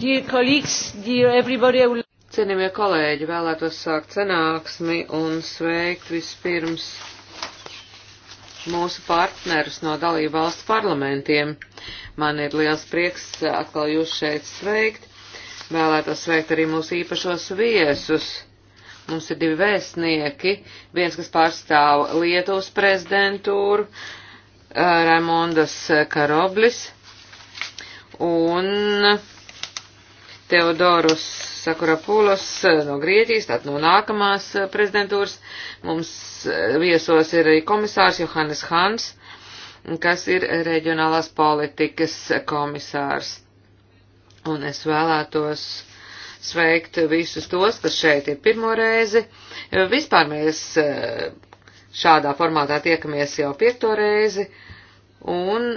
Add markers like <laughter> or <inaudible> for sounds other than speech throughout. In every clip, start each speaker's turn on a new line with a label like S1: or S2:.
S1: Dear colleagues, dear everybody, I will... Cienījamie kolēģi, vēlētos sākt sanāksmi un sveikt vispirms mūsu partnerus no dalību valstu parlamentiem. Man ir liels prieks atkal jūs šeit sveikt. Vēlētos sveikt arī mūsu īpašos viesus. Mums ir divi vēstnieki, viens, kas pārstāv Lietuvas prezidentūru, Raimondas Karoblis, un Teodorus Sakurapulos eh, no Grieķijas, tātad no nākamās eh, prezidentūras. Mums eh, viesos ir arī komisārs Johannes Hans, kas ir reģionālās politikas komisārs. Un es vēlētos sveikt visus tos, kas šeit ir pirmo reizi. Vispār mēs šādā formātā tiekamies jau piekto reizi. Un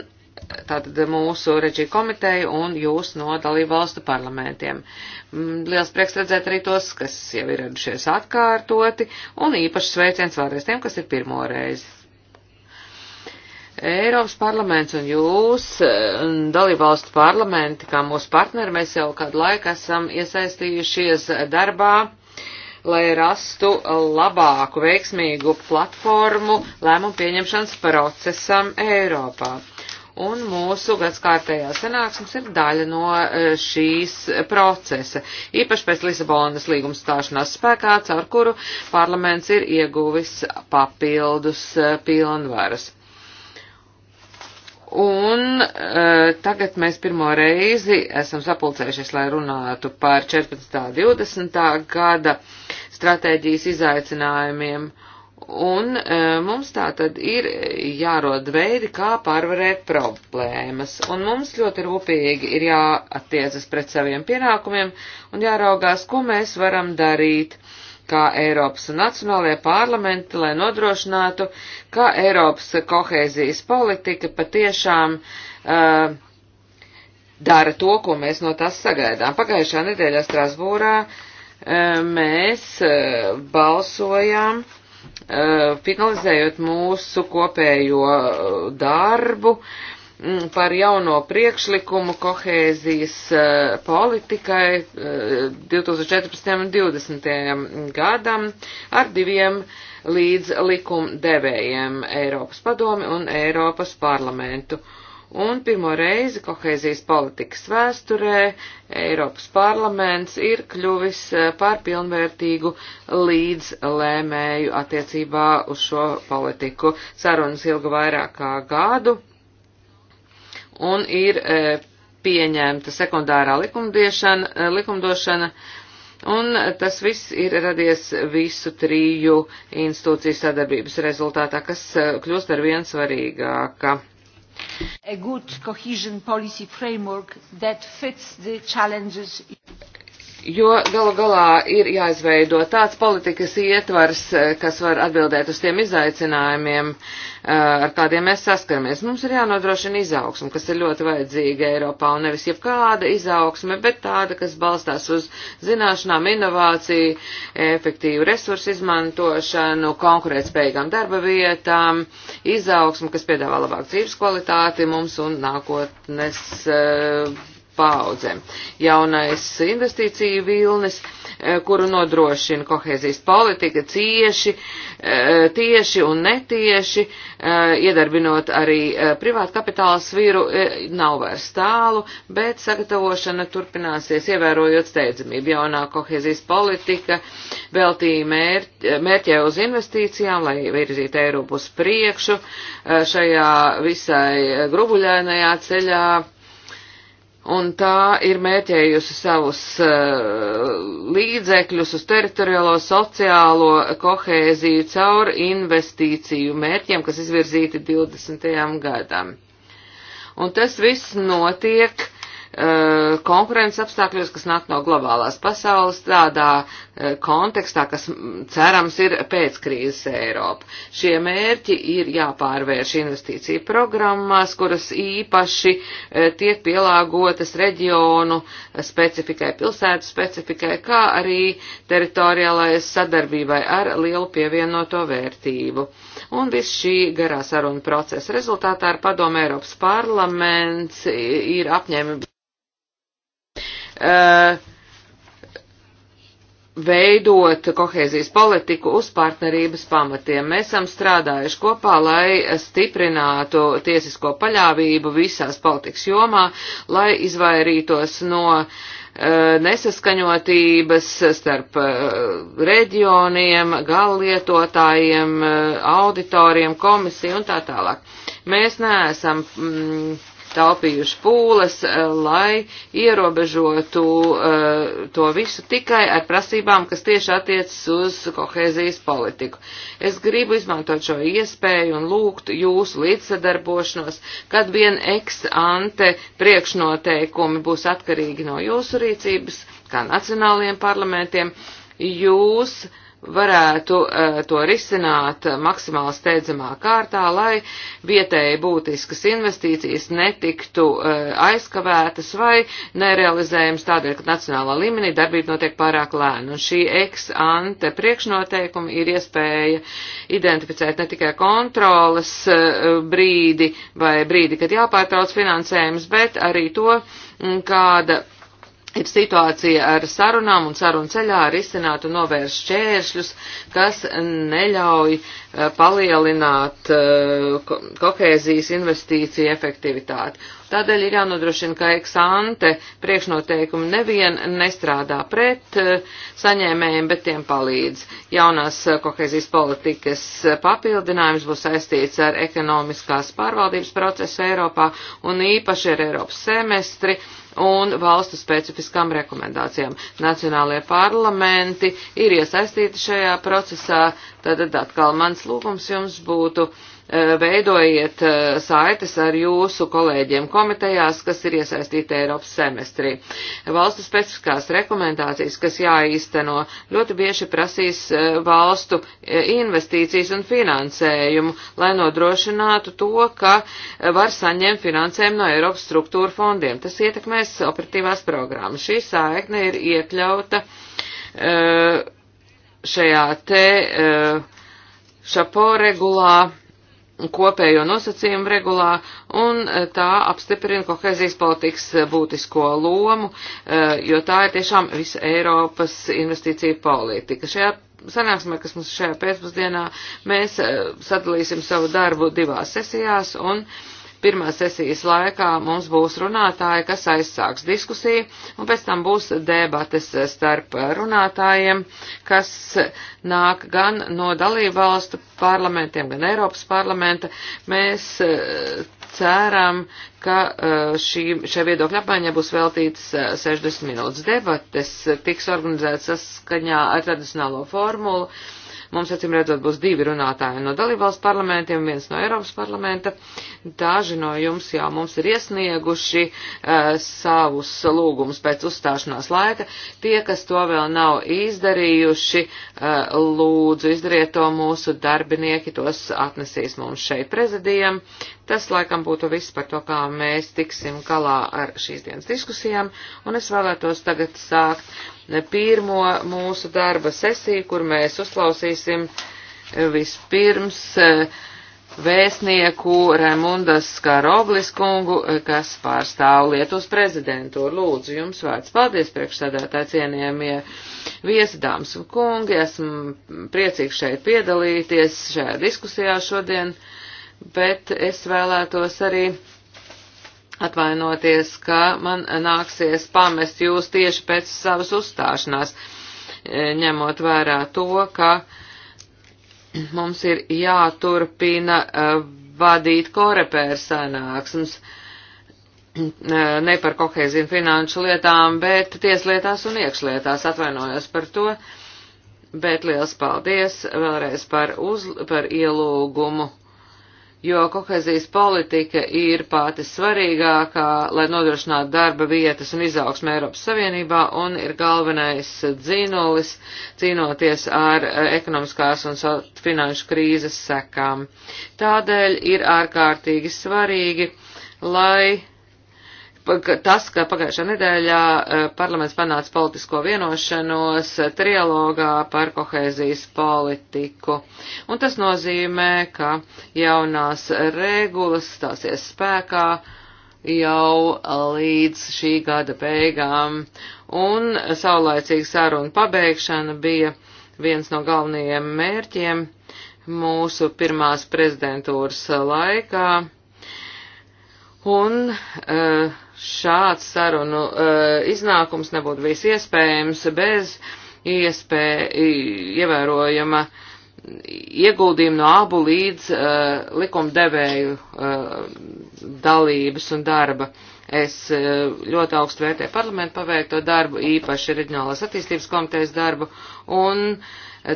S1: tātad mūsu reģiju komiteju un jūs no dalību valstu parlamentiem. Mm, liels prieks redzēt arī tos, kas jau ir radušies atkārtoti, un īpaši sveiciens vēlreiz tiem, kas ir pirmo reizi. Eiropas parlaments un jūs, dalībvalstu parlamenti, kā mūsu partneri, mēs jau kādu laiku esam iesaistījušies darbā, lai rastu labāku, veiksmīgu platformu lēmumu pieņemšanas procesam Eiropā Un mūsu gadskārtējā sanāksmes ir daļa no e, šīs procesa, īpaši pēc Lisabonas līguma stāšanās spēkā, caur kuru parlaments ir ieguvis papildus e, pilnvaras. Un e, tagad mēs pirmo reizi esam sapulcējušies, lai runātu par 14. un 20. gada stratēģijas izaicinājumiem. E, Un e, mums tā tad ir jārod veidi, kā pārvarēt problēmas. Un mums ļoti rūpīgi ir jāattiecas pret saviem pienākumiem un jāraugās, ko mēs varam darīt kā Eiropas un nacionālajie parlamenti, lai nodrošinātu, ka Eiropas kohēzijas politika patiešām uh, dara to, ko mēs no tās sagaidām. Pagājušā nedēļā Strasbūrā uh, mēs uh, balsojām uh, Eh, finalizējot mūsu kopējo eh, darbu mm, par jauno priekšlikumu kohēzijas eh, politikai 2014. un 2020. gadam ar diviem līdz likumdevējiem Eiropas padomi un Eiropas parlamentu. Un pirmo reizi kohēzijas politikas vēsturē Eiropas parlaments ir kļuvis eh, par pilnvērtīgu līdzlēmēju attiecībā uz šo politiku. Sarunas ilga vairāk kā gadu un ir eh, pieņemta sekundārā eh, likumdošana, un tas viss ir radies visu triju institūciju sadarbības rezultātā, kas kļūst ar vien svarīgāka.
S2: A good cohesion policy framework that fits the challenges
S1: jo galu galā ir jāizveido tāds politikas ietvars, eh, kas var atbildēt uz tiem izaicinājumiem, eh, ar kādiem mēs saskaramies. Mums ir jānodrošina izaugsme, kas ir ļoti vajadzīga Eiropā, un nevis jebkāda izaugsme, bet tāda, kas balstās uz zināšanām, inovāciju, efektīvu resursu izmantošanu, konkurētspējīgām darba vietām, izaugsme, kas piedāvā labāku dzīves kvalitāti mums un nākotnes. Uh, paudzēm. Jaunais investīciju vilnis, e, kuru nodrošina kohēzijas politika cieši, e, tieši un netieši, e, iedarbinot arī privātu kapitāla sviru, nav vairs tālu, bet sagatavošana turpināsies, ievērojot steidzamību. Jaunā kohēzijas politika veltīja mērķē uz investīcijām, lai virzītu Eiropu uz priekšu šajā visai grubuļainajā ceļā un tā ir mērķējusi savus uh, līdzekļus uz teritoriālo sociālo kohēziju caur investīciju mērķiem, kas izvirzīti 20. gadam. Un tas viss notiek Uh, konkurences apstākļos, kas nāk no globālās pasaules, tādā uh, kontekstā, kas mm, cerams ir pēc krīzes Eiropa. Šie mērķi ir jāpārvērš investīciju programmās, kuras īpaši uh, tiek pielāgotas reģionu specifikai, pilsētu specifikai, kā arī teritoriālais sadarbībai ar lielu pievienoto vērtību. Un viss šī garā saruna procesa rezultātā ar padomu Eiropas parlaments ir apņēmība Uh, veidot kohēzijas politiku uz partnerības pamatiem. Mēs esam strādājuši kopā, lai stiprinātu tiesisko paļāvību visās politikas jomā, lai izvairītos no uh, nesaskaņotības starp uh, reģioniem, gallietotājiem, uh, auditoriem, komisiju un tā tālāk. Mēs neesam mm, taupījuši pūles, eh, lai ierobežotu eh, to visu tikai ar prasībām, kas tieši attiecas uz kohēzijas politiku. Es gribu izmantot šo iespēju un lūgt jūsu līdzsadarbošanos, kad vien ex ante priekšnoteikumi būs atkarīgi no jūsu rīcības, kā nacionālajiem parlamentiem. Jūs uh, varētu uh, to risināt maksimāli steidzamā kārtā, lai vietēji būtiskas investīcijas netiktu uh, aizkavētas vai nerealizējums tādēļ, ka nacionālā līmenī darbība notiek pārāk lēna. Un šī ex ante priekšnoteikuma ir iespēja identificēt ne tikai kontrolas uh, eh, brīdi vai brīdi, kad jāpārtrauc finansējums, bet arī to, kāda ir situācija ar sarunām un sarunu ceļā ir izcināt un novērst šķēršļus, kas neļauj eh, palielināt eh, kohēzijas investīciju efektivitāti. Tādēļ ir jānodrošina, ka eksante priekšnoteikumi nevien nestrādā pret eh, saņēmējiem, bet tiem palīdz. Jaunās kohēzijas politikas papildinājums būs saistīts ar ekonomiskās pārvaldības procesu Eiropā un īpaši ar Eiropas semestri un valstu specifiskām rekomendācijām. Nacionālajie parlamenti ir iesaistīti šajā procesā, tad atkal mans lūgums jums būtu Eh, veidojiet eh, saites ar jūsu kolēģiem komitejās, kas ir iesaistīti Eiropas semestrī. Valstu specifiskās rekomendācijas, kas jāīsteno, ļoti bieži prasīs eh, valstu investīcijas un finansējumu, lai nodrošinātu to, ka var saņemt finansējumu no Eiropas struktūra fondiem. Tas ietekmēs operatīvās programmas. Šī saikne ir iekļauta šajā te šapo regulā kopējo nosacījumu regulā, un e, tā apstiprina kohēzijas politikas e, būtisko lomu, e, jo tā ir tiešām visa Eiropas investīcija politika. Šajā sanāksmē, kas mums šajā pēcpusdienā, mēs sadalīsim savu darbu divās sesijās, un uh, Pirmās sesijas laikā mums būs runātāji, kas aizsāks diskusiju, un pēc tam būs debates starp runātājiem, kas nāk gan no dalību valstu parlamentiem, gan Eiropas parlamenta. Mēs eh, ceram, ka eh, šī, šai viedokļa apmaiņai būs veltīts 60 eh, minūtes debates, tiks organizēts saskaņā ar tradicionālo formulu Mums, acīm redzot, būs divi runātāji no dalībvalsts parlamentiem, viens no Eiropas parlamenta. Daži no jums jau mums ir iesnieguši uh, savus lūgumus pēc uzstāšanās laika. Tie, kas to vēl nav izdarījuši, uh, lūdzu, izdariet to mūsu darbinieki, tos atnesīs mums šeit prezidijam. Tas laikam būtu viss par to, kā mēs tiksim galā ar šīs dienas diskusijām, un es vēlētos tagad sākt pirmo mūsu darba sesiju, kur mēs uzklausīsim vispirms eh, vēstnieku Raimundas Karoblis kungu, eh, kas pārstāv Lietuvas prezidentu. Lūdzu, jums vārds. Paldies, priekšsēdētāji, cienījamie viesidāms un kungi. Esmu priecīgs šeit piedalīties šajā diskusijā šodien bet es vēlētos arī atvainoties, ka man nāksies pamest jūs tieši pēc savas uzstāšanās, e, ņemot vērā to, ka mums ir jāturpina e, vadīt korepēra sanāksmes e, ne par kohēziju finanšu lietām, bet tieslietās un iekšlietās atvainojos par to, bet liels paldies vēlreiz par, uz, par ielūgumu jo kohezijas politika ir pati svarīgākā, lai nodrošinātu darba vietas un izaugsmu Eiropas Savienībā un ir galvenais dzīnolis cīnoties ar eh, ekonomiskās un finanšu krīzes sekām. Tādēļ ir ārkārtīgi svarīgi, lai tas, ka pagājušā nedēļā e, parlaments panāca politisko vienošanos trialogā par kohēzijas politiku. Un tas nozīmē, ka jaunās regulas stāsies spēkā jau līdz šī gada beigām. Un saulaicīga saruna pabeigšana bija viens no galvenajiem mērķiem mūsu pirmās prezidentūras laikā. Un uh, šāds sarunu uh, iznākums nebūtu bijis iespējams bez iespēja ievērojama ieguldījuma no abu līdz uh, likumdevēju uh, dalības un darba. Es uh, ļoti augstu vērtēju parlamentu paveikto darbu, īpaši reģionālās attīstības komitejas darbu un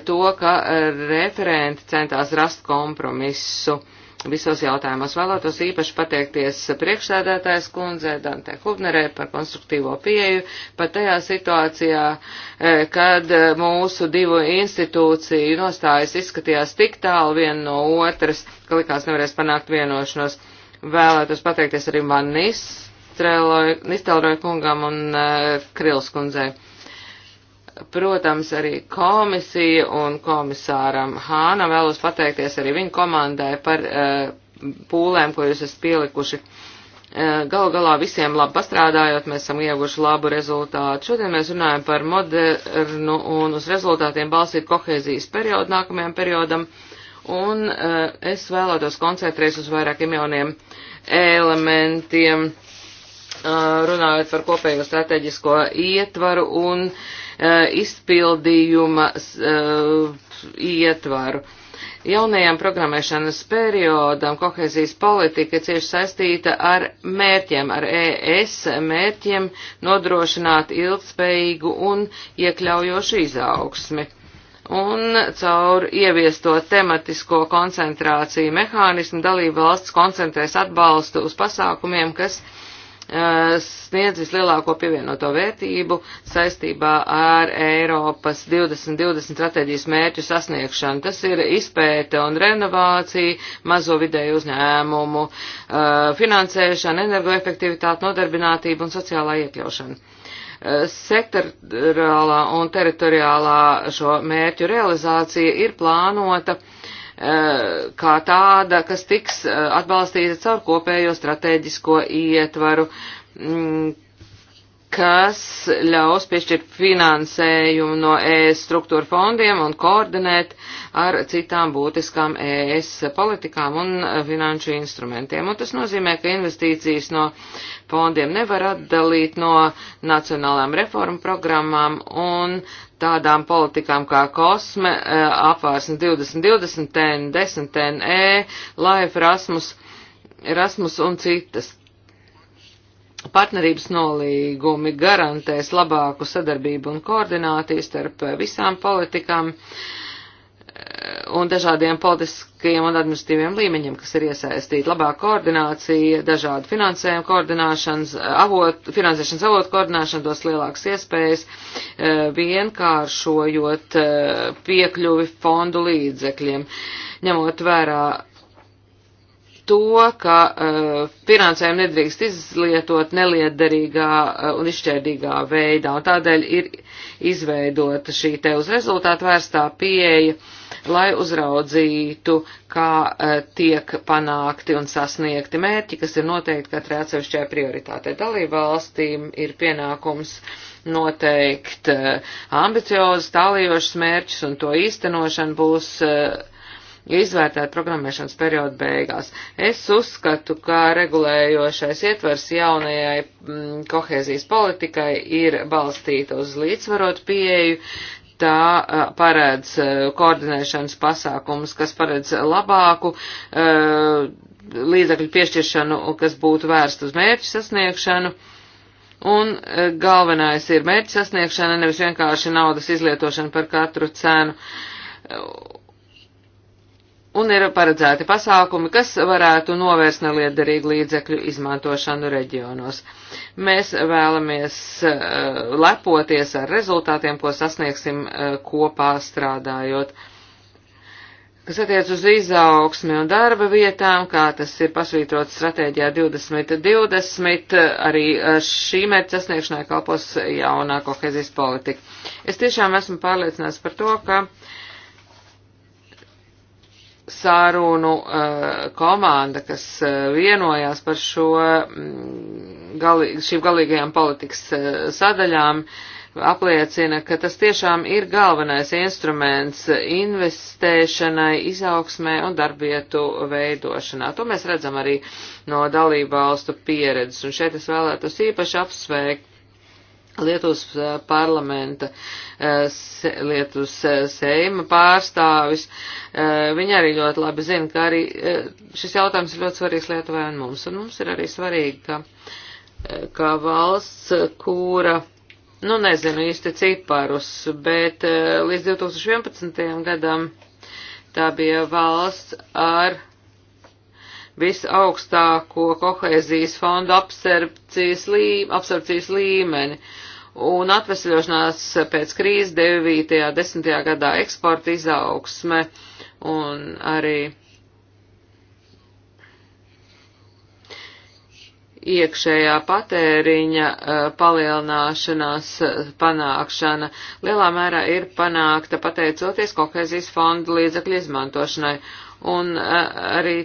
S1: to, ka referenti centās rast kompromisu. Uh, visos jautājumos. Vēlētos īpaši pateikties priekšsēdētājs kundzē Dante Hubnerē par konstruktīvo pieeju, pat tajā situācijā, e, kad mūsu divu institūciju nostājas izskatījās tik tālu viena no otras, ka likās nevarēs panākt vienošanos. Vēlētos pateikties arī man Nistelroja kungam un e, Krils kundzei Protams, arī komisija un komisāram Hānam vēlos pateikties arī viņa komandai par uh, pūlēm, ko jūs esat pielikuši. Uh, eh, Galu galā visiem labi pastrādājot, mēs esam ieguši labu rezultātu. Šodien mēs runājam par modernu un uz rezultātiem balstītu kohēzijas periodu nākamajam periodam, un uh, es vēlētos koncentrēties uz vairākiem jauniem elementiem runājot par kopējo strateģisko ietvaru un uh, Eh, izpildījuma eh, ietvaru. Jaunajam programmēšanas periodam kohēzijas politika cieši saistīta ar mērķiem, ar ES mērķiem nodrošināt ilgspējīgu un iekļaujošu izaugsmi un caur ieviesto tematisko koncentrāciju mehānismu dalību valsts koncentrēs atbalstu uz pasākumiem, kas Eh, sniedz vislielāko pievienoto vērtību saistībā ar Eiropas 2020 stratēģijas mērķu sasniegšanu. Tas ir izpēte un renovācija, mazo vidēju uzņēmumu, eh, finansēšana, energoefektivitāte, nodarbinātība un sociālā iekļaušana. Eh, sektorālā un teritoriālā šo mērķu realizācija ir plānota Eh, kā tāda, kas tiks eh, atbalstīta caur kopējo strateģisko ietvaru, mm, kas ļaus piešķirt finansējumu no ES struktūra fondiem un koordinēt ar citām būtiskām ES politikām un finanšu instrumentiem. Un tas nozīmē, ka investīcijas no fondiem nevar atdalīt no nacionālām reformu programmām un tādām politikām kā kosme, e, apvārsne 2020, TEN, 10, TEN, E, LIFE, Rasmus, Erasmus un citas. Partnerības nolīgumi garantēs labāku sadarbību un koordināciju starp visām politikām eh, un dažādiem politiskajiem un administratīviem līmeņiem, kas ir iesaistīti. Labāka koordinācija, dažādu finansējumu koordināšanas, eh, avot, finansēšanas avotu koordināšana dos lielākas iespējas, eh, vienkāršojot piekļuvi fondu līdzekļiem, ņemot vērā to, ka uh, finansējumu nedrīkst izlietot neliederīgā uh, un izšķērdīgā veidā, un tādēļ ir izveidota šī te uz rezultātu vērstā pieeja, lai uzraudzītu, kā uh, tiek panākti un sasniegti mērķi, kas ir noteikti katrai atsevišķai prioritātei. Dalībvalstīm ir pienākums noteikt uh, ambiciozus, tālījošus mērķus, un to īstenošana būs uh, ja izvērtēt programmēšanas periodu beigās. Es uzskatu, ka regulējošais ietvers jaunajai mm, kohēzijas politikai ir balstīta uz līdzvarotu pieeju, tā paredz koordinēšanas pasākumus, kas paredz labāku līdzakļu piešķiršanu, kas būtu vērst uz mērķu sasniegšanu. Un galvenais ir mērķu sasniegšana, nevis vienkārši naudas izlietošana par katru cenu un ir paredzēti pasākumi, kas varētu novērst neliederīgu līdzekļu izmantošanu reģionos. Mēs vēlamies uh, lepoties ar rezultātiem, ko sasniegsim uh, kopā strādājot. Kas attiec uz izaugsmi un darba vietām, kā tas ir pasvītrots stratēģijā 2020, arī šī mērķa sasniegšanai kalpos jaunā kohezijas politika. Es tiešām esmu pārliecināts par to, ka uh, sārunu uh, komanda, kas uh, vienojās par šo, mm, galī, šīm galīgajām politikas uh, sadaļām, apliecina, ka tas tiešām ir galvenais instruments investēšanai, izaugsmē un darbietu veidošanā. To mēs redzam arī no dalību valstu pieredzes, un šeit es vēlētos īpaši apsveikt Lietuvas eh, parlamenta, eh, Lietuvas eh, seima pārstāvis, viņi arī ļoti labi zina, ka arī šis jautājums ir ļoti svarīgs Lietuvai un mums. Un mums ir arī svarīgi, ka, ka valsts, kura, nu nezinu īsti ciparus, bet līdz 2011. gadam tā bija valsts ar visaugstāko kohēzijas fondu absorpcijas, lī, absorpcijas līmeni un atvesļošanās pēc krīzes 9. 10. gadā eksporta izaugsme un arī iekšējā patēriņa palielināšanās panākšana lielā mērā ir panākta pateicoties kohēzijas fonda līdzakļu izmantošanai. Un arī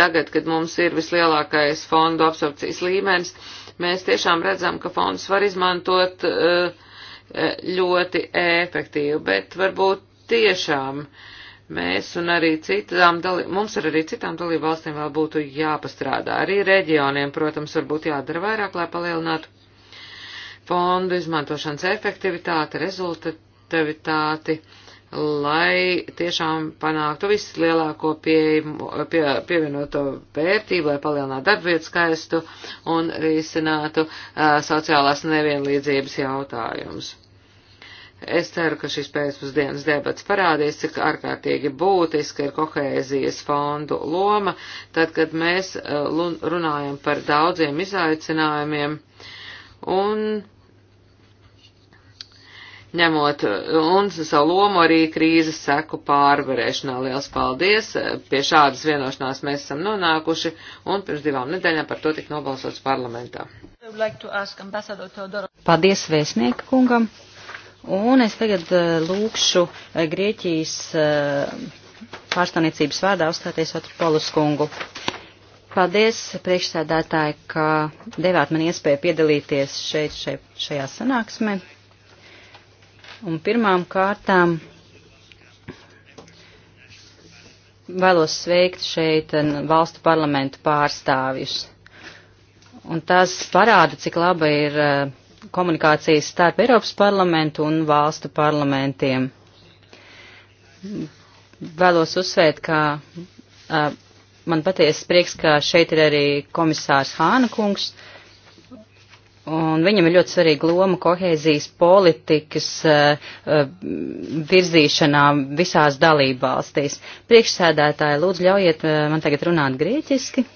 S1: tagad, kad mums ir vislielākais fondu absorpcijas līmenis, mēs tiešām redzam, ka fondus var izmantot eh, ļoti efektīvi, bet varbūt tiešām mēs un arī citām, dali, mums ar arī citām dalību valstīm vēl būtu jāpastrādā. Arī reģioniem, protams, varbūt jādara vairāk, lai palielinātu fondu izmantošanas efektivitāti, rezultatīvitāti lai tiešām panāktu vislielāko pie, pie, pievienoto vērtību, lai palielinātu darbvietu skaistu un risinātu uh, sociālās nevienlīdzības jautājumus. Es ceru, ka šis pēcpusdienas debats parādīs, cik ārkārtīgi būtiska ir kohēzijas fondu loma, tad, kad mēs uh, runājam par daudziem izaicinājumiem un ņemot un savu lomu arī krīzes seku pārvarēšanā. Liels paldies! Pie šādas vienošanās mēs esam nonākuši, un pirms divām nedēļām par to tika nobalsots parlamentā.
S3: Paldies vēstnieku kungam! Un es tagad eh, lūkšu eh, Grieķijas eh, pārstāvniecības vārdā uzstāties Otropolus kungu. Paldies, priekšsēdētāji, ka devāt man iespēju piedalīties šeit, šeit šajā sanāksmē. Un pirmām kārtām vēlos sveikt šeit valstu parlamentu pārstāvjus. Un tas parāda, cik laba ir e, komunikācijas starp Eiropas parlamentu un valstu parlamentiem. Vēlos uzsvērt, ka e, man patiesi prieks, ka šeit ir arī komisārs Hāna kungs. Uh, Un viņam ir ļoti svarīga loma kohēzijas politikas uh, virzīšanā visās dalībvalstīs. Priekšsēdētāji, lūdzu, ļaujiet eh, man tagad runāt grieķiski.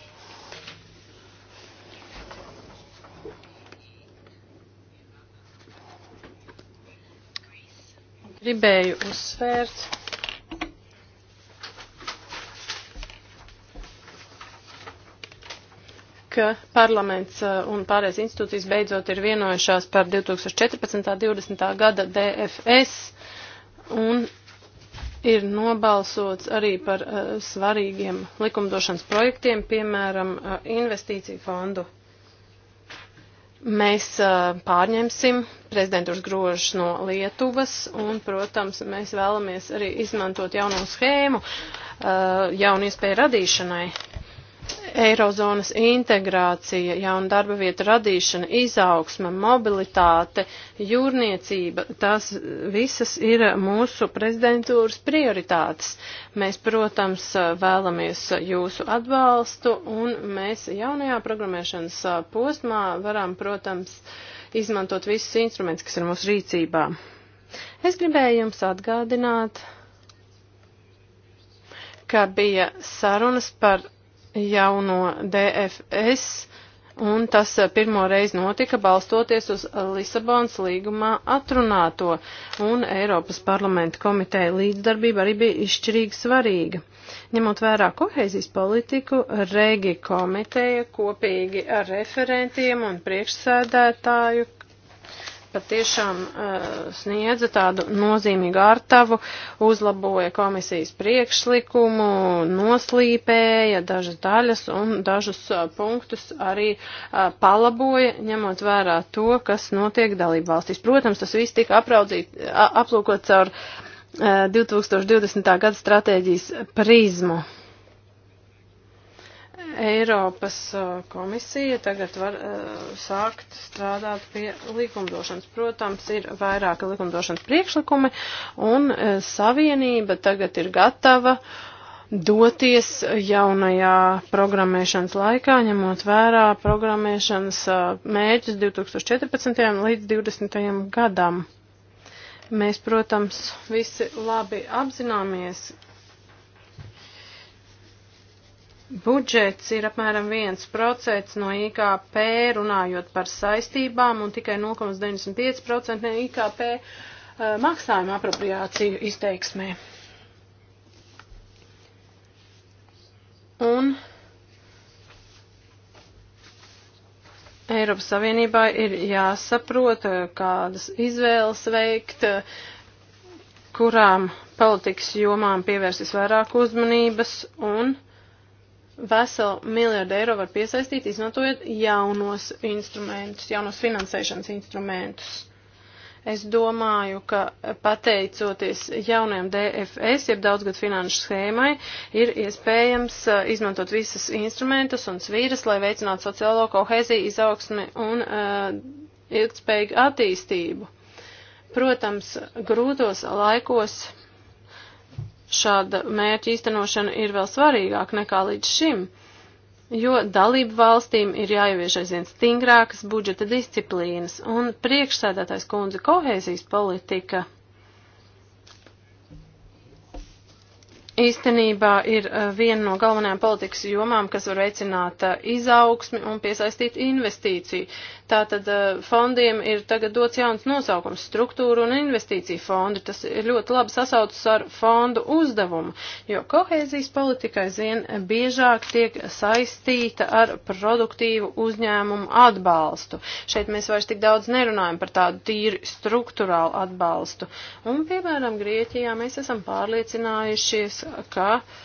S4: Gribēju uzsvērt ka parlaments eh, un pārējais institūcijas beidzot ir vienojušās par 2014.-20. gada DFS un ir nobalsots arī par uh, svarīgiem likumdošanas projektiem, piemēram, uh, investīciju fondu. Mēs uh, pārņemsim prezidentūras grožus no Lietuvas un, protams, mēs vēlamies arī izmantot jauno schēmu, uh, jaunu iespēju radīšanai. Eirozonas integrācija, jauna darba vieta radīšana, izaugsme, mobilitāte, jūrniecība, tās visas ir mūsu prezidentūras prioritātes. Mēs, protams, vēlamies jūsu atbalstu un mēs jaunajā programmēšanas posmā varam, protams, izmantot visus instrumentus, kas ir mūsu rīcībā. Es gribēju jums atgādināt, ka bija sarunas par jauno DFS, un tas eh, pirmo reizi notika balstoties uz Lisabonas līgumā atrunāto, un Eiropas parlamenta komiteja līdzdarbība arī bija izšķirīgi svarīga. Ņemot vērā kohēzijas politiku, Regi komiteja kopīgi ar referentiem un priekšsēdētāju patiešām uh, sniedza tādu nozīmīgu ārtavu, uzlaboja komisijas priekšlikumu, noslīpēja dažas daļas un dažus uh, punktus arī uh, palaboja, ņemot vērā to, kas notiek dalību valstīs. Protams, tas viss tika apraudzīt, aplūkots caur uh, 2020. gada stratēģijas prizmu. Eiropas komisija tagad var uh, sākt strādāt pie likumdošanas. Protams, ir vairāki likumdošanas priekšlikumi, un uh, Savienība tagad ir gatava doties jaunajā programmēšanas laikā, ņemot vērā programmēšanas uh, mērķus 2014. līdz 2020. gadam. Mēs, protams, visi labi apzināmies, Budžets ir apmēram 1% no IKP, runājot par saistībām, un tikai 0,95% no IKP eh, maksājuma apropriāciju izteiksmē. Un Eiropas Savienībā ir jāsaprot, eh, kādas izvēles veikt, eh, kurām politikas jomām pievērsis vairāk uzmanības un. Uh, veselu miljardu eiro var piesaistīt, izmantojot jaunos instrumentus, jaunos finansēšanas instrumentus. Es domāju, ka pateicoties jaunajam DFS, jeb daudzgad finanšu schēmai, ir iespējams uh, izmantot visas instrumentus un svīras, lai veicinātu sociālo koheziju, izaugsmi un uh, ilgtspējīgu attīstību. Protams, grūtos laikos šāda mērķa īstenošana ir vēl svarīgāk nekā līdz šim, jo dalību valstīm ir jāievieš aizvien stingrākas budžeta disciplīnas un priekšsēdētais kundze kohēzijas politika. Īstenībā ir eh, viena no galvenajām politikas jomām, kas var veicināt eh, izaugsmi un piesaistīt investīciju. Tātad eh, fondiem ir tagad dots jauns nosaukums - struktūra un investīcija fondi. Tas ļoti labi sasaucas ar fondu uzdevumu, jo kohēzijas politika aizvien biežāk tiek saistīta ar produktīvu uzņēmumu atbalstu. Šeit mēs vairs tik daudz nerunājam par tādu tīri struktūrālu atbalstu. Un, piemēram, Grieķijā mēs esam pārliecinājušies, ka uh,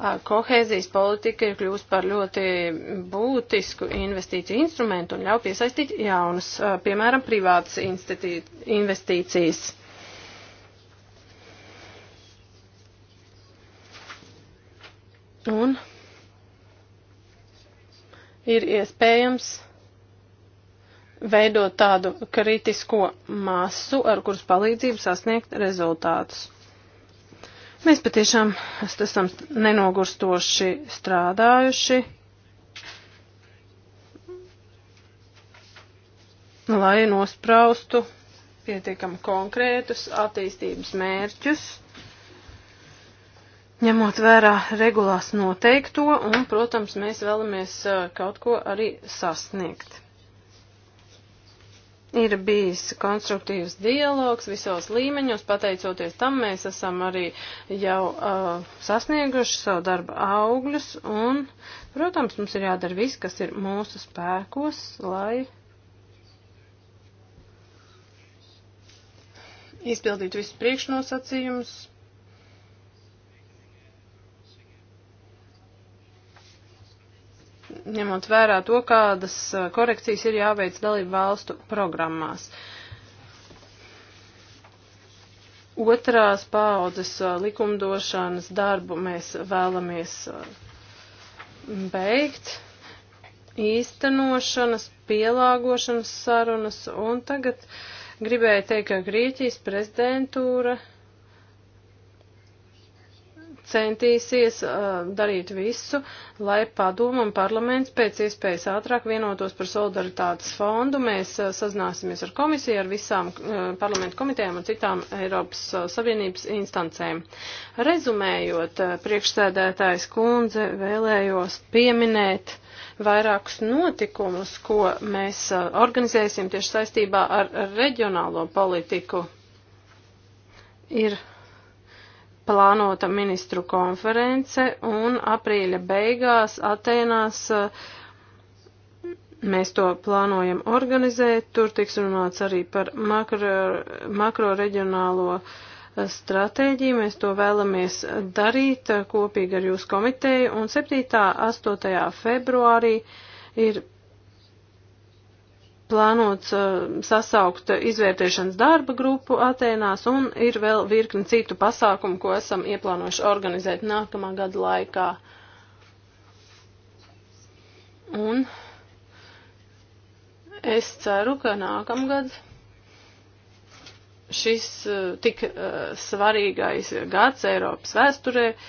S4: kohēzijas politika ir kļūst par ļoti būtisku investīciju instrumentu un ļauj piesaistīt jaunas, piemēram, privātas investīcijas. Un ir iespējams veidot tādu kritisko masu, ar kuras palīdzību sasniegt rezultātus. Mēs patiešām esam nenogurstoši strādājuši, lai nospraustu pietiekami konkrētus attīstības mērķus, ņemot vērā regulās noteikto, un, protams, mēs vēlamies eh, kaut ko arī sasniegt. Ir bijis konstruktīvs dialogs visos līmeņos, pateicoties tam mēs esam arī jau uh, sasnieguši savu darbu augļus un, protams, mums ir jādara viss, kas ir mūsu spēkos, lai izpildītu visus priekšnosacījumus, ņemot vērā to, kādas uh, korekcijas ir jāveic dalību valstu programmās. Otrās paaudzes uh, likumdošanas darbu mēs vēlamies uh, beigt īstenošanas, pielāgošanas sarunas, un tagad gribēju teikt, ka Grieķijas prezidentūra uh, centīsies uh, darīt visu, lai padomu un parlaments pēc iespējas ātrāk vienotos par solidaritātes fondu. Mēs uh, sazināsimies ar komisiju, ar visām uh, parlamentu komitejām un citām Eiropas uh, Savienības instancēm. Rezumējot, uh, priekšsēdētājs kundze vēlējos pieminēt vairākus notikumus, ko mēs uh, organizēsim tieši saistībā ar, ar reģionālo politiku. Ir plānota ministru konference un aprīļa beigās Atēnās eh, mēs to plānojam organizēt. Tur tiks runāts arī par makro, makroreģionālo eh, stratēģiju. Mēs to vēlamies darīt eh, kopīgi ar jūsu komiteju un 7. 8. februārī ir plānots eh, sasaukt izvērtēšanas darba grupu Atēnās un ir vēl virkni citu pasākumu, ko esam ieplānojuši organizēt nākamā gada laikā. Un es ceru, ka nākamgad šis eh, tik eh, svarīgais gads Eiropas vēsturē uh,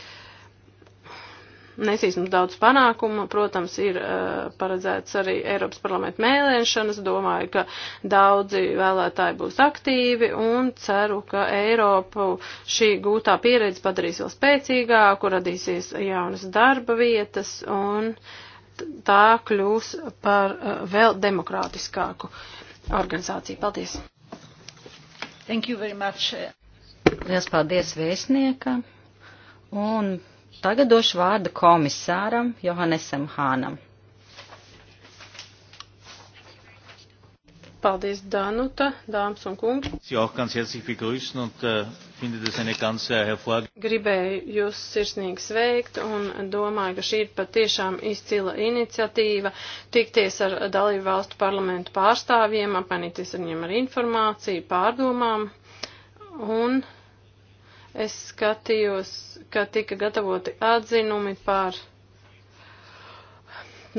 S4: Nesīs mums daudz panākumu, protams, ir uh, paredzēts arī Eiropas parlamenta mēlēšanas, domāju, ka daudzi vēlētāji būs aktīvi un ceru, ka Eiropu šī gūtā pieredze padarīs vēl spēcīgāku, radīsies jaunas darba vietas un tā kļūs par uh, vēl demokrātiskāku organizāciju. Paldies!
S2: Thank you very much.
S4: Liels
S3: paldies vēstniekam. Un Tagad došu vārdu komisāram Johannesam Hānam.
S4: Paldies, Danuta, dāmas un kungi.
S5: Äh,
S6: äh,
S4: Gribēju jūs sirsnīgi sveikt un domāju, ka šī ir patiešām izcila iniciatīva tikties ar dalību valstu parlamentu pārstāvjiem, apmainīties ar viņiem ar informāciju, pārdomām un Es skatījos, ka tika gatavoti atzinumi par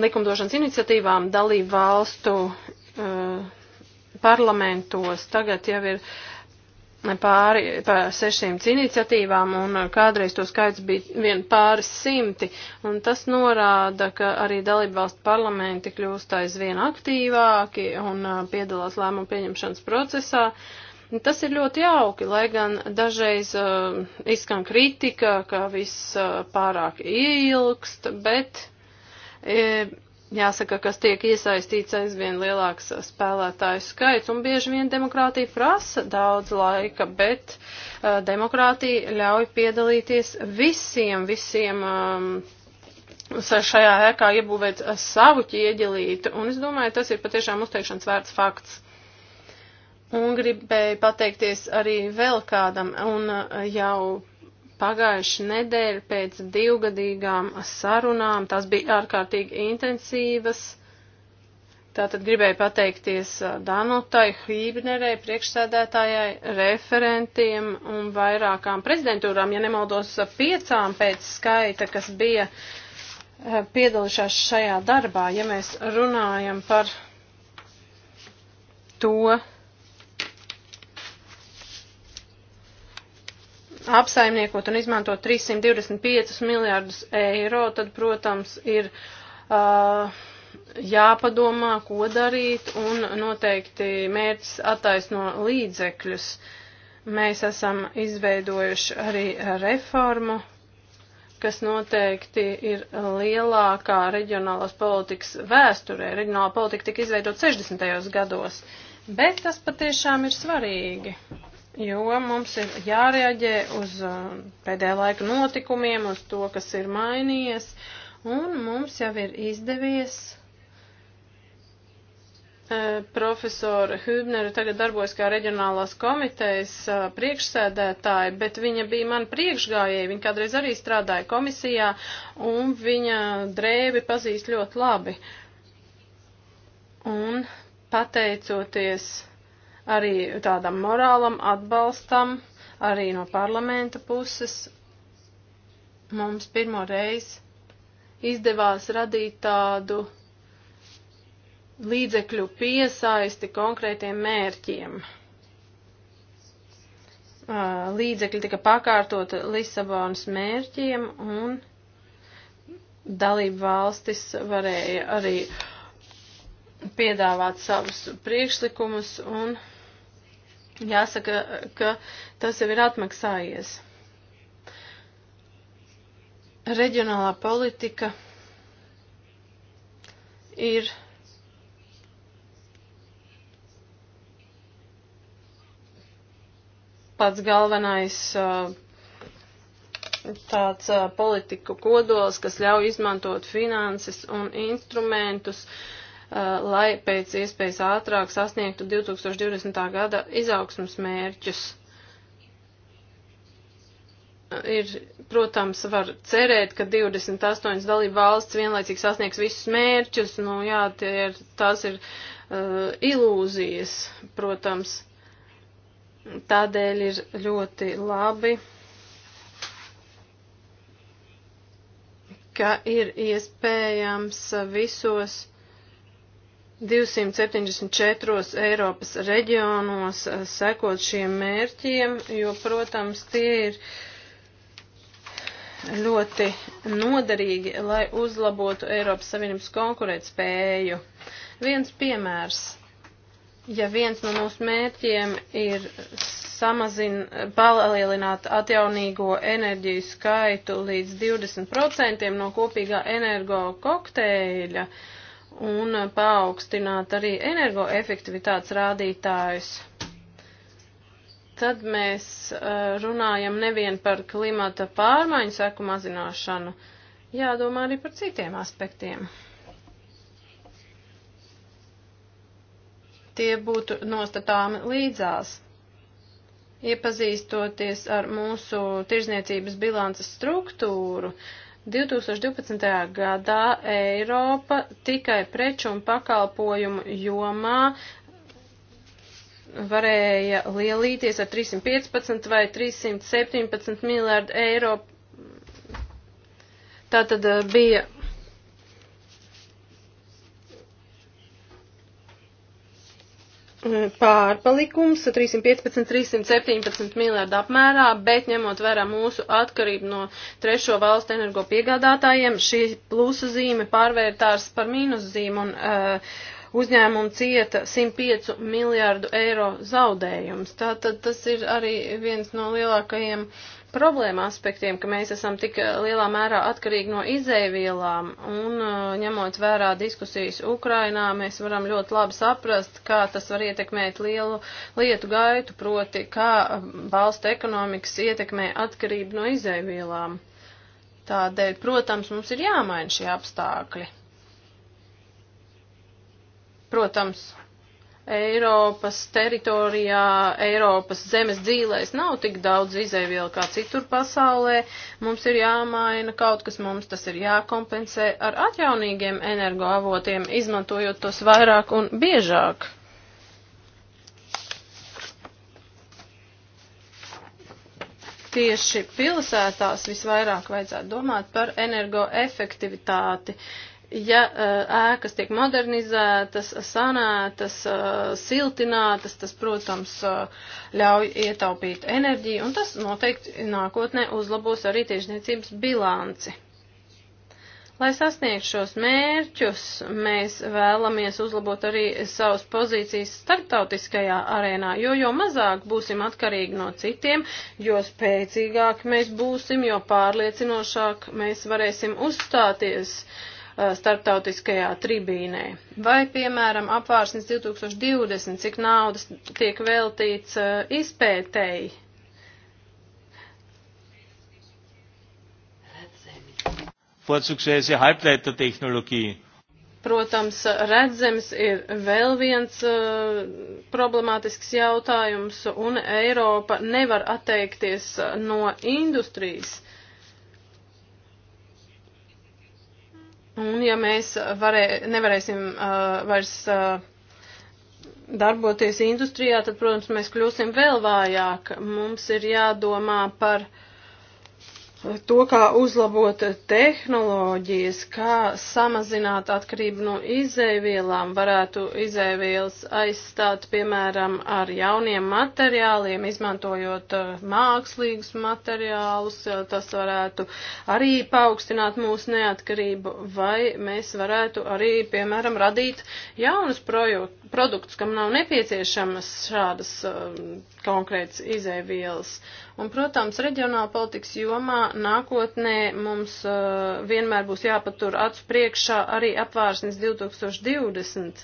S4: likumdošanas iniciatīvām dalību valstu uh, parlamentos. Tagad jau ir pāri pār 600 iniciatīvām, un kādreiz to skaits bija vien pāris simti, un tas norāda, ka arī dalībvalstu parlamenti kļūst aizvien aktīvāki un eh, piedalās lēmumu pieņemšanas procesā. Uh, Nu, tas ir ļoti jauki, lai gan dažreiz uh, izskan kritika, ka viss uh, pārāk ieilgst, bet e, jāsaka, kas tiek iesaistīts aizvien lielāks spēlētāju skaits, un bieži vien demokrātija prasa daudz laika, bet uh, demokrātija ļauj piedalīties visiem, visiem. Um, šajā ēkā iebūvēt savu ķieģelīti, un es domāju, tas ir patiešām uzteikšanas vērts fakts. Un gribēju pateikties arī vēl kādam, un eh, jau pagājuši nedēļa pēc divgadīgām sarunām, tās bija ārkārtīgi intensīvas. Tātad gribēju pateikties eh, Danutai Hībnerei, priekšsēdētājai, referentiem un vairākām prezidentūrām, ja nemaldos eh, piecām pēc skaita, kas bija piedalījušās šajā darbā, ja mēs runājam par to, apsaimniekot un izmantot 325 miljārdus eiro, tad, protams, ir uh, jāpadomā, ko darīt, un noteikti mērķis attaisno līdzekļus. Mēs esam izveidojuši arī reformu, kas noteikti ir lielākā reģionālās politikas vēsturē. Reģionāla politika tika izveidota 60. gados, bet tas patiešām ir svarīgi jo mums ir jārēģē uz uh, pēdējā laika notikumiem, uz to, kas ir mainījies, un mums jau ir izdevies uh, profesora Hübnera tagad darbojas kā reģionālās komitejas uh, priekšsēdētāja, bet viņa bija man priekšgājēja, viņa kādreiz arī strādāja komisijā, un viņa drēbi pazīst ļoti labi. Un pateicoties arī tādam morālam atbalstam, arī no parlamenta puses. Mums pirmo reizi izdevās radīt tādu līdzekļu piesaisti konkrētiem mērķiem. Līdzekļi tika pakārtot Lisabonas mērķiem un dalību valstis varēja arī piedāvāt savus priekšlikumus un Jāsaka, ka tas jau ir atmaksājies. Reģionālā politika ir pats galvenais uh, tāds uh, politiku kodols, kas ļauj izmantot finanses un instrumentus, uh, Uh, lai pēc iespējas ātrāk sasniegtu 2020. gada izaugsmas mērķus. Uh, ir, protams, var cerēt, ka 28 dalība valsts vienlaicīgi sasniegs visus mērķus, nu jā, tie ir, tās ir uh, ilūzijas, protams. Tādēļ ir ļoti labi, ka ir iespējams visos 274 Eiropas reģionos eh, sekot šiem mērķiem, jo, protams, tie ir ļoti noderīgi, lai uzlabotu Eiropas Savienības konkurētspēju. Viens piemērs. Ja viens no mūsu mērķiem ir samazin, palielināt atjaunīgo enerģiju skaitu līdz 20% no kopīgā energo kokteļa, uh, un paaugstināt arī energoefektivitātes rādītājus. Tad mēs uh, runājam nevien par klimata pārmaiņu seku mazināšanu, jādomā arī par citiem aspektiem. Tie būtu nostatāmi līdzās. Iepazīstoties ar mūsu tirzniecības bilances struktūru, uh, 2012. gadā Eiropa tikai preču un pakalpojumu jomā varēja lielīties ar 315 vai 317 miljārdu eiro. Tātad eh, bija pārpalikums 315-317 miljārdu apmērā, bet ņemot vērā mūsu atkarību no trešo valstu energopiegādātājiem, šī plusa zīme pārvērtās par mīnus zīmu un uh, uzņēmumu cieta 105 miljārdu eiro zaudējums. Tātad tas ir arī viens no lielākajiem uh, problēma aspektiem, ka mēs esam tik eh, lielā mērā atkarīgi no izēvielām un eh, ņemot vērā diskusijas Ukrainā, mēs varam ļoti labi saprast, kā tas var ietekmēt lielu lietu gaitu, proti, kā eh, valsts ekonomikas ietekmē atkarību no izēvielām. Tādēļ, protams, mums ir jāmaina šie apstākļi. Protams, Eiropas teritorijā, Eiropas zemes dzīvēs nav tik daudz izēvielu kā citur pasaulē. Mums ir jāmaina kaut kas, mums tas ir jākompensē ar atjaunīgiem energoavotiem, izmantojot tos vairāk un biežāk. Tieši pilsētās visvairāk vajadzētu domāt par energoefektivitāti. Uh, ja eh, ēkas tiek modernizētas, sanētas, eh, siltinātas, tas, protams, eh, ļauj ietaupīt enerģiju, un tas noteikti nākotnē uzlabos arī tiešniecības bilanci. Lai sasniegtu šos mērķus, mēs vēlamies uzlabot arī savas pozīcijas starptautiskajā arēnā, jo jo mazāk būsim atkarīgi no citiem, jo spēcīgāk mēs būsim, jo pārliecinošāk mēs varēsim uzstāties uh, Uh, starptautiskajā tribīnē. Vai, piemēram, apvārsnes 2020, cik naudas tiek veltīts uh, izpētēji?
S6: Vorzugsweise Halbleitertechnologie.
S4: Protams, redzems ir vēl viens uh, problemātisks jautājums, un Eiropa nevar atteikties uh, no industrijas. Uh, Un ja mēs varē, nevarēsim uh, vairs uh, darboties industrijā, tad, protams, mēs kļūsim vēl vājāk. Mums ir jādomā par uh, to, kā uzlabot tehnoloģijas, kā samazināt atkarību no izēvielām, varētu izēvielas aizstāt, piemēram, ar jauniem materiāliem, izmantojot eh, mākslīgus materiālus, tas varētu arī paaugstināt mūsu neatkarību, vai mēs varētu arī, piemēram, radīt jaunus produktus, kam nav nepieciešamas šādas eh, konkrētas izēvielas. Un, protams, reģionāla politikas jomā nākotnē mums uh, vienmēr būs jāpatur acu priekšā arī apvārsnes 2020.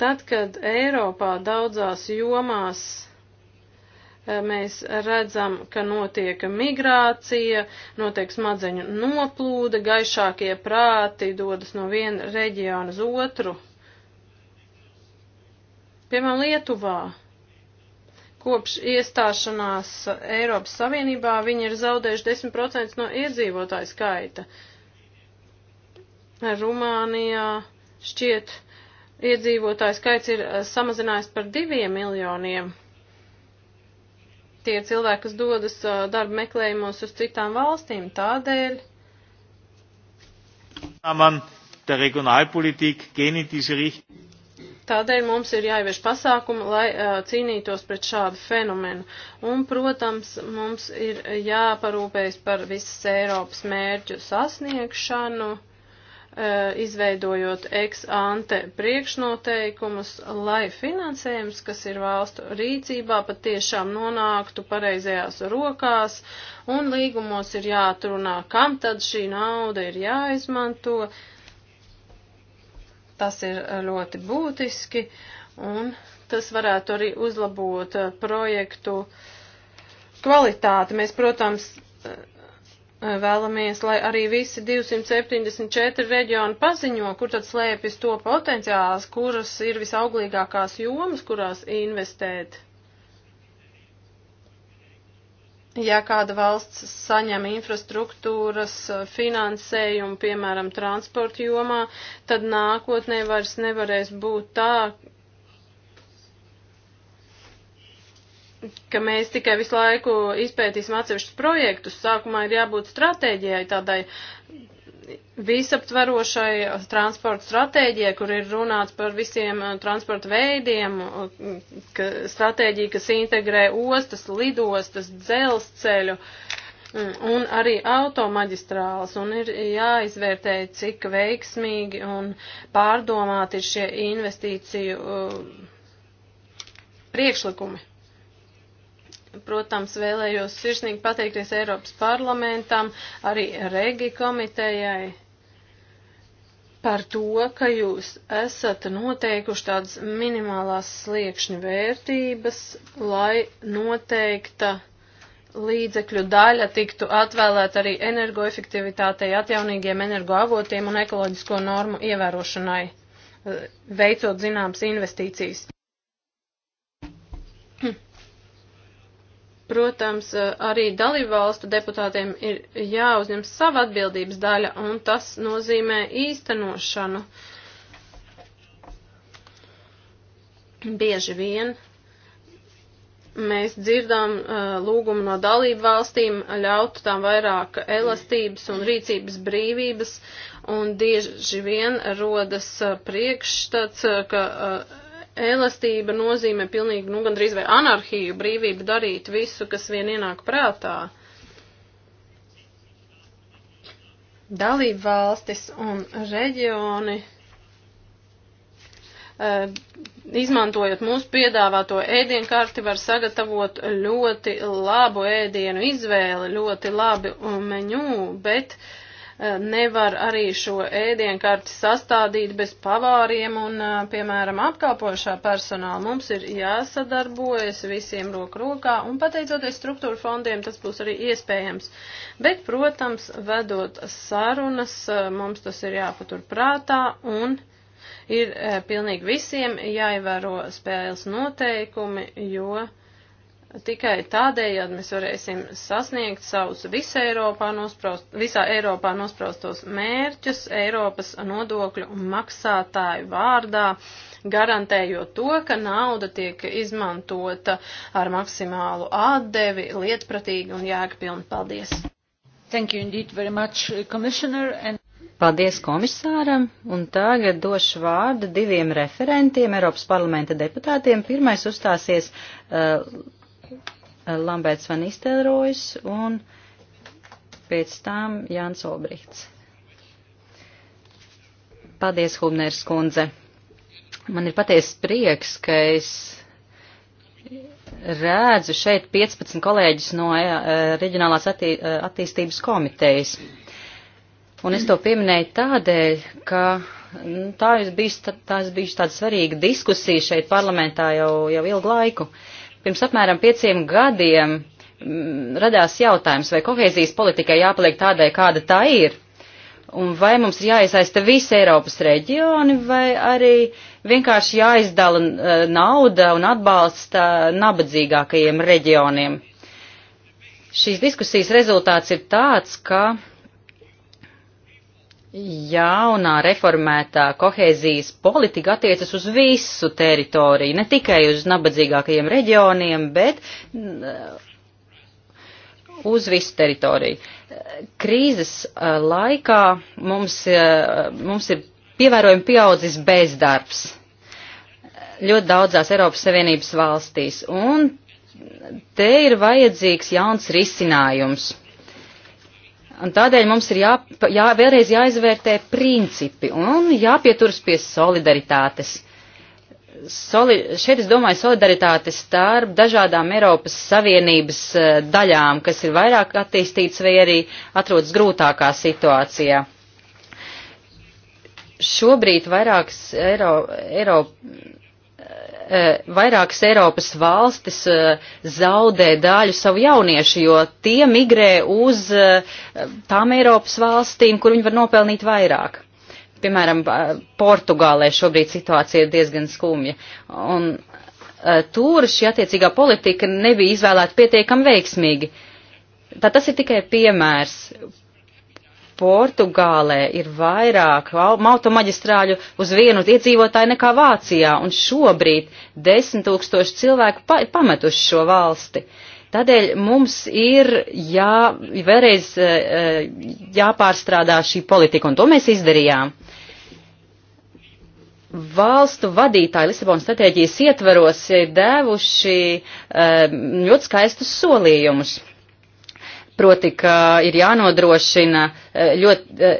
S4: Tad, kad Eiropā daudzās jomās uh, mēs redzam, ka notiek migrācija, notiek smadzeņu noplūde, gaišākie prāti dodas no viena reģiona uz otru. Piemēram, Lietuvā Kopš iestāšanās Eiropas Savienībā viņi ir zaudējuši 10% no iedzīvotāju skaita. Rumānijā šķiet iedzīvotāju skaits ir eh, samazinājies par diviem miljoniem. Tie cilvēki, kas dodas eh, darba meklējumos uz citām valstīm, tādēļ.
S6: Man, der Regionalpolitik gehen in diese Richtung.
S4: Tādēļ mums ir jāievieš pasākumi, lai uh, cīnītos pret šādu fenomenu. Un, protams, mums ir jāparūpējas par visas Eiropas mērķu sasniegšanu, uh, izveidojot ex ante priekšnoteikumus, lai finansējums, kas ir valstu rīcībā, patiešām nonāktu pareizajās rokās, un līgumos ir jāatrunā, kam tad šī nauda ir jāizmanto. Uh, Tas ir eh, ļoti būtiski un tas varētu arī uzlabot eh, projektu kvalitāti. Mēs, protams, eh, vēlamies, lai arī visi 274 reģioni paziņo, kur tad slēpjas to potenciāls, kuras ir visauglīgākās jomas, kurās investēt ja kāda valsts saņem infrastruktūras eh, finansējumu, piemēram, transporta jomā, tad nākotnē vairs nevarēs būt tā, ka mēs tikai visu laiku izpētīsim atsevišķus projektus. Sākumā ir jābūt stratēģijai tādai visaptverošai transporta stratēģijai, kur ir runāts par visiem uh, transporta veidiem, uh, ka stratēģija, kas integrē ostas, lidostas, dzelzceļu mm, un arī automaģistrāls, un ir jāizvērtē, cik veiksmīgi un pārdomāti ir šie investīciju uh, priekšlikumi protams, vēlējos sirsnīgi pateikties Eiropas parlamentam, arī Regi komitejai par to, ka jūs esat noteikuši tādas minimālās sliekšņu vērtības, lai noteikta līdzekļu daļa tiktu atvēlēta arī energoefektivitātei, atjaunīgiem energoavotiem un ekoloģisko normu ievērošanai, veicot zināmas investīcijas. Protams, eh, arī dalībvalstu deputātiem ir jāuzņem sava atbildības daļa, un tas nozīmē īstenošanu. Bieži vien mēs dzirdām uh, eh, lūgumu no dalību valstīm ļaut tām vairāk elastības un rīcības brīvības, un bieži vien rodas eh, priekšstats, ka uh, elastība nozīmē pilnīgi, nu, gandrīz vai anarhiju, brīvību darīt visu, kas vien ienāk prātā. Dalība valstis un reģioni, e, izmantojot mūsu piedāvāto ēdienkarti, var sagatavot ļoti labu ēdienu izvēli, ļoti labi meņū, bet uh, Eh, nevar arī šo ēdienkarti sastādīt bez pavāriem un, eh, piemēram, apkalpošā personāla. Mums ir jāsadarbojas visiem roku rokā, un pateicoties struktūra fondiem, tas būs arī iespējams. Bet, protams, vedot sarunas, eh, mums tas ir jāpatur prātā un ir pilnīgi visiem jāievēro spēles noteikumi, jo Tikai tādējādi mēs varēsim sasniegt savus visā Eiropā, nospraust, visā Eiropā nospraustos mērķus Eiropas nodokļu maksātāju vārdā, garantējot to, ka nauda tiek izmantota ar maksimālu atdevi, lietpratīgi
S2: un jēgpilni. Paldies! Thank you indeed very much, uh, Commissioner. And...
S3: Paldies komisāram, un tagad došu vārdu diviem referentiem, Eiropas parlamenta deputātiem. Pirmais uzstāsies uh, Lamberts Van Istelrojs un pēc tām Jānis Olbrihts. Paldies, Hubners kundze. Man ir patiesi prieks, ka es redzu šeit 15 kolēģis no eh, Reģionālās attī eh, attīstības komitejas. Un es to pieminēju tādēļ, ka nu, tā ir bijusi tā, tā tāda svarīga diskusija šeit parlamentā jau, jau ilgu laiku. Uh, Pirms apmēram pieciem gadiem mm, radās jautājums, vai kohēzijas politikai jāpaliek tādai, kāda tā ir, un vai mums ir jāiesaista visi Eiropas reģioni, vai arī vienkārši jāizdala eh, nauda un atbalsta nabadzīgākajiem reģioniem. Šīs diskusijas rezultāts ir tāds, ka jaunā reformētā kohēzijas politika attiecas uz visu teritoriju, ne tikai uz nabadzīgākajiem reģioniem, bet mm, uz visu teritoriju. Krīzes eh, laikā mums, eh, mums ir pievērojami pieaudzis bezdarbs ļoti daudzās Eiropas Savienības valstīs, un te ir vajadzīgs jauns risinājums Un tādēļ mums ir jā, jā, vēlreiz jāizvērtē principi un jāpieturas pie solidaritātes. Soli, šeit es domāju solidaritāti starp dažādām Eiropas Savienības eh, daļām, kas ir vairāk attīstīts vai arī atrodas grūtākā situācijā. Šobrīd vairākas Eiro, Eiro, E, vairākas Eiropas valstis e, zaudē daļu savu jauniešu, jo tie migrē uz e, tām Eiropas valstīm, kur viņi var nopelnīt vairāk. Piemēram, Portugālē šobrīd situācija ir diezgan skumja. Un tur šī attiecīgā politika nebija izvēlēta pietiekami veiksmīgi. Tā tas ir tikai piemērs. Portugālē ir vairāk automaģistrāļu uz vienu iedzīvotāju nekā Vācijā, un šobrīd desmit tūkstoši cilvēku pa pametuši šo valsti. Tādēļ mums ir jā, vēlreiz e, e, jāpārstrādā šī politika, un to mēs izdarījām. Valstu vadītāji Lisabonas stratēģijas ietveros ir devuši e, ļoti skaistus solījumus Proti, ka ir jānodrošina e, ļoti, e,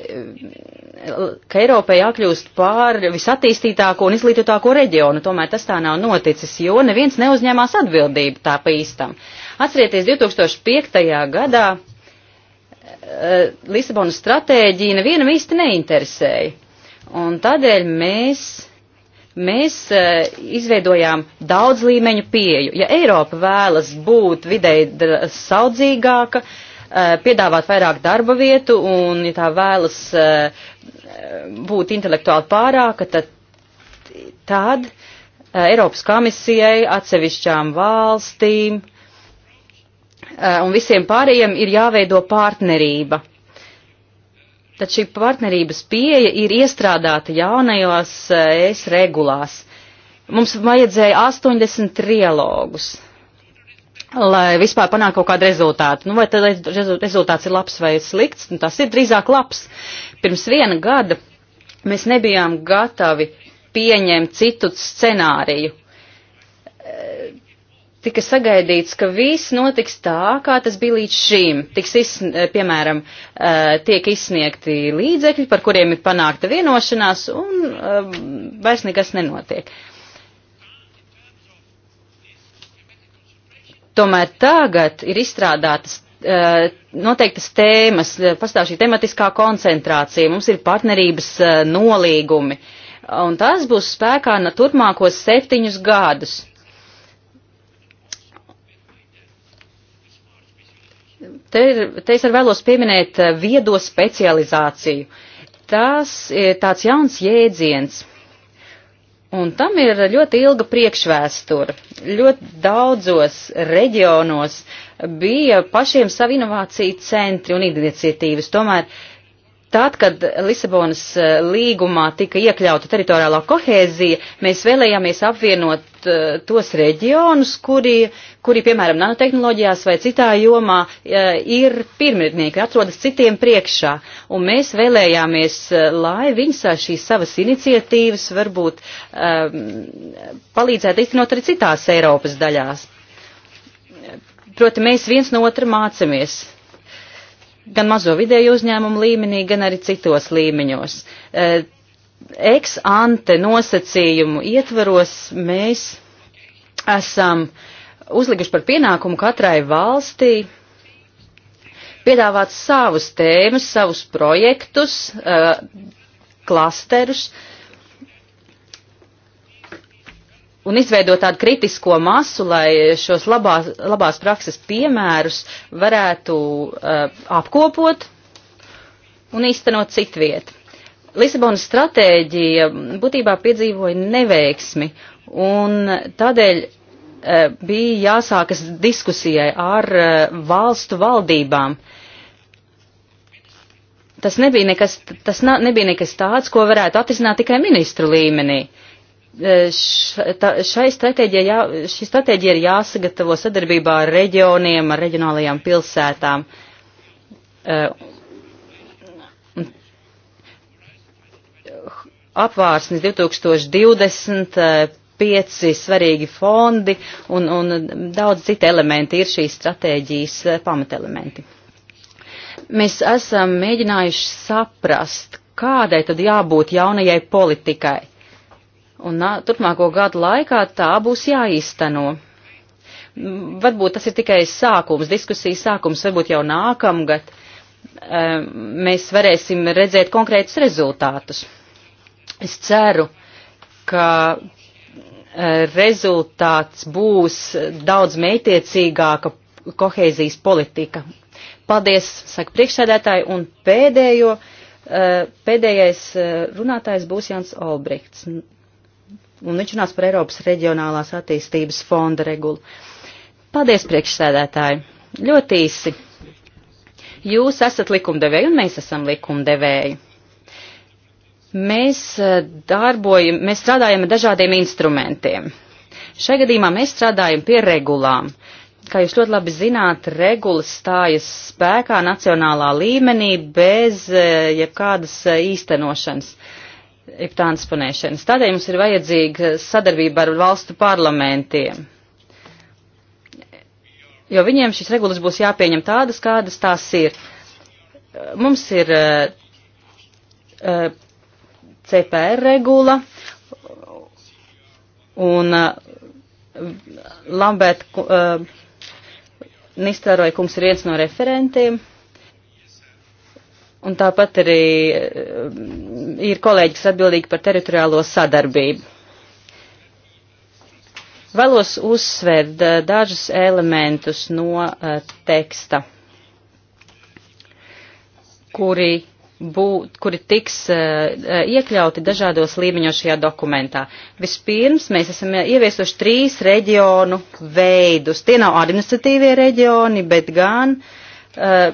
S3: ka Eiropai jākļūst pār visattīstītāko un izglītotāko reģionu. Tomēr tas tā nav noticis, jo neviens neuzņēmās atbildību tā pa īstam. Atcerieties, 2005. gadā e, Lisabonas stratēģija nevienam īsti neinteresēja. Un tādēļ mēs, mēs izveidojām daudz līmeņu pieju. Ja Eiropa vēlas būt videi saudzīgāka, Eh, piedāvāt vairāk darba vietu un, ja tā vēlas eh, būt intelektuāli pārāka, tad tād eh, Eiropas komisijai, atsevišķām valstīm un visiem pārējiem ir jāveido partnerība. Tad šī partnerības pieeja ir iestrādāta jaunajos ES regulās. Mums vajadzēja 80 trialogus lai vispār panāktu kaut kādu rezultātu. Nu, vai tad rezultāts ir labs vai slikts? Nu, tas ir drīzāk labs. Pirms viena gada mēs nebijām gatavi pieņemt citu scenāriju. Eh, tika sagaidīts, ka viss notiks tā, kā tas bija līdz šim. Tiks, iz, eh, piemēram, eh, tiek izsniegti līdzekļi, par kuriem ir panākta vienošanās, un vairs nekas nenotiek. Uh, Tomēr tagad ir izstrādātas eh, noteiktas tēmas, eh, pastāv šī tematiskā koncentrācija, mums ir partnerības eh, nolīgumi, un tas būs spēkā no turpmākos septiņus gadus. Te, ir, te es arī vēlos pieminēt viedo specializāciju. Tas ir tāds jauns jēdziens. Un tam ir ļoti ilga priekšvēstura. Ļoti daudzos reģionos bija pašiem savi inovāciju centri un iniciatīvas. Tomēr tad, kad Lisabonas eh, līgumā tika iekļauta teritoriālā kohēzija, mēs vēlējāmies apvienot Eh, tos reģionus, kuri, kuri, piemēram, nanotehnoloģijās vai citā jomā eh, ir pirmrednieki, atrodas citiem priekšā. Un mēs vēlējāmies, eh, lai viņas šīs savas iniciatīvas varbūt um, palīdzētu iztenot arī citās Eiropas daļās. Proti, mēs viens no otra mācamies gan mazo vidēju uzņēmumu līmenī, gan arī citos līmeņos ex ante nosacījumu ietvaros mēs esam uzlikuši par pienākumu katrai valstī piedāvāt savus tēmas, savus projektus, eh, klasterus un izveidot tādu kritisko masu, lai šos labās, labās prakses piemērus varētu eh, apkopot un īstenot citviet. Lisabonas stratēģija būtībā piedzīvoja neveiksmi, un tādēļ eh, bija jāsākas diskusijai ar eh, valstu valdībām. Tas nebija nekas, tas na, nebija nekas tāds, ko varētu atrisināt tikai ministru līmenī. Eh, š, ta, šai stratēģijai jā, šī stratēģija ir jāsagatavo sadarbībā ar reģioniem, ar reģionālajām pilsētām. Uh, apvārsnes 2020 pieci svarīgi fondi un, un daudz citi elementi ir šīs stratēģijas eh, pamatelementi. Mēs esam mēģinājuši saprast, kādai tad jābūt jaunajai politikai. Un nā, turpmāko gadu laikā tā būs jāīsteno. Varbūt tas ir tikai sākums, diskusijas sākums, varbūt jau nākamgad eh, mēs varēsim redzēt konkrētus rezultātus. Es ceru, ka eh, rezultāts būs daudz meitiecīgāka kohēzijas politika. Paldies, saka priekšsēdētāji, un pēdējo, eh, pēdējais eh, runātājs būs Jans Olbrihts, un viņš runās par Eiropas reģionālās attīstības fonda regulu. Paldies, priekšsēdētāji! Ļoti īsi! Jūs esat likumdevēji, un mēs esam likumdevēji. Mēs eh, darbojam, mēs strādājam ar dažādiem instrumentiem. Šajā gadījumā mēs strādājam pie regulām. Kā jūs ļoti labi zināt, regulas stājas spēkā nacionālā līmenī bez eh, jebkādas eh, īstenošanas, jeb transponēšanas. Tādēļ mums ir vajadzīga sadarbība ar valstu parlamentiem. Jo viņiem šīs regulas būs jāpieņem tādas, kādas tās ir. Mums ir uh, CPR regula un uh, Lambert uh, Nistēroja kungs ir viens no referentiem. Un tāpat arī uh, ir kolēģis atbildīgi par teritoriālo sadarbību. Vēlos uzsvērt uh, dažus elementus no teksta, kuri būt, kuri tiks eh, eh, iekļauti dažādos līmeņos šajā dokumentā. Vispirms mēs esam ieviesuši trīs reģionu veidus. Tie nav administratīvie reģioni, bet gan uh,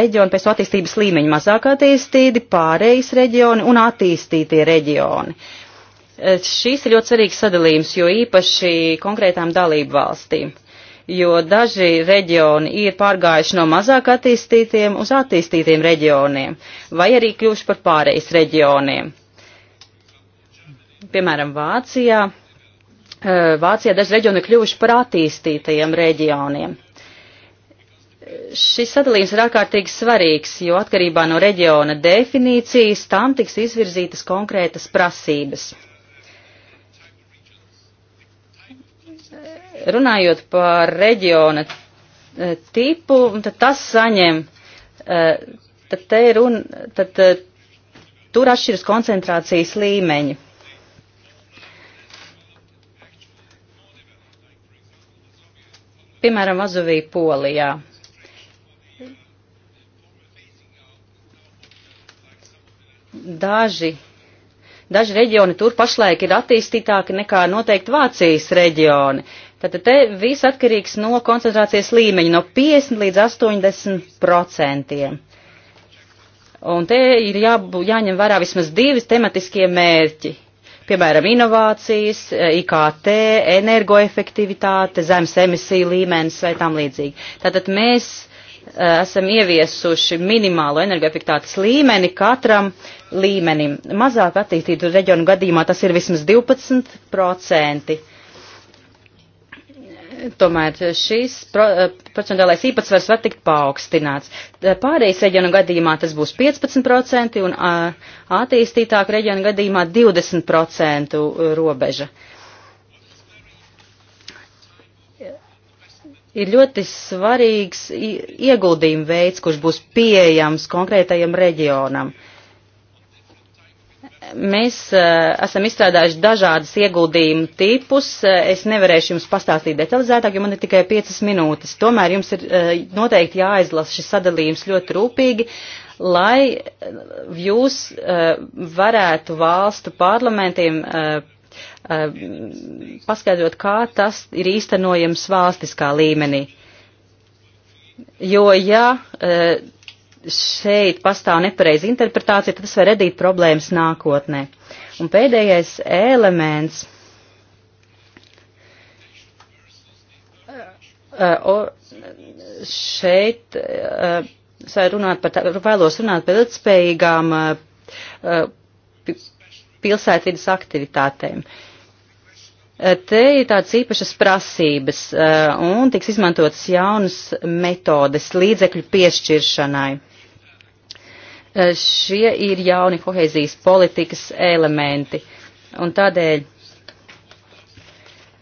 S3: reģioni pēc attīstības līmeņa - mazāk attīstīti, pārējais reģioni un attīstītie reģioni. Uh, šīs ir ļoti svarīgs sadalījums, jo īpaši konkrētām dalību valstīm jo daži reģioni ir pārgājuši no mazāk attīstītiem uz attīstītiem reģioniem, vai arī kļuvuši par pārejas reģioniem. Piemēram, Vācijā. Eh, Vācijā daži reģioni ir kļuvuši par attīstītajiem reģioniem. Šis sadalījums ir ārkārtīgi svarīgs, jo atkarībā no reģiona definīcijas tam tiks izvirzītas konkrētas prasības. Runājot par reģiona eh, tipu, tad tas saņem, eh, tad te ir un, tad eh, tur atšķiras koncentrācijas līmeņi. Piemēram, Azovī Polijā. Daži, daži reģioni tur pašlaik ir attīstītāki nekā noteikti Vācijas reģioni. Uh, Tātad te viss atkarīgs no koncentrācijas līmeņa, no 50 līdz 80 procentiem. Un te ir jābū, jāņem vērā vismaz divi tematiskie mērķi. Piemēram, inovācijas, IKT, energoefektivitāte, zemes emisiju līmenis vai tam līdzīgi. Tātad mēs eh, esam ieviesuši minimālo energoefektivitātes līmeni katram līmenim. Mazāk attīstītu reģionu gadījumā tas ir vismaz 12 procenti. Tomēr šīs eh, procentuālais īpatsvars var tikt paaugstināts. Eh, Pārējais reģionu gadījumā tas būs 15% un eh, attīstītāk reģionu gadījumā 20% robeža. Ir ļoti svarīgs ieguldījuma veids, kurš būs pieejams konkrētajam reģionam. Mēs uh, esam izstrādājuši dažādas ieguldījumu tipus. Eh, es nevarēšu jums pastāstīt detalizētāk, jo man ir tikai piecas minūtes. Tomēr jums ir uh, noteikti jāizlasa šis sadalījums ļoti rūpīgi, lai jūs uh, varētu valstu parlamentiem uh, paskaidrot, kā tas ir īstenojams valstiskā līmenī. Jo, ja šeit pastāv nepareiza interpretācija, tad tas var radīt problēmas nākotnē. Un pēdējais elements. Uh, šeit uh, runāt par, tā, vēlos runāt par ilgspējīgām uh, uh pilsētvidas aktivitātēm. Uh, te ir tādas īpašas prasības uh, un tiks izmantotas jaunas metodes līdzekļu piešķiršanai. Eh, šie ir jauni kohēzijas politikas elementi. Un tādēļ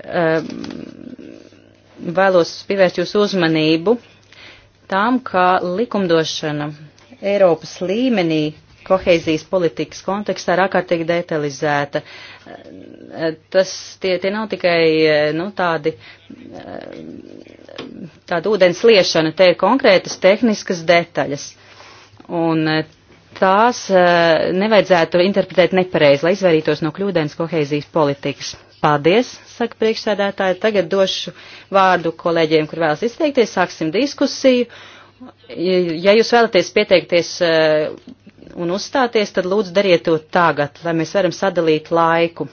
S3: ehm, vēlos pievērst jūsu uzmanību tam, ka likumdošana Eiropas līmenī kohēzijas politikas kontekstā ir ārkārtīgi detalizēta. Eh, tas tie, tie nav tikai eh, nu, tādi, tāda ūdens liešana, te ir konkrētas tehniskas detaļas. Un tās eh, nevajadzētu interpretēt nepareizi, lai izvairītos no kļūdainas kohēzijas politikas. Paldies, saka priekšsēdētāji. Tagad došu vārdu kolēģiem, kur vēlas izteikties. Sāksim diskusiju. Ja jūs vēlaties pieteikties eh, un uzstāties, tad lūdzu dariet to tagad, lai mēs varam sadalīt laiku.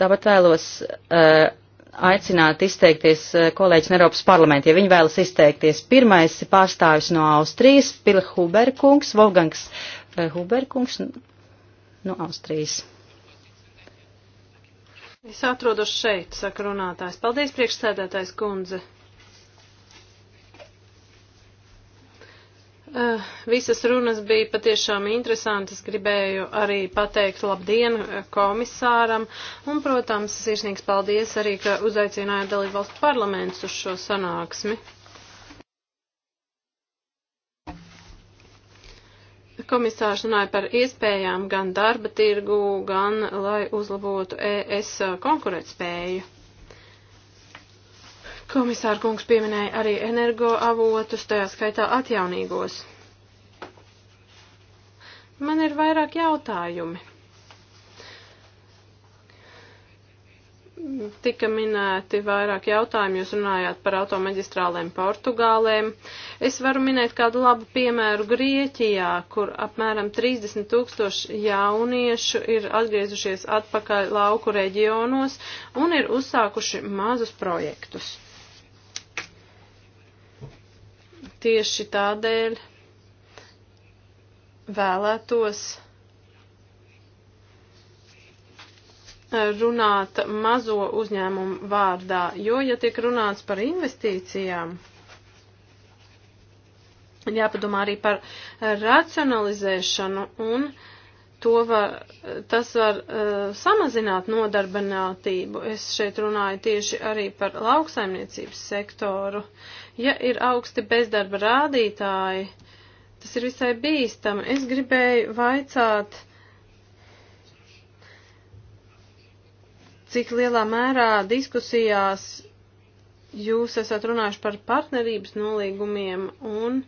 S3: Tāpat vēlos uh, aicināt izteikties eh, kolēģis no Eiropas parlamenta, ja viņi vēlas izteikties. Pirmais pārstāvis no Austrijas, Pila Huberkungs, Volgangs eh, Huberkungs no Austrijas.
S4: Es atrodos šeit, saka runātājs. Paldies, priekšsēdētājs kundze. Eh, visas runas bija patiešām interesantas. Gribēju arī pateikt labdien eh, komisāram. Un, protams, sirsnīgs paldies arī, ka uzaicinājāt dalībvalstu parlaments uz šo sanāksmi. Komisārs runāja par iespējām gan darba tirgu, gan lai uzlabotu ES konkurētspēju. Komisāra kungs pieminēja arī energoavotus, tajā skaitā atjaunīgos. Man ir vairāk jautājumi. tika minēti vairāk jautājumu, jūs runājāt par automaģistrālēm Portugālēm. Es varu minēt kādu labu piemēru Grieķijā, kur apmēram 30 tūkstoši jauniešu ir atgriezušies atpakaļ lauku reģionos un ir uzsākuši mazus projektus. Tieši tādēļ vēlētos runāt mazo uzņēmumu vārdā, jo, ja tiek runāts par investīcijām, jāpadomā arī par racionalizēšanu un to var, tas var uh, samazināt nodarbinātību. Es šeit runāju tieši arī par lauksaimniecības sektoru. Uh, Ja ir augsti bezdarba rādītāji, tas ir visai bīstami. Es gribēju vaicāt, cik lielā mērā diskusijās jūs esat runājuši par partnerības nolīgumiem un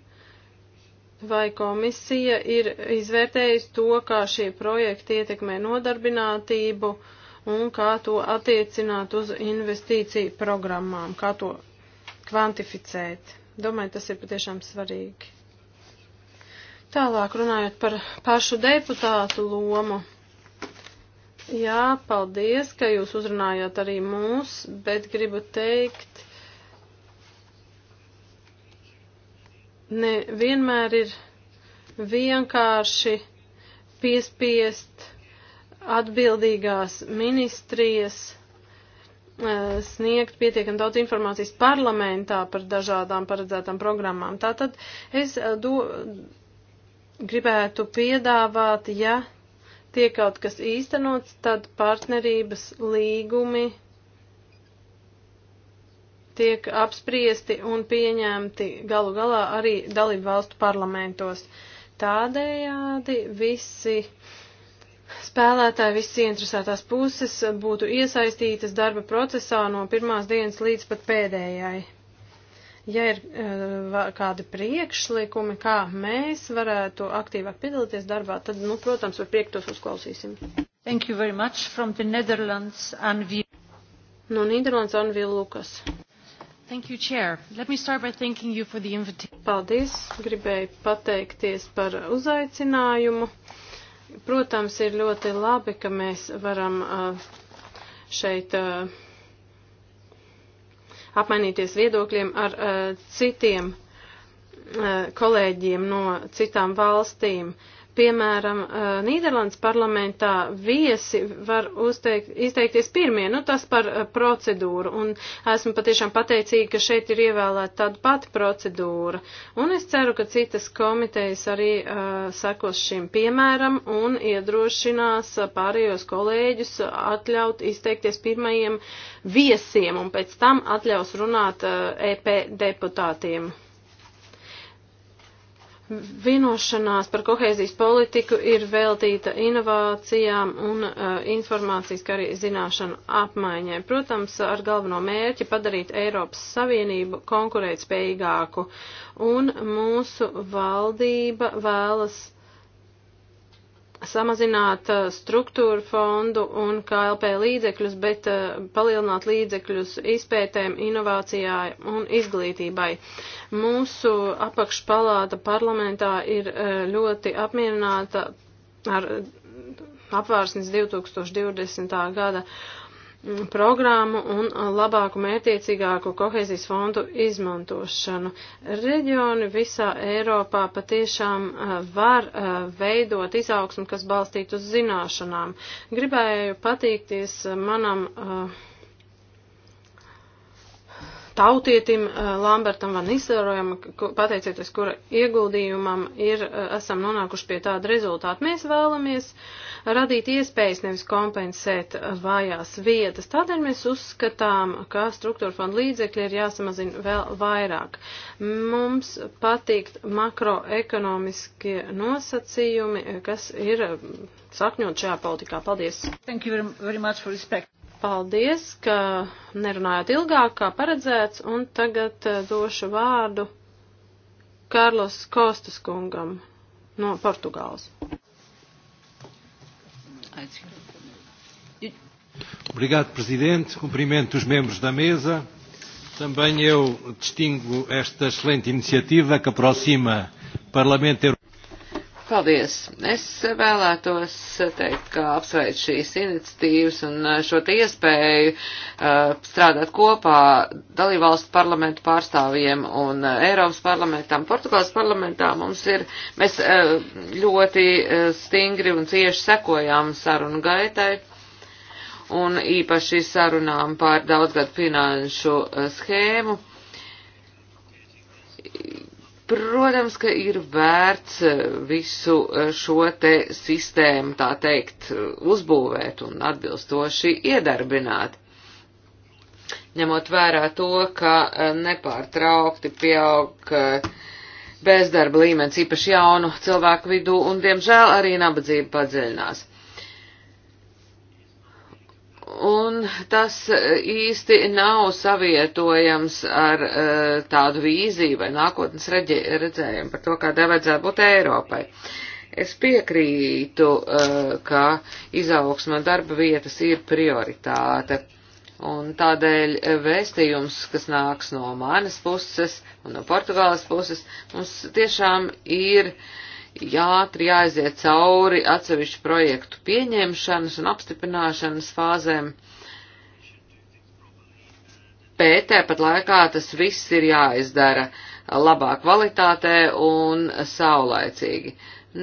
S4: vai komisija ir izvērtējusi to, kā šie projekti ietekmē nodarbinātību un kā to attiecināt uz investīciju programmām, kā to kvantificēt. Domāju, tas ir patiešām svarīgi. Tālāk runājot par pašu deputātu lomu. Jā, paldies, ka jūs uzrunājāt arī mūs, bet gribu teikt, ne vienmēr ir vienkārši piespiest atbildīgās ministrijas Eh, sniegt pietiekam daudz informācijas parlamentā par dažādām paredzētām programmām. Tātad es eh, do, gribētu piedāvāt, ja tiek kaut kas īstenots, tad partnerības līgumi tiek apspriesti un pieņemti galu galā arī dalību valstu parlamentos. Tādējādi visi uh, spēlētāji, visas interesētās puses būtu iesaistītas darba procesā no pirmās dienas līdz pat pēdējai. Ja ir eh, kādi priekšlikumi, kā mēs varētu aktīvāk piedalīties darbā, tad, nu, protams, ar prieku tos uzklausīsim. Thank you very much from the Netherlands, Anvi. No Nīderlandes Anvi Lukas. Thank you, Chair. Let me start by thanking you for the invitation. Paldies. Gribēju pateikties par uzaicinājumu. Uh, Protams, ir ļoti labi, ka mēs varam šeit apmainīties viedokļiem ar citiem kolēģiem no citām valstīm. Uh, Piemēram, eh, Nīderlandes parlamentā viesi var uzteikt, izteikties pirmie, nu tas par eh, procedūru, un esmu patiešām pateicīga, ka šeit ir ievēlēta tāda pati procedūra, un es ceru, ka citas komitejas arī uh, sekos šim piemēram un iedrošinās pārējos kolēģus atļaut izteikties pirmajiem viesiem, un pēc tam atļaus runāt uh, EP deputātiem. Vienošanās par kohēzijas politiku ir veltīta inovācijām un uh, informācijas, kā arī zināšanu apmaiņai. Protams, ar galveno mērķi padarīt Eiropas Savienību konkurētspējīgāku. Un mūsu valdība vēlas samazināt eh, struktūru fondu un KLP līdzekļus, bet eh, palielināt līdzekļus izpētēm, inovācijai un izglītībai. Mūsu apakšpalāta parlamentā ir eh, ļoti apmierināta ar apvārsnes 2020. gada Mm, programmu un labāku mērtiecīgāku kohēzijas fondu izmantošanu. Reģioni visā Eiropā patiešām var veidot izaugsmu, kas balstīt uz zināšanām. Gribēju patīkties manam uh, tautietim eh, Lambertam Van Nisarojam, pateicoties, kura ieguldījumam ir, eh, esam nonākuši pie tāda rezultāta. Mēs vēlamies radīt iespējas, nevis kompensēt vājās vietas. Tādēļ mēs uzskatām, ka struktūra fonda līdzekļi ir jāsamazina vēl vairāk. Mums patīk makroekonomiskie nosacījumi, kas ir eh, sakņot šajā politikā. Paldies!
S2: Thank you very much for respect.
S4: Paldies, ka nerunājāt ilgāk, kā paredzēts, un tagad eh, došu vārdu Karlos Kostas kungam no Portugāles.
S5: Obrigado, Presidente. Cumprimento os membros da mesa. Também eu distingo esta excelente iniciativa que aproxima Parlamento Europeu.
S1: Paldies! Es vēlētos teikt, ka apsveic šīs iniciatīvas un eh, šo te iespēju uh, strādāt kopā dalībvalstu parlamentu pārstāvjiem un uh, Eiropas parlamentām. Portugāles parlamentā mums ir, mēs uh, ļoti uh, stingri un cieši sekojām sarunu gaitai un īpaši sarunām par daudzgadu finanšu uh, schēmu Protams, ka ir vērts e, visu e, šo te sistēmu, tā teikt, e, uzbūvēt un atbilstoši iedarbināt. Ņemot vērā to, ka nepārtraukti pieaug bezdarba līmenis īpaši jaunu cilvēku vidū un, diemžēl, arī nabadzība padziļinās. Un tas e, īsti nav savietojams ar uh, tādu vīziju vai nākotnes reģē, redzējumu par to, kādai vajadzētu būt Eiropai. Es piekrītu, uh, ka izaugsma darba vietas ir prioritāte. Un tādēļ vēstījums, kas nāks no manas puses un no Portugāles puses, mums tiešām ir jātri jāaiziet cauri atsevišķu projektu pieņemšanas un apstiprināšanas fāzēm. Uh, bet tāpat laikā tas viss ir jāizdara labā kvalitātē un saulaicīgi.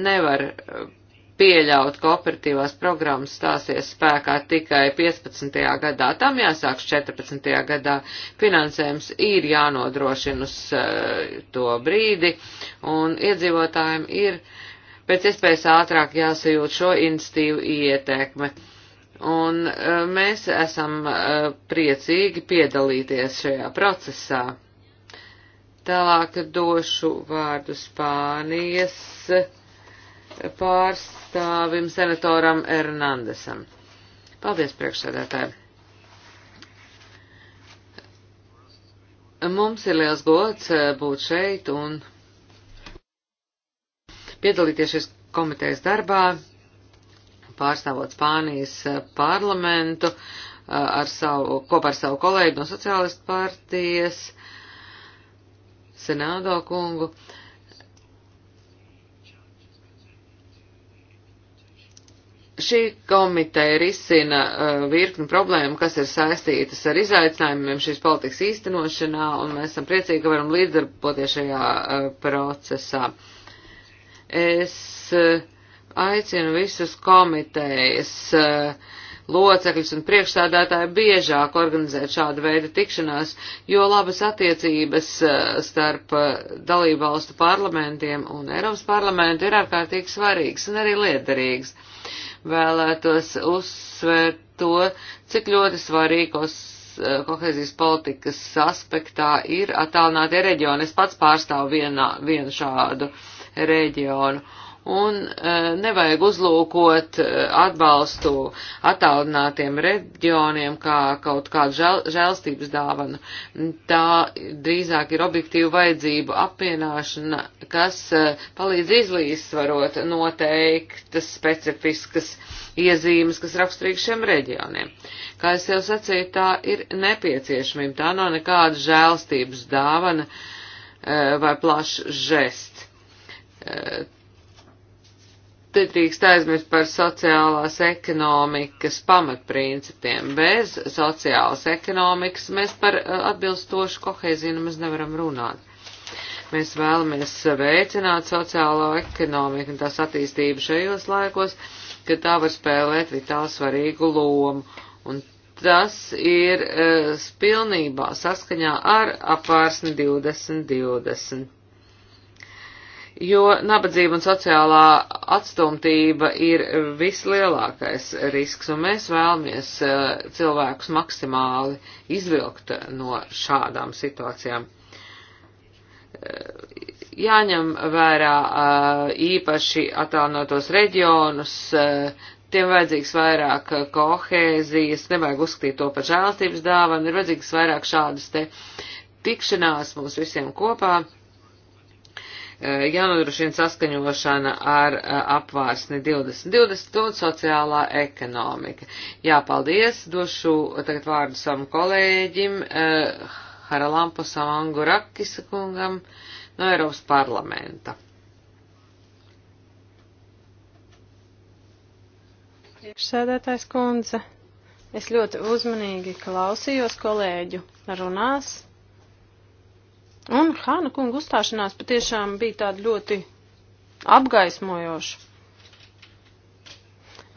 S1: Nevar eh, pieļaut, ka operatīvās programmas stāsies spēkā tikai 15. gadā, tam jāsāks 14. gadā, finansējums ir jānodrošina uz uh, to brīdi, un iedzīvotājiem ir pēc iespējas ātrāk jāsajūt šo institīvu ietekme. Uh, Un e, mēs esam e, priecīgi piedalīties šajā procesā. Tālāk došu vārdu Spānijas pārstāvim senatoram Hernandesam. Paldies, priekšsēdētāji! Mums ir liels gods e, būt šeit un piedalīties šīs komitejas darbā pārstāvot Spānijas eh, parlamentu eh, ar savu, kopā ar savu kolēģi no Sociālistu partijas, Senādo kungu. Šī komiteja risina uh, virkni problēmu, kas ir saistītas ar izaicinājumiem šīs politikas īstenošanā, un mēs esam priecīgi, ka varam līdzdarboties šajā uh, procesā. Es uh, aicinu visus komitejas eh, locekļus un priekšsādātāju biežāk organizēt šādu veidu tikšanās, jo labas attiecības eh, starp eh, dalībvalstu parlamentiem un Eiropas parlamentu ir ārkārtīgi svarīgas un arī liederīgas. Vēlētos uzsvērt to, cik ļoti svarīgos kohēzijas politikas aspektā ir attālinātie reģioni. Es pats pārstāvu vienā, vienu šādu reģionu un e, nevajag uzlūkot e, atbalstu attālinātiem reģioniem kā kaut kādu žēl, žēlstības dāvanu. Tā drīzāk ir objektīva vajadzību apvienāšana, kas e, palīdz izlīdzsvarot noteiktas specifiskas iezīmes, kas raksturīgi šiem reģioniem. Kā es jau sacīju, tā ir nepieciešamība, tā nav nekāda žēlstības dāvana vai plašs žests nedrīkst aizmirst par sociālās ekonomikas pamatprincipiem. Bez sociālas ekonomikas mēs par uh, atbilstošu kohēziju nemaz nevaram runāt. Mēs vēlamies veicināt sociālo ekonomiku un tās attīstību šajos laikos, kad tā var spēlēt vitāli svarīgu lomu. Un tas ir uh, pilnībā saskaņā ar apvārsni 2020 jo nabadzība un sociālā atstumtība ir vislielākais risks, un mēs vēlamies eh, cilvēkus maksimāli izvilkt no šādām situācijām. Eh, jāņem vērā eh, īpaši attālinotos reģionus, tiem vajadzīgs vairāk kohēzijas, nevajag uzskatīt to par žēlstības dāvanu, ir vajadzīgs vairāk šādas te tikšanās mums visiem kopā Eh, jānodrošina saskaņošana ar eh, apvārsni 2020 un sociālā ekonomika. Jā, paldies, došu tagad vārdu savam kolēģim eh, Haralampo Samangu Rakisa kungam no Eiropas parlamenta.
S4: Priekšsēdētājs kundze, es ļoti uzmanīgi klausījos kolēģu runās Un Hāna kunga uzstāšanās patiešām bija tāda ļoti apgaismojoša.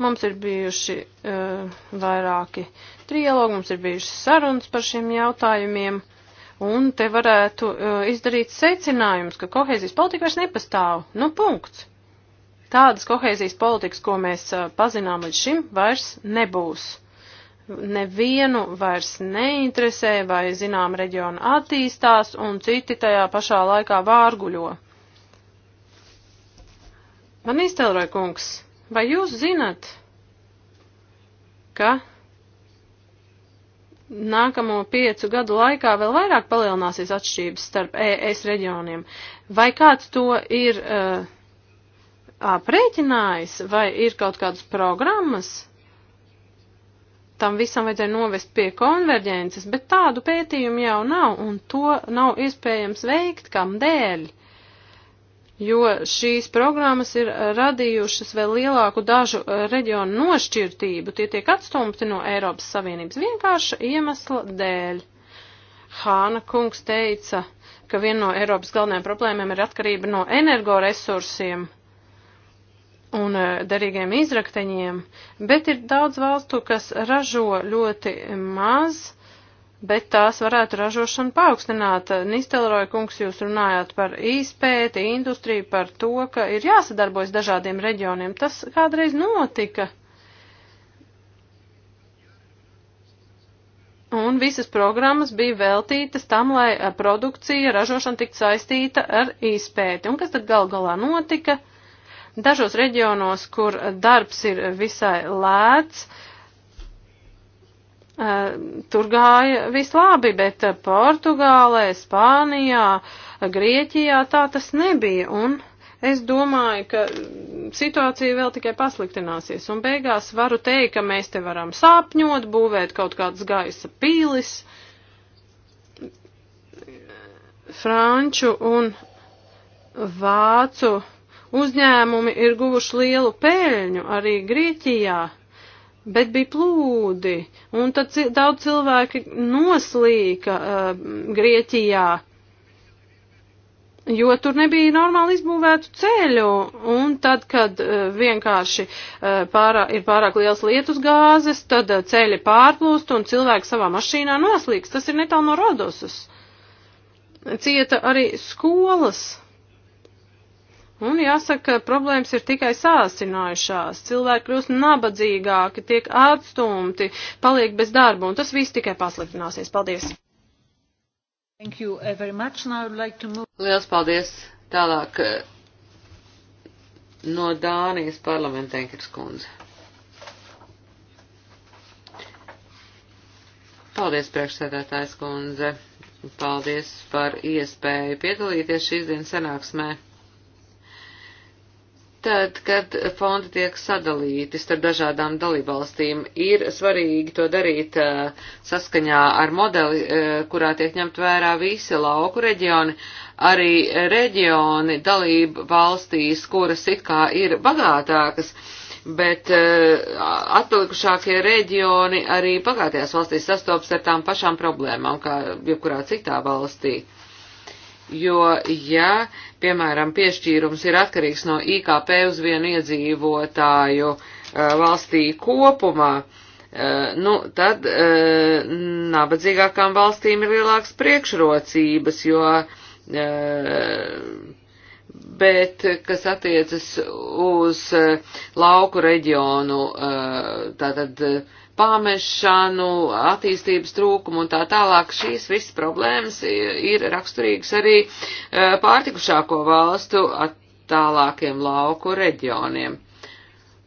S4: Mums ir bijuši uh, vairāki trialogi, mums ir bijušas sarunas par šiem jautājumiem, un te varētu uh, izdarīt secinājumus, ka kohēzijas politika vairs nepastāv. Nu, punkts. Tādas kohēzijas politikas, ko mēs uh, pazinām līdz šim, vairs nebūs nevienu vairs neinteresē, vai zinām reģiona attīstās, un citi tajā pašā laikā vārguļo. Man iztelroja kungs, vai jūs zinat, ka nākamo piecu gadu laikā vēl vairāk palielināsies atšķirības starp ES reģioniem? Vai kāds to ir uh, aprēķinājis, vai ir kaut kādas programmas? tam visam vajadzēja novest pie konverģences, bet tādu pētījumu jau nav, un to nav iespējams veikt kam dēļ, jo šīs programmas ir radījušas vēl lielāku dažu eh, reģionu nošķirtību, tie tiek atstumti no Eiropas Savienības vienkārša iemesla dēļ. Hāna kungs teica, ka viena no Eiropas galvenajām problēmām ir atkarība no energoresursiem un e, derīgiem izrakteņiem, bet ir daudz valstu, kas ražo ļoti maz, bet tās varētu ražošanu paaugstināt. Nistelroja kungs, jūs runājāt par īspēti, industriju, par to, ka ir jāsadarbojas dažādiem reģioniem. Tas kādreiz notika. Un visas programmas bija veltītas tam, lai e, produkcija, ražošana tiktu saistīta ar īspēti. Un kas tad gal galā notika? Uh, Dažos reģionos, kur darbs ir visai lēts, eh, tur gāja viss labi, bet Portugālē, Spānijā, Grieķijā tā tas nebija. Un es domāju, ka situācija vēl tikai pasliktināsies. Un beigās varu teikt, ka mēs te varam sāpņot, būvēt kaut kādas gaisa pīlis, franču un vācu Uzņēmumi ir guvuši lielu pēļņu arī Grieķijā, bet bija plūdi, un tad cil daudz cilvēki noslīka uh, Grieķijā, jo tur nebija normāli izbūvētu ceļu, un tad, kad uh, vienkārši uh, pārā, ir pārāk liels lietus gāzes, tad uh, ceļi pārplūst un cilvēki savā mašīnā noslīgs. Tas ir netālu no Rodosas. Cieta arī skolas. Un jāsaka, problēmas ir tikai sāsinājušās. Cilvēki kļūst nabadzīgāki, tiek atstumti, paliek bez darba, un tas viss tikai pasliktināsies. Paldies!
S2: Thank you uh, very much. Now I'd like to move...
S1: Liels paldies! Tālāk uh, no Dānijas parlamenta Enkers kundze. Paldies, priekšsēdētājs kundze! Paldies par iespēju piedalīties šīs dienas sanāksmē. Tad, kad fondi tiek sadalīti starp dažādām dalībvalstīm, ir svarīgi to darīt eh, saskaņā ar modeli, eh, kurā tiek ņemt vērā visi lauku reģioni, arī reģioni dalību valstīs, kuras it kā ir bagātākas, bet eh, atlikušākie reģioni arī bagātajās valstīs sastopas ar tām pašām problēmām, kā jebkurā citā valstī jo, ja, piemēram, piešķīrums ir atkarīgs no IKP uz vienu iedzīvotāju uh, valstī kopumā, uh, nu, tad uh, nabadzīgākām valstīm ir lielākas priekšrocības, jo, bet, kas attiecas uz lauku reģionu, tātad, pamešanu, attīstības trūkumu un tā tālāk. Šīs visas problēmas ir raksturīgas arī e, pārtikušāko valstu tālākiem lauku reģioniem.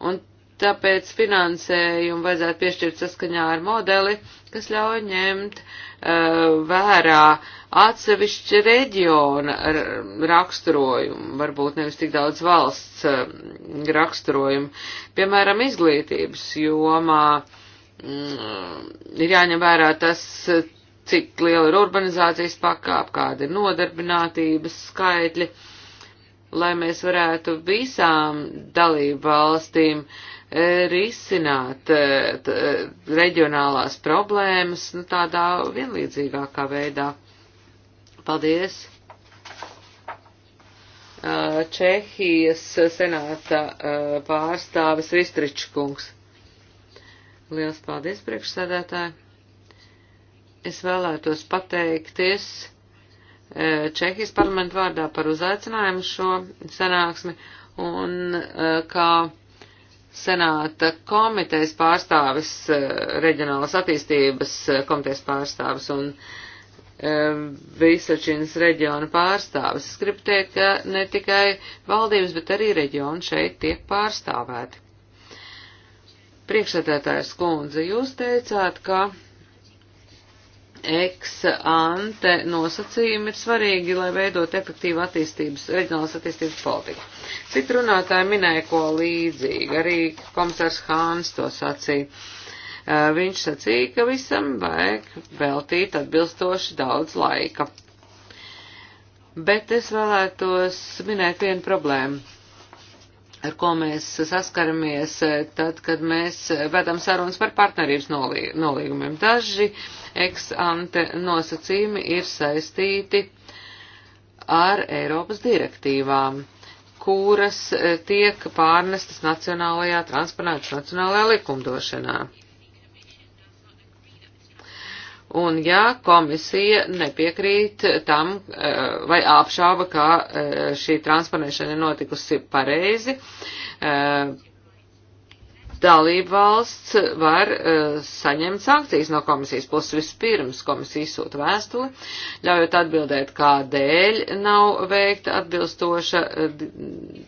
S1: Un tāpēc finansējumu vajadzētu piešķirt saskaņā ar modeli, kas ļauj ņemt uh, vērā atsevišķa reģiona raksturojumu, varbūt nevis tik daudz valsts uh, raksturojumu, piemēram, izglītības jomā. Uh, Mm, ir jāņem vērā tas, cik liela ir urbanizācijas pakāpe, kāda ir nodarbinātības skaitļi, lai mēs varētu visām dalību valstīm eh, risināt eh, eh, reģionālās problēmas nu, tādā vienlīdzīgākā veidā. Paldies! Čehijas senāta pārstāvis Ristričkungs. Liels paldies, priekšsēdētāji. Es vēlētos pateikties e, Čehijas parlamentu vārdā par uzaicinājumu šo sanāksmi un e, kā senāta komitejas pārstāvis, e, reģionālas attīstības komitejas pārstāvis un Visačins reģiona pārstāvis. Es gribu teikt, ka ne tikai valdības, bet arī reģioni šeit tiek pārstāvēti. Priekšsēdētājs kundze, jūs teicāt, ka ex-ante nosacījumi ir svarīgi, lai veidot efektīvu attīstības, reģionālas attīstības politiku. Citi runātāji minēja ko līdzīgi, arī komisārs Hāns to sacīja. Viņš sacīja, ka visam vajag veltīt atbilstoši daudz laika. Bet es vēlētos minēt vienu problēmu ar ko mēs saskaramies eh, tad, kad mēs vedam sarunas par partnerības nolīgumiem. Daži ex-ante nosacījumi ir saistīti ar Eiropas direktīvām, kuras eh, tiek pārnestas nacionālajā, transponētas nacionālajā likumdošanā. Un ja komisija nepiekrīt tam eh, vai apšāba, ka eh, šī transponēšana ir notikusi pareizi, eh, dalība valsts var saņemt sankcijas no komisijas puses vispirms. Komisija sūta vēstuli, ļaujot atbildēt, kādēļ nav veikta atbilstoša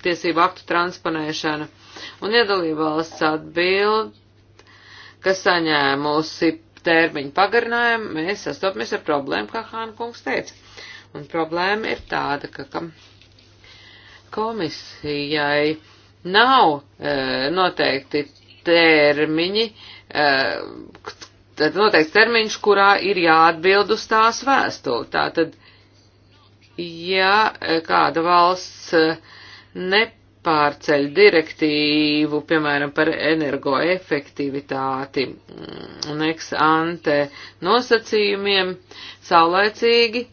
S1: tiesību aktu transponēšana. Un ja dalība valsts atbild, ka saņēmusi termiņu pagarinājumu, mēs sastopamies ar problēmu, kā Hāna kungs teica. Un problēma ir tāda, ka, ka komisijai nav e, noteikti termiņi, e, tad noteikts termiņš, kurā ir jāatbild uz tās vēstuli. Tātad, ja e, kāda valsts e, ne pārceļ direktīvu, piemēram, par energoefektivitāti un ex ante nosacījumiem saulēcīgi.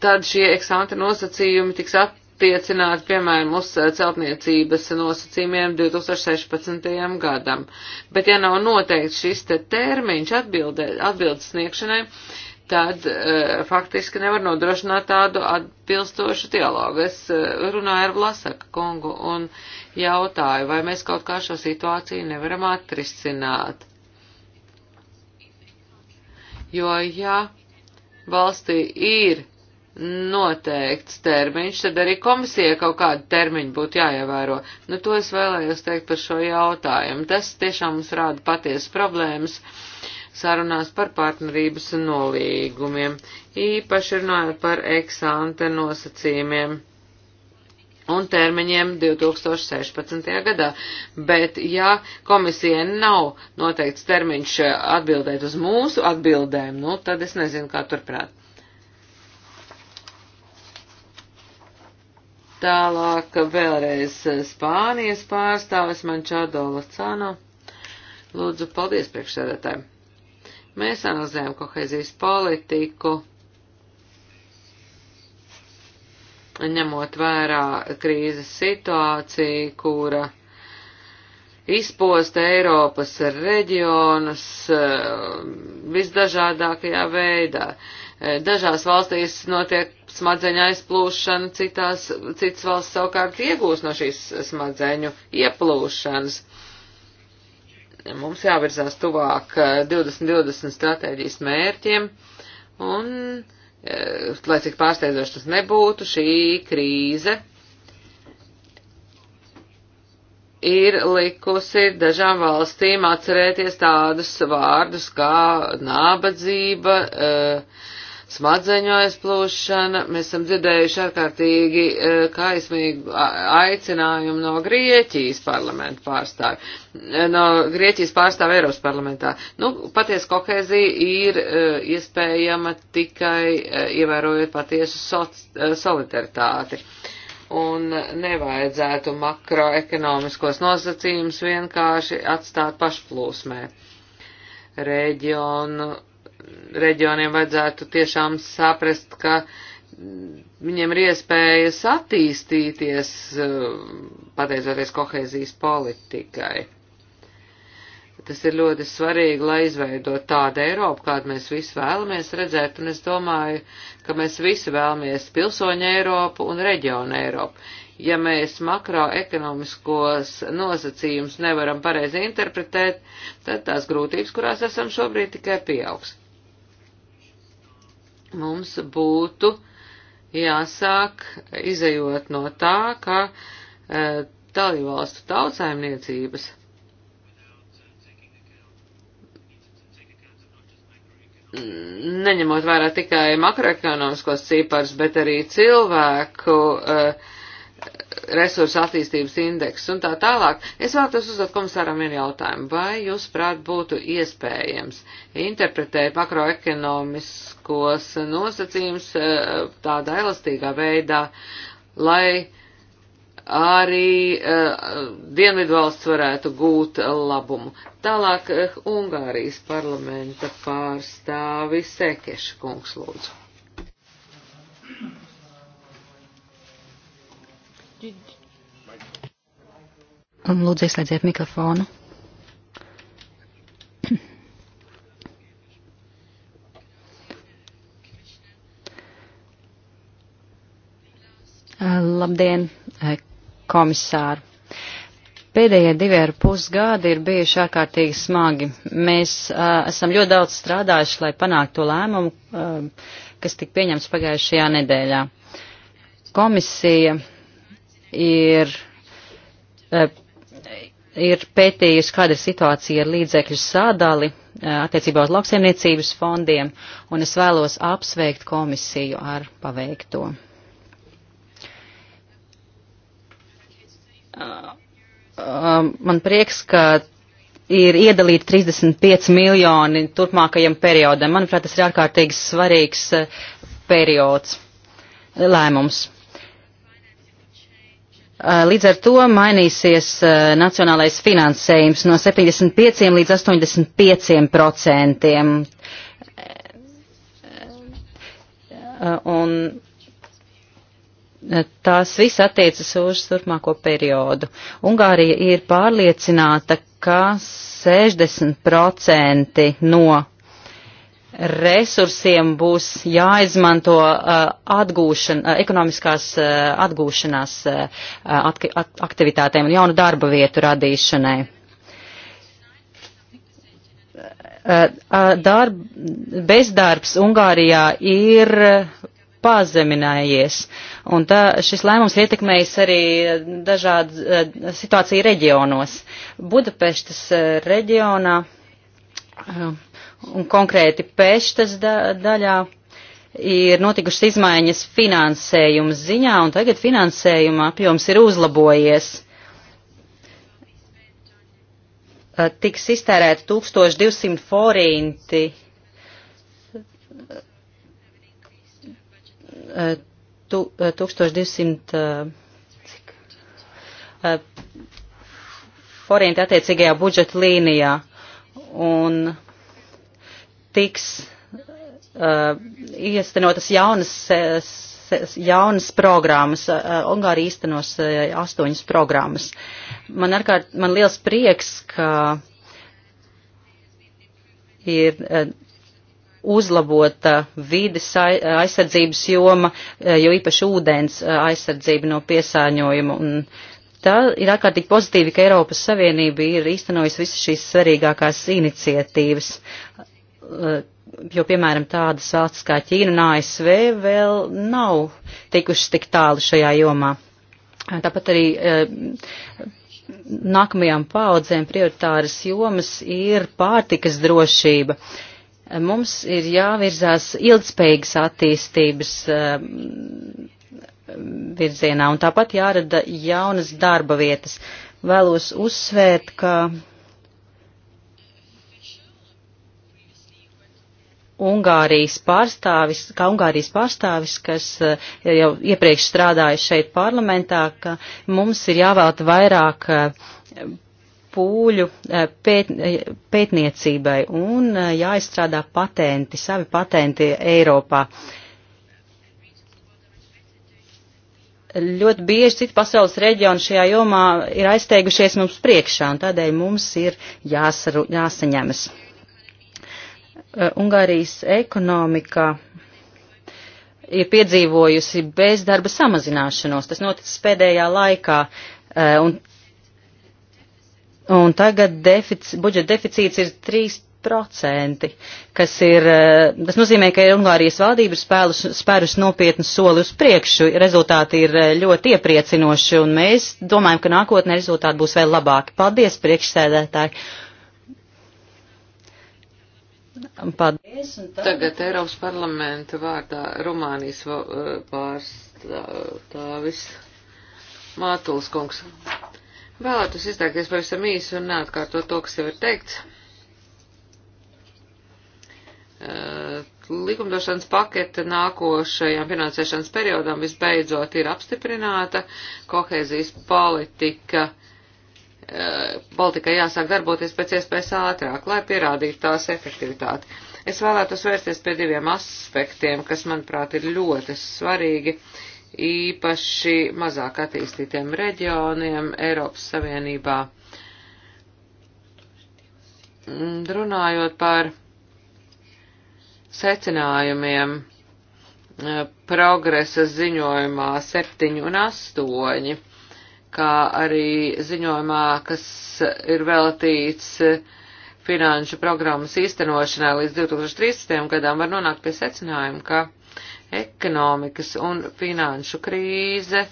S1: Tad šie ex ante nosacījumi tiks attiecināti, piemēram, uz celtniecības nosacījumiem 2016. gadam. Bet, ja nav noteikts šis te termiņš atbildes sniegšanai, tad e, faktiski nevar nodrošināt tādu atbilstošu dialogu. Es e, runāju ar Vlasaka kungu un jautāju, vai mēs kaut kā šo situāciju nevaram atrisināt. Jo, ja valstī ir noteikts termiņš, tad arī komisijai kaut kādu termiņu būtu jāievēro. Nu, to es vēlējos teikt par šo jautājumu. Tas tiešām mums rāda patiesas problēmas. Uh, sarunās par partnerības nolīgumiem, īpaši runājot par eksante nosacījumiem un termiņiem 2016. gadā. Bet, ja komisija nav noteikts termiņš atbildēt uz mūsu atbildēm, nu, tad es nezinu, kā turpināt. Tālāk vēlreiz Spānijas pārstāvis Mančādo Lacano. Lūdzu, paldies priekšsēdētājiem. Mēs analizējam kohēzijas politiku, ņemot vērā krīzes situāciju, kura izposta Eiropas reģionus eh, visdažādākajā veidā. Eh, dažās valstīs notiek smadzeņu aizplūšana, citās, citas valsts savukārt iegūst no šīs smadzeņu ieplūšanas. Mums jāvirzās tuvāk 2020 eh, stratēģijas mērķiem, un, eh, lai cik pārsteidzoši tas nebūtu, šī krīze ir likusi dažām valstīm atcerēties tādus vārdus kā nabadzība, uh, smadzeņu aizplūšana. Mēs esam dzirdējuši ārkārtīgi e, kaismīgu aicinājumu no Grieķijas parlamenta pārstāvja, e, no Grieķijas pārstāvja Eiropas parlamentā. Nu, paties kohēzija ir e, iespējama tikai ievērojot patiesu soc, solidaritāti. Un nevajadzētu makroekonomiskos nosacījumus vienkārši atstāt pašplūsmē. Reģionu reģioniem vajadzētu tiešām saprast, ka viņiem ir iespējas attīstīties eh, pateicoties kohēzijas politikai. Tas ir ļoti svarīgi, lai izveidot tādu Eiropu, kādu mēs visi vēlamies redzēt, un es domāju, ka mēs visi vēlamies pilsoņu Eiropu un reģionu Eiropu. Ja mēs makroekonomiskos nosacījumus nevaram pareizi interpretēt, tad tās grūtības, kurās esam šobrīd, tikai pieaugs mums būtu jāsāk izējot no tā, ka e, dalībvalstu tautsājumniecības neņemot vērā tikai makroekonomiskos cipars, bet arī cilvēku uh, e, resursu attīstības indeksu un tā tālāk. Es vēlētos uzdot komisāram vienu jautājumu. Vai jūs prāt būtu iespējams interpretēt makroekonomiskos nosacījumus eh, tādā elastīgā veidā, lai arī uh, Dienvidvalsts varētu gūt labumu. Tālāk uh, Ungārijas parlamenta pārstāvis Sekeša kungs lūdzu.
S3: Un lūdzu, ieslēdziet mikrofonu. Eh, labdien, eh, komisāri! Pēdējie divi ar pus gadi ir bijuši ārkārtīgi smagi. Mēs uh, esam ļoti daudz strādājuši, lai panāktu to lēmumu, uh, kas tika pieņemts pagājušajā nedēļā. Komisija uh, ir, eh, ir pētījusi, kāda ir situācija ar līdzekļu sādali eh, attiecībā uz lauksaimniecības fondiem, un es vēlos apsveikt komisiju ar paveikto. Eh, man prieks, ka ir iedalīti 35 miljoni turpmākajam periodam. Manuprāt, tas ir ārkārtīgi svarīgs periods, lēmums. Eh, līdz ar to mainīsies eh, nacionālais finansējums no 75 līdz 85 procentiem. Eh, un tās viss attiecas uz turpmāko periodu. Ungārija ir pārliecināta, ka 60% no resursiem būs jāizmanto uh, atgūšana, uh, ekonomiskās uh, atgūšanās aktivitātēm un jaunu darba vietu radīšanai. Darb, bezdarbs Ungārijā ir pazeminājies, un tā, šis lēmums ietekmējis arī dažādu situāciju reģionos. Budapeštas reģionā un konkrēti peštas da daļā ir notikušas izmaiņas finansējuma ziņā, un tagad finansējuma apjoms ir uzlabojies. Tiks iztērēta 1200 forinti. 1200 forinti attiecīgajā budžeta līnijā. Un tiks uh, iestenotas jaunas, jaunas programmas. Uh, uh Ungārija īstenos uh, astoņas programmas. Man, ārkārt, man liels prieks, ka ir uh, uzlabota vides aizsardzības joma, uh, jo īpaši ūdens uh, aizsardzība no piesāņojuma. Un tā ir ārkārtīgi pozitīvi, ka Eiropas Savienība ir īstenojusi visas šīs svarīgākās iniciatīvas. Eh, jo, piemēram, tādas valsts kā Ķīna un ASV vēl nav tikušas tik tālu šajā jomā. Eh, tāpat arī eh, nākamajām paudzēm prioritāras jomas ir pārtikas drošība. Mums ir jāvirzās ilgspējīgas attīstības virzienā un tāpat jārada jaunas darba vietas. Vēlos uzsvērt, ka Ungārijas pārstāvis, kā Ungārijas pārstāvis, kas eh, jau iepriekš strādāja šeit parlamentā, ka mums ir jāvēlta vairāk eh, pūļu eh, pēt, pētniecībai un jāizstrādā patenti, savi patenti Eiropā. Ļoti bieži citi pasaules reģioni šajā jomā ir aizteigušies mums priekšā, un tādēļ mums ir jāsaru, jāsaņemas. Eh, Ungārijas ekonomika ir piedzīvojusi bezdarba samazināšanos. Tas noticis pēdējā laikā. Eh, un, un tagad defici, budžeta deficīts ir 3%, kas ir, eh, tas nozīmē, ka Ungārijas valdība ir spēlus, spērus nopietnu soli uz priekšu. Rezultāti ir ļoti iepriecinoši, un mēs domājam, ka nākotnē rezultāti būs vēl labāki. Paldies, priekšsēdētāji! Paldies. Tagad Eiropas
S1: parlamenta vārdā Rumānijas eh, pārstāvis Mātuls kungs. Vēlētos izteikties pavisam īsi un neatkārtot to, kas jau ir teikts. Eh, likumdošanas pakete nākošajam finansēšanas periodam visbeidzot ir apstiprināta, kohēzijas politika uh, Eh, politikai jāsāk darboties pēc iespējas ātrāk, lai pierādītu tās efektivitāti. Es vēlētos vērsties pie diviem aspektiem, kas, manuprāt, ir ļoti svarīgi, īpaši mazāk attīstītiem reģioniem Eiropas Savienībā. Mm, runājot par secinājumiem eh, progresa ziņojumā 7 un 8 kā arī ziņojumā, kas ir veltīts finanšu programmas īstenošanai līdz 2013. gadam, var nonākt pie secinājuma, ka ekonomikas un finanšu krīze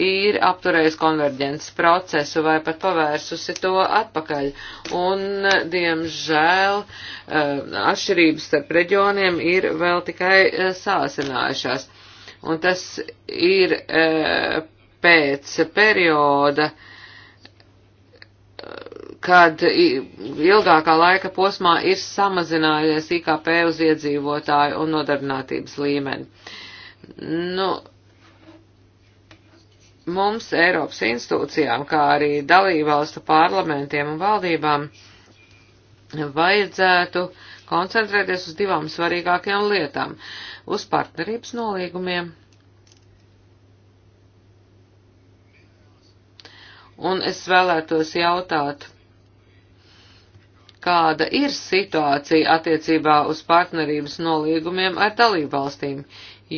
S1: ir apturējusi konverģences procesu vai pat pavērsusi to atpakaļ. Un, diemžēl, eh, atšķirības starp reģioniem ir vēl tikai eh, sāsinājušās. Un tas ir eh, pēc perioda, kad ilgākā laika posmā ir samazinājies IKP uz iedzīvotāju un nodarbinātības līmeni. Nu, mums Eiropas institūcijām, kā arī dalībvalstu parlamentiem un valdībām vajadzētu koncentrēties uz divām svarīgākajām lietām - uz partnerības nolīgumiem Un es vēlētos jautāt, kāda ir situācija attiecībā uz partnerības nolīgumiem ar dalībvalstīm,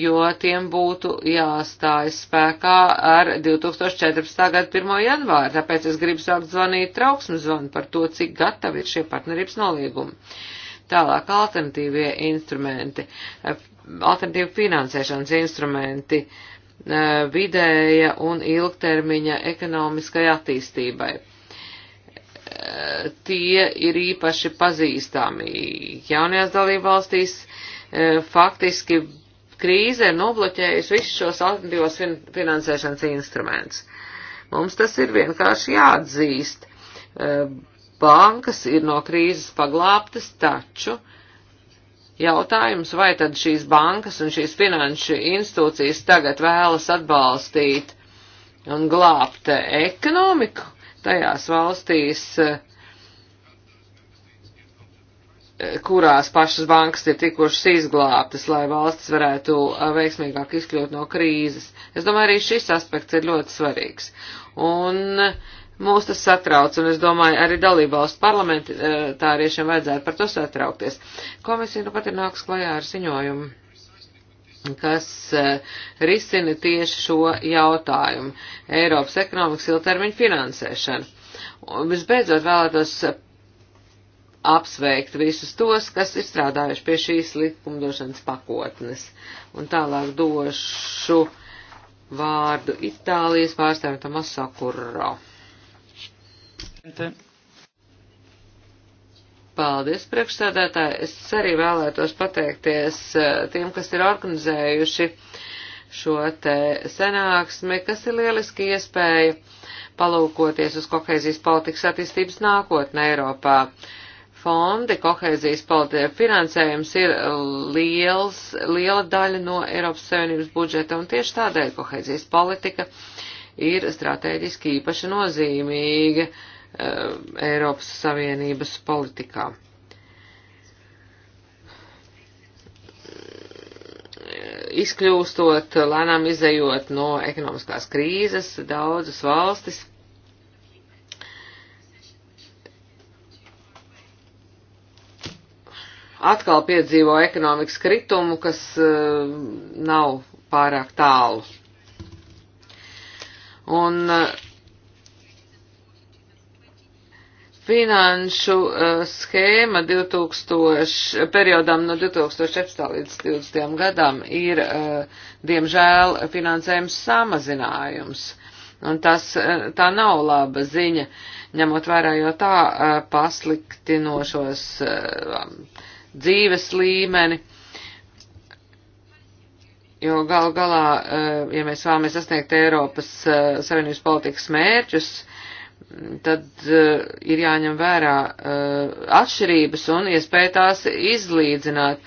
S1: jo tiem būtu jāstājas spēkā ar 2014. gada 1. janvāru, tāpēc es gribu sākt zvanīt trauksmu zvanu par to, cik gatavi ir šie partnerības nolīgumi. Tālāk alternatīvie instrumenti, alternatīvu finansēšanas instrumenti. Uh, E, vidēja un ilgtermiņa ekonomiskai attīstībai. E, tie ir īpaši pazīstami. Jaunajās dalībvalstīs e, faktiski krīze ir nobloķējusi visus šos alternatīvos finansēšanas instrumentus. Mums tas ir vienkārši jāatzīst. Bankas ir no krīzes paglābtas, taču uh, Jautājums, vai tad šīs bankas un šīs finanšu institūcijas tagad vēlas atbalstīt un glābt eh, ekonomiku tajās valstīs, eh, kurās pašas bankas ir tikušas izglābtas, lai valstis varētu eh, veiksmīgāk izkļūt no krīzes. Es domāju, arī šis aspekts ir ļoti svarīgs. Un uh, Mūs tas satrauc, un es domāju, arī dalībvalstu parlamentāriešiem eh, vajadzētu par to satraukties. Komisija nu pat ir nāks klajā ar ziņojumu, kas eh, risina tieši šo jautājumu - Eiropas ekonomikas ilgtermiņa finansēšanu. Un visbeidzot vēlētos apsveikt visus tos, kas ir strādājuši pie šīs likumdošanas pakotnes. Un tālāk došu vārdu Itālijas pārstāvjiem Tomaso Kurro. Paldies, priekšsēdētāji. Es arī vēlētos pateikties eh, tiem, kas ir organizējuši šo te senāksmi, kas ir lieliski iespēja palūkoties uz kohēzijas politikas attīstības nākotnē Eiropā fondi, kohēzijas politika finansējums ir liels, liela daļa no Eiropas Savienības budžeta, un tieši tādēļ kohēzijas politika ir strateģiski īpaši nozīmīga. Uh, Eh, Eiropas Savienības politikā. Izkļūstot, lēnām izējot no ekonomiskās krīzes, daudzas valstis atkal piedzīvo ekonomikas kritumu, kas uh, nav pārāk tālu. Un uh, Finanšu uh, schēma 2000, periodam no 2014 līdz 2020 gadam ir, uh, diemžēl, finansējums samazinājums. Un tas, uh, tā nav laba ziņa, ņemot vērā jau tā uh, pasliktinošos uh, dzīves līmeni. Jo gal galā, uh, ja mēs vēlamies sasniegt Eiropas uh, Savienības politikas mērķus, uh, tad uh, ir jāņem vērā uh, atšķirības un iespēja tās izlīdzināt.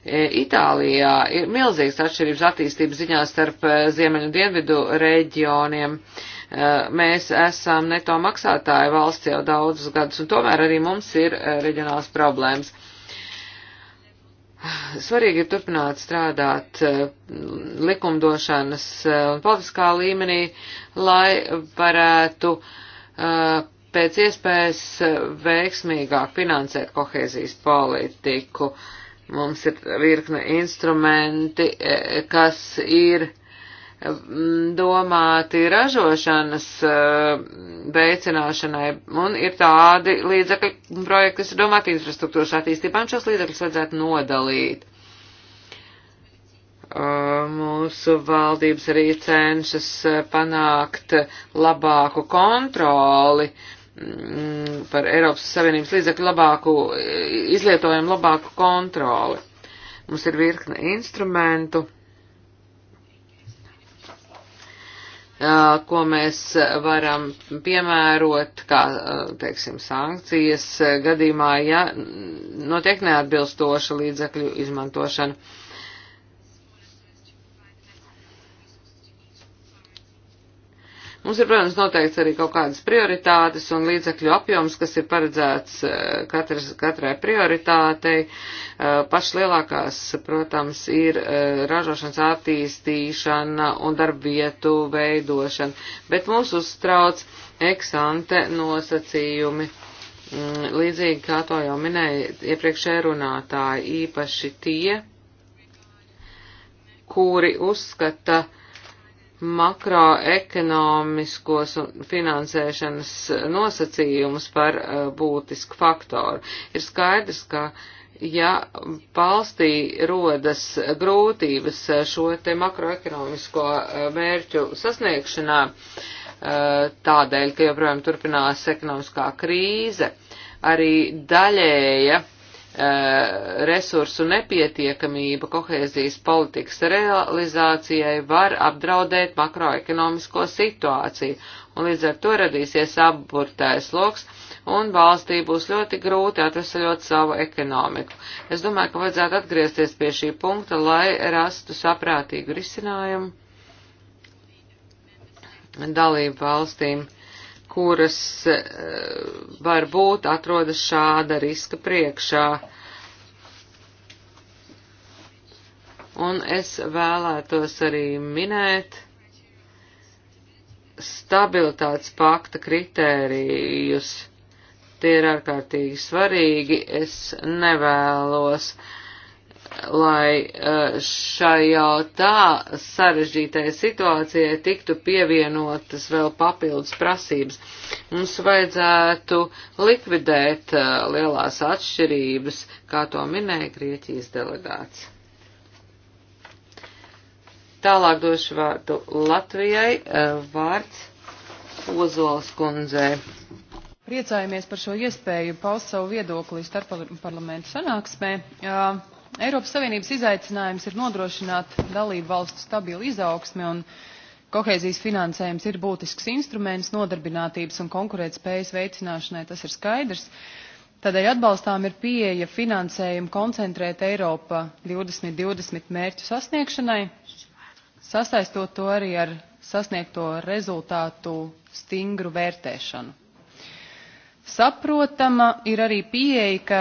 S1: E, Itālijā ir milzīgas atšķirības attīstības ziņā starp uh, ziemeļu un dienvidu reģioniem. Uh, mēs esam neto maksātāju valsts jau daudzus gadus, un tomēr arī mums ir uh, reģionāls problēmas. Svarīgi ir turpināt strādāt likumdošanas un politiskā līmenī, lai varētu uh, Eh, pēc iespējas eh, veiksmīgāk finansēt kohēzijas politiku. Mums ir virkne instrumenti, eh, kas ir mm, domāti ražošanas veicināšanai, un ir tādi līdzekļi projekti, kas ir domāti infrastruktūras attīstībām, šos līdzekļus vajadzētu nodalīt. Uh, mūsu valdības arī cenšas uh, panākt labāku kontroli mm, par Eiropas Savienības līdzekļu labāku uh, izlietojumu, labāku kontroli. Mums ir virkne instrumentu, ko mēs varam piemērot, kā, teiksim, sankcijas gadījumā, ja notiek neatbilstoša līdzekļu izmantošana. Mums ir, protams, noteikts arī kaut kādas prioritātes un līdzekļu apjoms, kas ir paredzēts eh, katras, katrai prioritātei. Eh, Pašas lielākās, protams, ir eh, ražošanas attīstīšana un darbvietu veidošana, bet mūs uztrauc eksante nosacījumi. Mm, līdzīgi kā to jau minēja iepriekšējā runātāja, īpaši tie, kuri uzskata, uh, makroekonomiskos un finansēšanas nosacījumus par uh, būtisku faktoru. Ir skaidrs, ka ja valstī rodas grūtības e, šo te makroekonomisko e, mērķu sasniegšanā, uh, tādēļ, ka joprojām turpinās ekonomiskā krīze, arī daļēja uh, Eh, resursu nepietiekamība kohēzijas politikas realizācijai var apdraudēt makroekonomisko situāciju, un līdz ar to radīsies apburtais loks, un valstī būs ļoti grūti atvesaļot savu ekonomiku. Es domāju, ka vajadzētu atgriezties pie šī punkta, lai rastu saprātīgu risinājumu dalību valstīm kuras eh, varbūt atrodas šāda riska priekšā. Un es vēlētos arī minēt stabilitātes pakta kritērijus. Tie ir ārkārtīgi svarīgi. Es nevēlos uh, lai eh, šajā tā sarežģītajai situācijai tiktu pievienotas vēl papildus prasības. Mums vajadzētu likvidēt eh, lielās atšķirības, kā to minēja Grieķijas delegāts. Tālāk došu vārdu Latvijai, eh, vārds Ozols kundzei.
S6: Priecājamies par šo iespēju paust savu viedokli starp parlamentu sanāksmē. Uh, Eiropas Savienības izaicinājums ir nodrošināt dalību valstu stabilu izaugsmi un kohēzijas finansējums ir būtisks instruments nodarbinātības un konkurētspējas veicināšanai, tas ir skaidrs. Tādēļ atbalstām ir pieeja finansējumu koncentrēt Eiropa 2020 mērķu sasniegšanai, sasaistot to arī ar sasniegto rezultātu stingru vērtēšanu. Saprotama ir arī pieeja, ka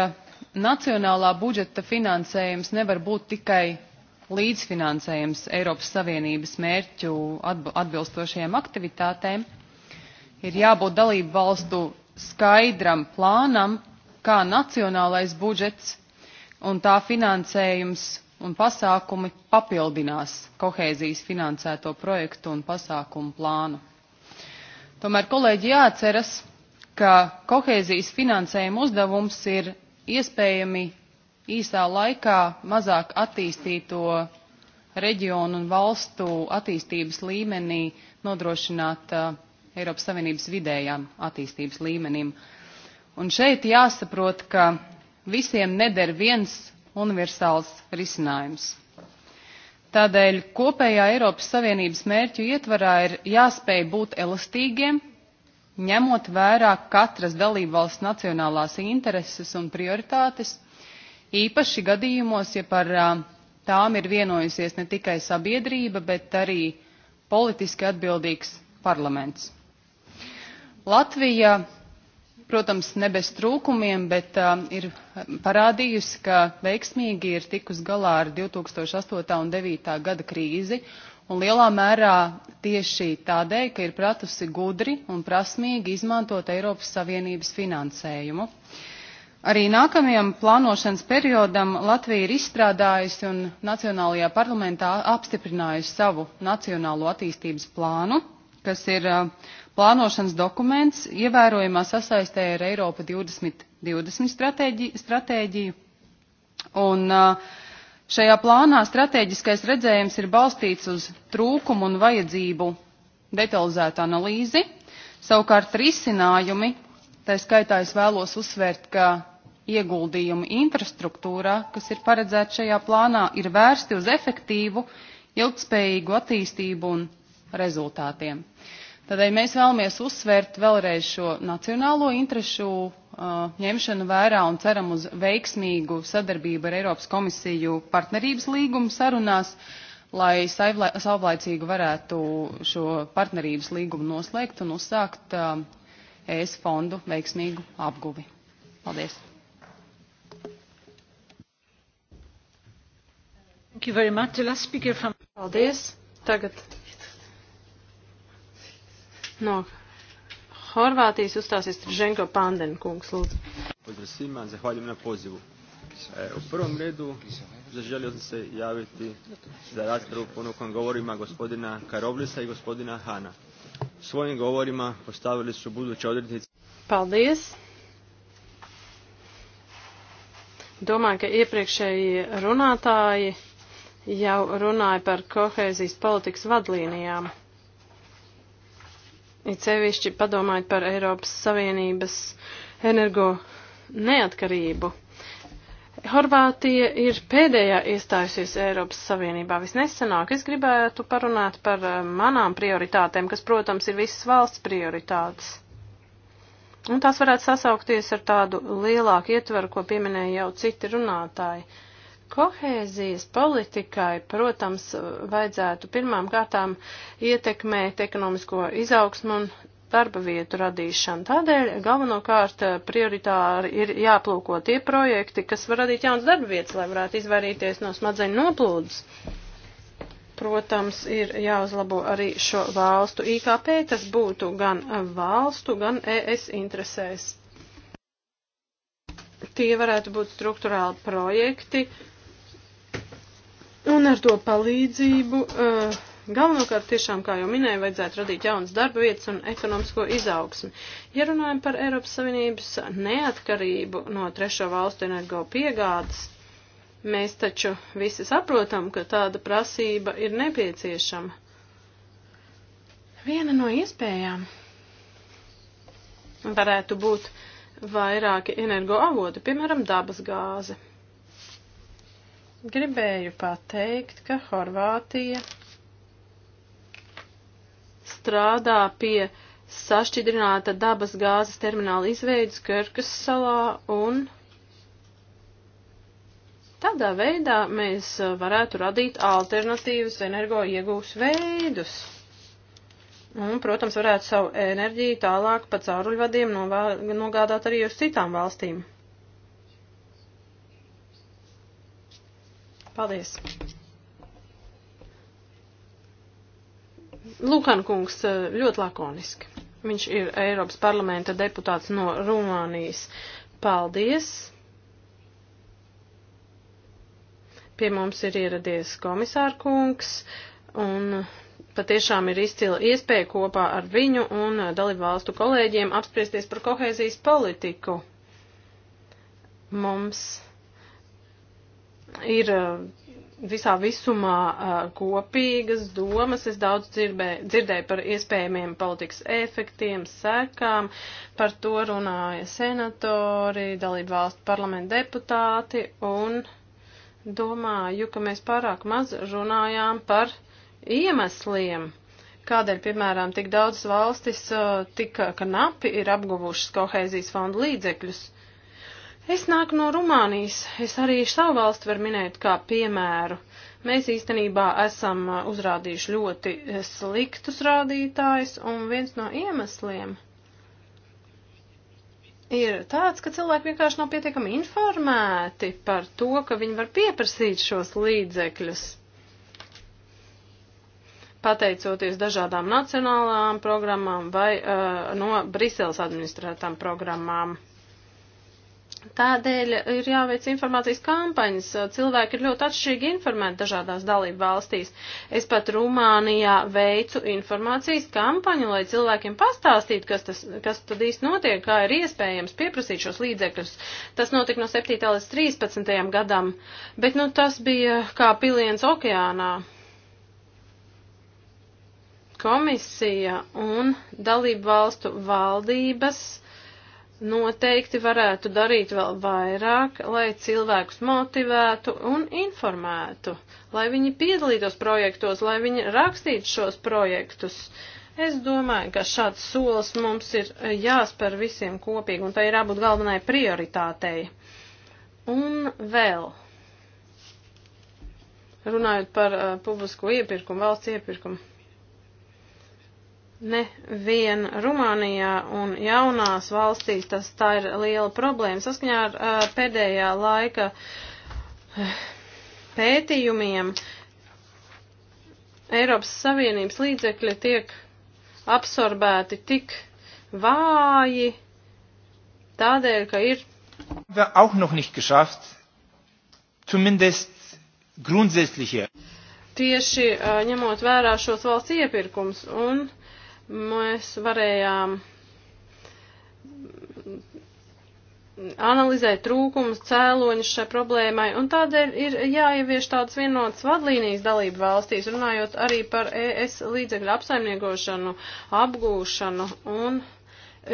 S6: nacionālā budžeta finansējums nevar būt tikai līdzfinansējums Eiropas Savienības mērķu atbilstošajām aktivitātēm. Ir jābūt dalību valstu skaidram plānam, kā nacionālais budžets un tā finansējums un pasākumi papildinās kohēzijas finansēto projektu un pasākumu plānu. Tomēr kolēģi jāatceras, ka kohēzijas finansējuma uzdevums ir iespējami īsā laikā mazāk attīstīto reģionu un valstu attīstības līmenī nodrošināt uh, Eiropas Savienības vidējām attīstības līmenim. Un šeit jāsaprot, ka visiem neder viens universāls risinājums. Tādēļ kopējā Eiropas Savienības mērķu ietvarā ir jāspēj būt elastīgiem ņemot vērā katras dalībvalsts nacionālās intereses un prioritātes, īpaši gadījumos, ja par tām ir vienojusies ne tikai sabiedrība, bet arī politiski atbildīgs parlaments. Latvija, protams, ne bez trūkumiem, bet uh, ir parādījusi, ka veiksmīgi ir tikus galā ar 2008. un 2009. gada krīzi un lielā mērā tieši tādēļ, ka ir pratusi gudri un prasmīgi izmantot Eiropas Savienības finansējumu. Arī nākamajam plānošanas periodam Latvija ir izstrādājusi un Nacionālajā parlamentā apstiprinājusi savu Nacionālo attīstības plānu, kas ir uh, plānošanas dokuments ievērojumā sasaistē ar Eiropa 2020 stratēģiju. Un, uh, Šajā plānā strateģiskais redzējums ir balstīts uz trūkumu un vajadzību detalizētu analīzi, savukārt risinājumi, tā skaitā es vēlos uzsvērt, ka ieguldījumi infrastruktūrā, kas ir paredzēti šajā plānā, ir vērsti uz efektīvu, ilgspējīgu attīstību un rezultātiem. Uh, Tādēļ mēs vēlamies uzsvērt vēlreiz šo nacionālo interešu uh, ņemšanu vērā un ceram uz veiksmīgu sadarbību ar Eiropas komisiju partnerības līgumu sarunās, lai savlaicīgi varētu šo partnerības līgumu noslēgt un uzsākt uh, ES fondu veiksmīgu apguvi. Paldies!
S2: Thank you very much. The last speaker from Paldies. Tagad
S4: No Horvātijas uzstāsies Ženko Panden kungs, lūdzu. Pozdrav svima, zahvaljujem na pozivu. E, u prvom redu zaželio sam se javiti za raspravu ponukom govorima gospodina Karoblisa i gospodina Hana. Svojim govorima postavili su buduće odrednice. Paldies. Domāju, ka iepriekšēji runātāji jau runāja par kohēzijas politikas vadlīnijām. It sevišķi padomājot par Eiropas Savienības energo neatkarību. Horvātija ir pēdējā iestājusies Eiropas Savienībā visnesenāk. Es gribētu parunāt par eh, manām prioritātēm, kas, protams, ir visas valsts prioritātes. Un tās varētu sasaukties ar tādu lielāku ietveru, ko pieminēja jau citi runātāji. Uh, Kohēzijas politikai, protams, vajadzētu pirmām kārtām ietekmēt ekonomisko izaugsmu un darba vietu radīšanu. Tādēļ galvenokārt prioritāri ir jāplūko tie projekti, kas var radīt jaunas darba vietas, lai varētu izvairīties no smadzeņu noplūdes. Protams, ir jāuzlabo arī šo valstu IKP, tas būtu gan valstu, gan ES interesēs. Tie varētu būt struktūrāli projekti, uh, Un ar to palīdzību uh, galvenokārt tiešām, kā jau minēju, vajadzētu radīt jaunas darba vietas un ekonomisko izaugsmi. Ja runājam par Eiropas Savienības neatkarību no trešo valstu energo piegādes, mēs taču visi saprotam, ka tāda prasība ir nepieciešama. Viena no iespējām varētu būt vairāki energo avoti, piemēram, dabas gāze. Gribēju pateikt, ka Horvātija strādā pie sašķidrināta dabas gāzes termināla izveidas Kirkas salā un tādā veidā mēs varētu radīt alternatīvas energo iegūs veidus. Un, protams, varētu savu enerģiju tālāk pa cauruļvadiem nogādāt arī uz citām valstīm. Paldies! Lukan kungs eh, ļoti lakoniski. Viņš ir Eiropas parlamenta deputāts no Rumānijas. Paldies! Pie mums ir ieradies komisārkungs un patiešām ir izcila iespēja kopā ar viņu un eh, dalību valstu kolēģiem apspriesties par kohēzijas politiku. Mums ir visā visumā kopīgas domas. Es daudz dzirbē, dzirdēju par iespējamiem politikas efektiem, sekām, par to runāja senatori, dalību valstu parlamentu deputāti un domāju, ka mēs pārāk maz runājām par iemesliem. Kādēļ, piemēram, tik daudzas valstis tik knapi ir apguvušas kohēzijas fondu līdzekļus? Es nāku no Rumānijas, es arī savu valstu varu minēt kā piemēru. Mēs īstenībā esam uh, uzrādījuši ļoti uh, sliktus rādītājus, un viens no iemesliem ir tāds, ka cilvēki vienkārši nav pietiekami informēti par to, ka viņi var pieprasīt šos līdzekļus pateicoties dažādām nacionālām programmām vai uh, no Briseles administrētām programmām. Tādēļ ir jāveic informācijas kampaņas. Cilvēki ir ļoti atšķirīgi informēti dažādās dalību valstīs. Es pat Rumānijā veicu informācijas kampaņu, lai cilvēkiem pastāstītu, kas, tas, kas tad īsti notiek, kā ir iespējams pieprasīt šos līdzekļus. Tas notika no 7. līdz 13. gadam, bet nu, tas bija kā piliens okeānā. Komisija un dalību valstu valdības noteikti varētu darīt vēl vairāk, lai cilvēkus motivētu un informētu, lai viņi piedalītos projektos, lai viņi rakstītu šos projektus. Es domāju, ka šāds solis mums ir jāspēr visiem kopīgi, un tai ir jābūt galvenai prioritātei. Un vēl, runājot par uh, publisko iepirkumu, valsts iepirkumu Ne vien Rumānijā un jaunās valstīs tas tā ir liela problēma. Saskaņā ar uh, pēdējā laika uh, pētījumiem Eiropas Savienības līdzekļi tiek absorbēti tik vāji tādēļ, ka ir.
S5: Auch noch nicht geschafft, zumindest grundsätzliche.
S4: Tieši uh, ņemot vērā šos valsts iepirkums un Mēs varējām analizēt trūkumus, cēloņus šai problēmai, un tādēļ ir jāievieš tādas vienotas vadlīnijas dalību valstīs, runājot arī par ES līdzekļu apsaimniekošanu, apgūšanu, un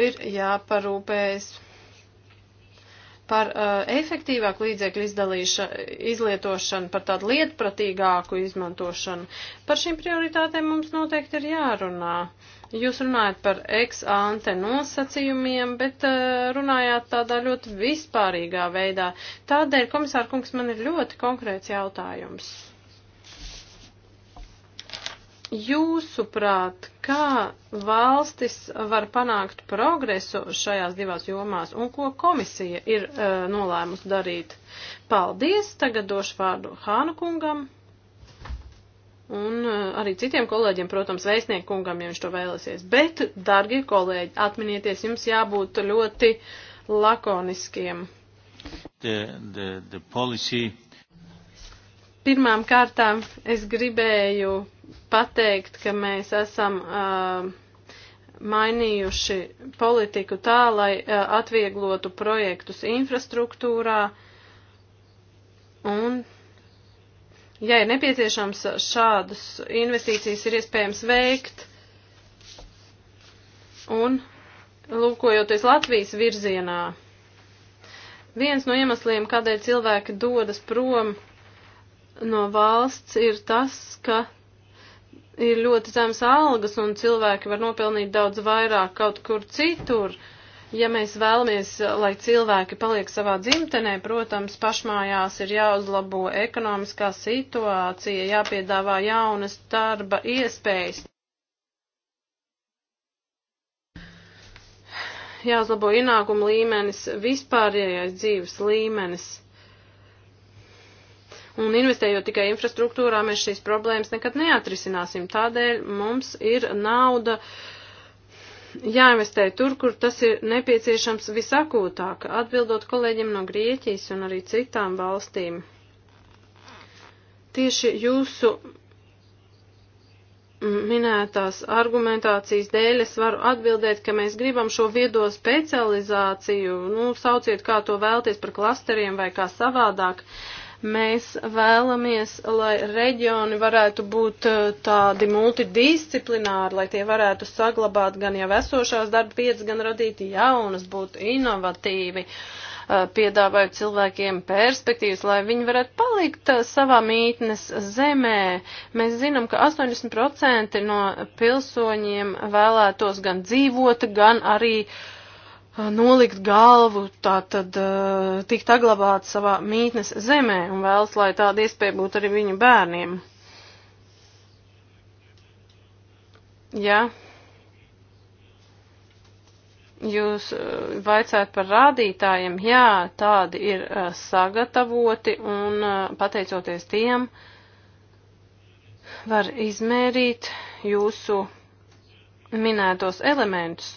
S4: ir jāparūpējas par uh, efektīvāku līdzekļu izlietošanu, par tādu lietpratīgāku izmantošanu. Par šīm prioritātēm mums noteikti ir jārunā. Uh, Jūs runājat par ex-ante nosacījumiem, bet uh, runājāt tādā ļoti vispārīgā veidā. Tādēļ, komisāra kungs, man ir ļoti konkrēts jautājums. Jūsuprāt, kā valstis var panākt progresu šajās divās jomās un ko komisija ir uh, nolēmusi darīt? Paldies, tagad došu vārdu Hānu kungam. Un uh, arī citiem kolēģiem, protams, vēstniekungam, ja viņš to vēlasies. Bet, dargie kolēģi, atminieties, jums jābūt ļoti lakoniskiem.
S5: The, the, the policy.
S4: Pirmām kārtām es gribēju pateikt, ka mēs esam uh, mainījuši politiku tā, lai uh, atvieglotu projektus infrastruktūrā un Ja ir nepieciešams, šādas investīcijas ir iespējams veikt. Un lūkojoties Latvijas virzienā, viens no iemesliem, kādēļ cilvēki dodas prom no valsts, ir tas, ka ir ļoti zemas algas un cilvēki var nopelnīt daudz vairāk kaut kur citur. Uh, Ja mēs vēlamies, lai cilvēki paliek savā dzimtenē, protams, pašmājās ir jāuzlabo ekonomiskā situācija, jāpiedāvā jaunas darba iespējas. Jāuzlabo ienākumu līmenis, vispārējais dzīves līmenis. Un investējot tikai infrastruktūrā, mēs šīs problēmas nekad neatrisināsim. Tādēļ mums ir nauda. Uh, jāinvestē tur, kur tas ir nepieciešams visakūtāk, atbildot kolēģiem no Grieķijas un arī citām valstīm. Tieši jūsu minētās argumentācijas dēļ es varu atbildēt, ka mēs gribam šo viedo specializāciju, nu, sauciet kā to vēlties par klasteriem vai kā savādāk. Uh, Mēs vēlamies, lai reģioni varētu būt eh, tādi multidisciplināri, lai tie varētu saglabāt gan jau esošās darba vietas, gan radīt jaunas, būt inovatīvi. Uh, piedāvājot cilvēkiem perspektīvas, lai viņi varētu palikt eh, savā mītnes zemē. Mēs zinām, ka 80% no pilsoņiem vēlētos gan dzīvot, gan arī uh, nolikt galvu, tā tad tikt aglabāt savā mītnes zemē un vēlas, lai tāda iespēja būtu arī viņu bērniem. Ja jūs vaicājat par rādītājiem, jā, tādi ir sagatavoti un pateicoties tiem var izmērīt jūsu minētos elementus.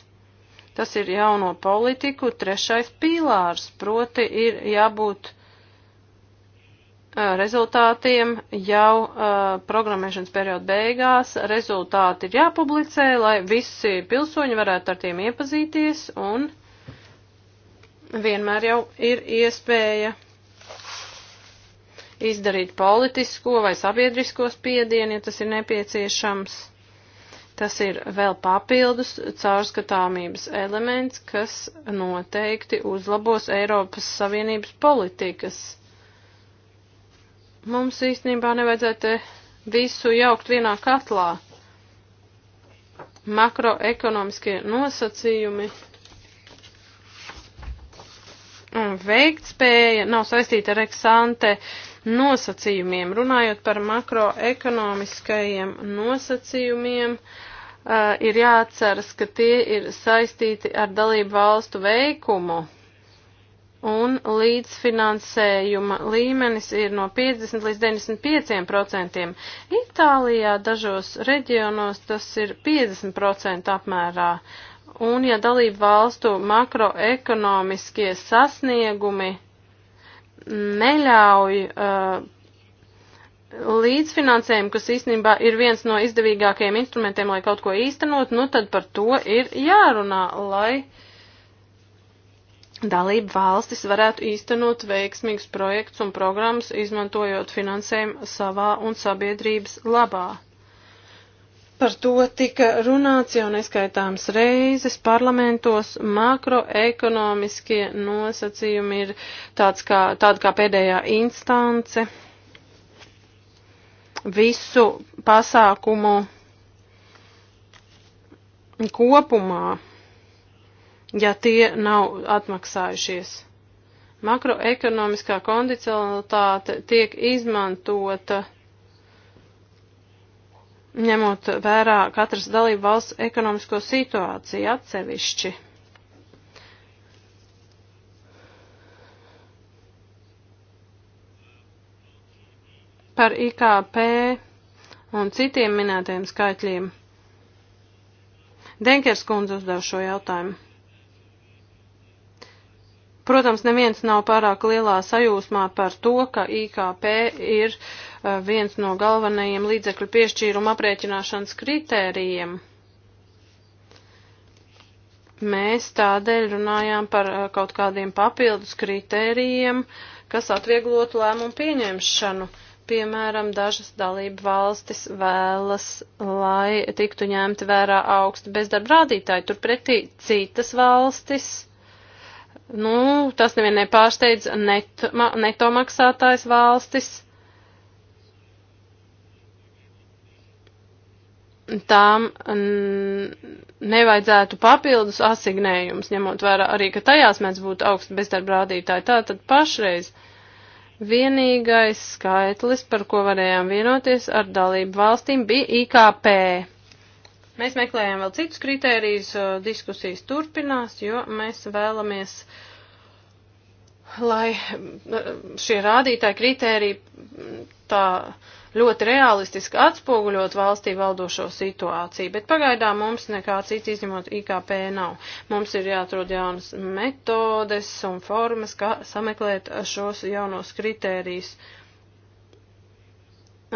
S4: Tas ir jauno politiku trešais pīlārs, proti ir jābūt rezultātiem jau uh, programmēšanas perioda beigās. Rezultāti ir jāpublicē, lai visi pilsoņi varētu ar tiem iepazīties un vienmēr jau ir iespēja izdarīt politisko vai sabiedrisko spiedienu, ja tas ir nepieciešams. Tas ir vēl papildus caurskatāmības elements, kas noteikti uzlabos Eiropas Savienības politikas. Mums īstenībā nevajadzētu visu jaukt vienā katlā. Makroekonomiskie nosacījumi un veiktspēja nav saistīta ar eksante nosacījumiem. Runājot par makroekonomiskajiem nosacījumiem, uh, uh, ir jāatceras, ka tie ir saistīti ar dalību valstu veikumu. Un līdzfinansējuma līmenis ir no 50 līdz 95 procentiem. Itālijā dažos reģionos tas ir 50 procentu apmērā. Un ja dalību valstu makroekonomiskie sasniegumi neļauj uh, līdzfinansējumu, kas īstenībā ir viens no izdevīgākajiem instrumentiem, lai kaut ko īstenot, nu tad par to ir jārunā, lai dalību valstis varētu īstenot veiksmīgus projektus un programmas, izmantojot finansējumu savā un sabiedrības labā. Par to tika runāts jau neskaitāms reizes parlamentos. Makroekonomiskie nosacījumi ir tāds kā, tāda kā pēdējā instance, visu pasākumu kopumā, ja tie nav atmaksājušies. Makroekonomiskā kondicionalitāte tiek izmantota ņemot vērā katras dalību valsts ekonomisko situāciju atsevišķi. par IKP un citiem minētajiem skaitļiem. Denkers kundze uzdev šo jautājumu. Protams, neviens nav pārāk lielā sajūsmā par to, ka IKP ir eh, viens no galvenajiem līdzekļu piešķīruma aprēķināšanas kritērijiem. Mēs tādēļ runājām par eh, kaut kādiem papildus kritērijiem, kas atvieglotu lēmumu pieņemšanu. Uh, Piemēram, dažas dalību valstis vēlas, lai tiktu ņemti vērā augsti bezdarba rādītāji, turpretī citas valstis Nu, tas nevien nepārsteidz net, ma, neto maksātājs valstis. Tām nevajadzētu papildus asignējums, ņemot vērā arī, ka tajās mēdz būt augsts bezdarba rādītāji. Tātad pašreiz uh, Vienīgais skaitlis, par ko varējām vienoties ar dalību valstīm, bija IKP. Mēs meklējām vēl citus kritērijus, diskusijas turpinās, jo mēs vēlamies, lai šie rādītāji kritēriji tā ļoti realistiski atspoguļot valstī valdošo situāciju, bet pagaidām mums nekā cits izņemot IKP nav. Mums ir jāatrod jaunas metodes un formas, kā sameklēt šos jaunos kritērijus.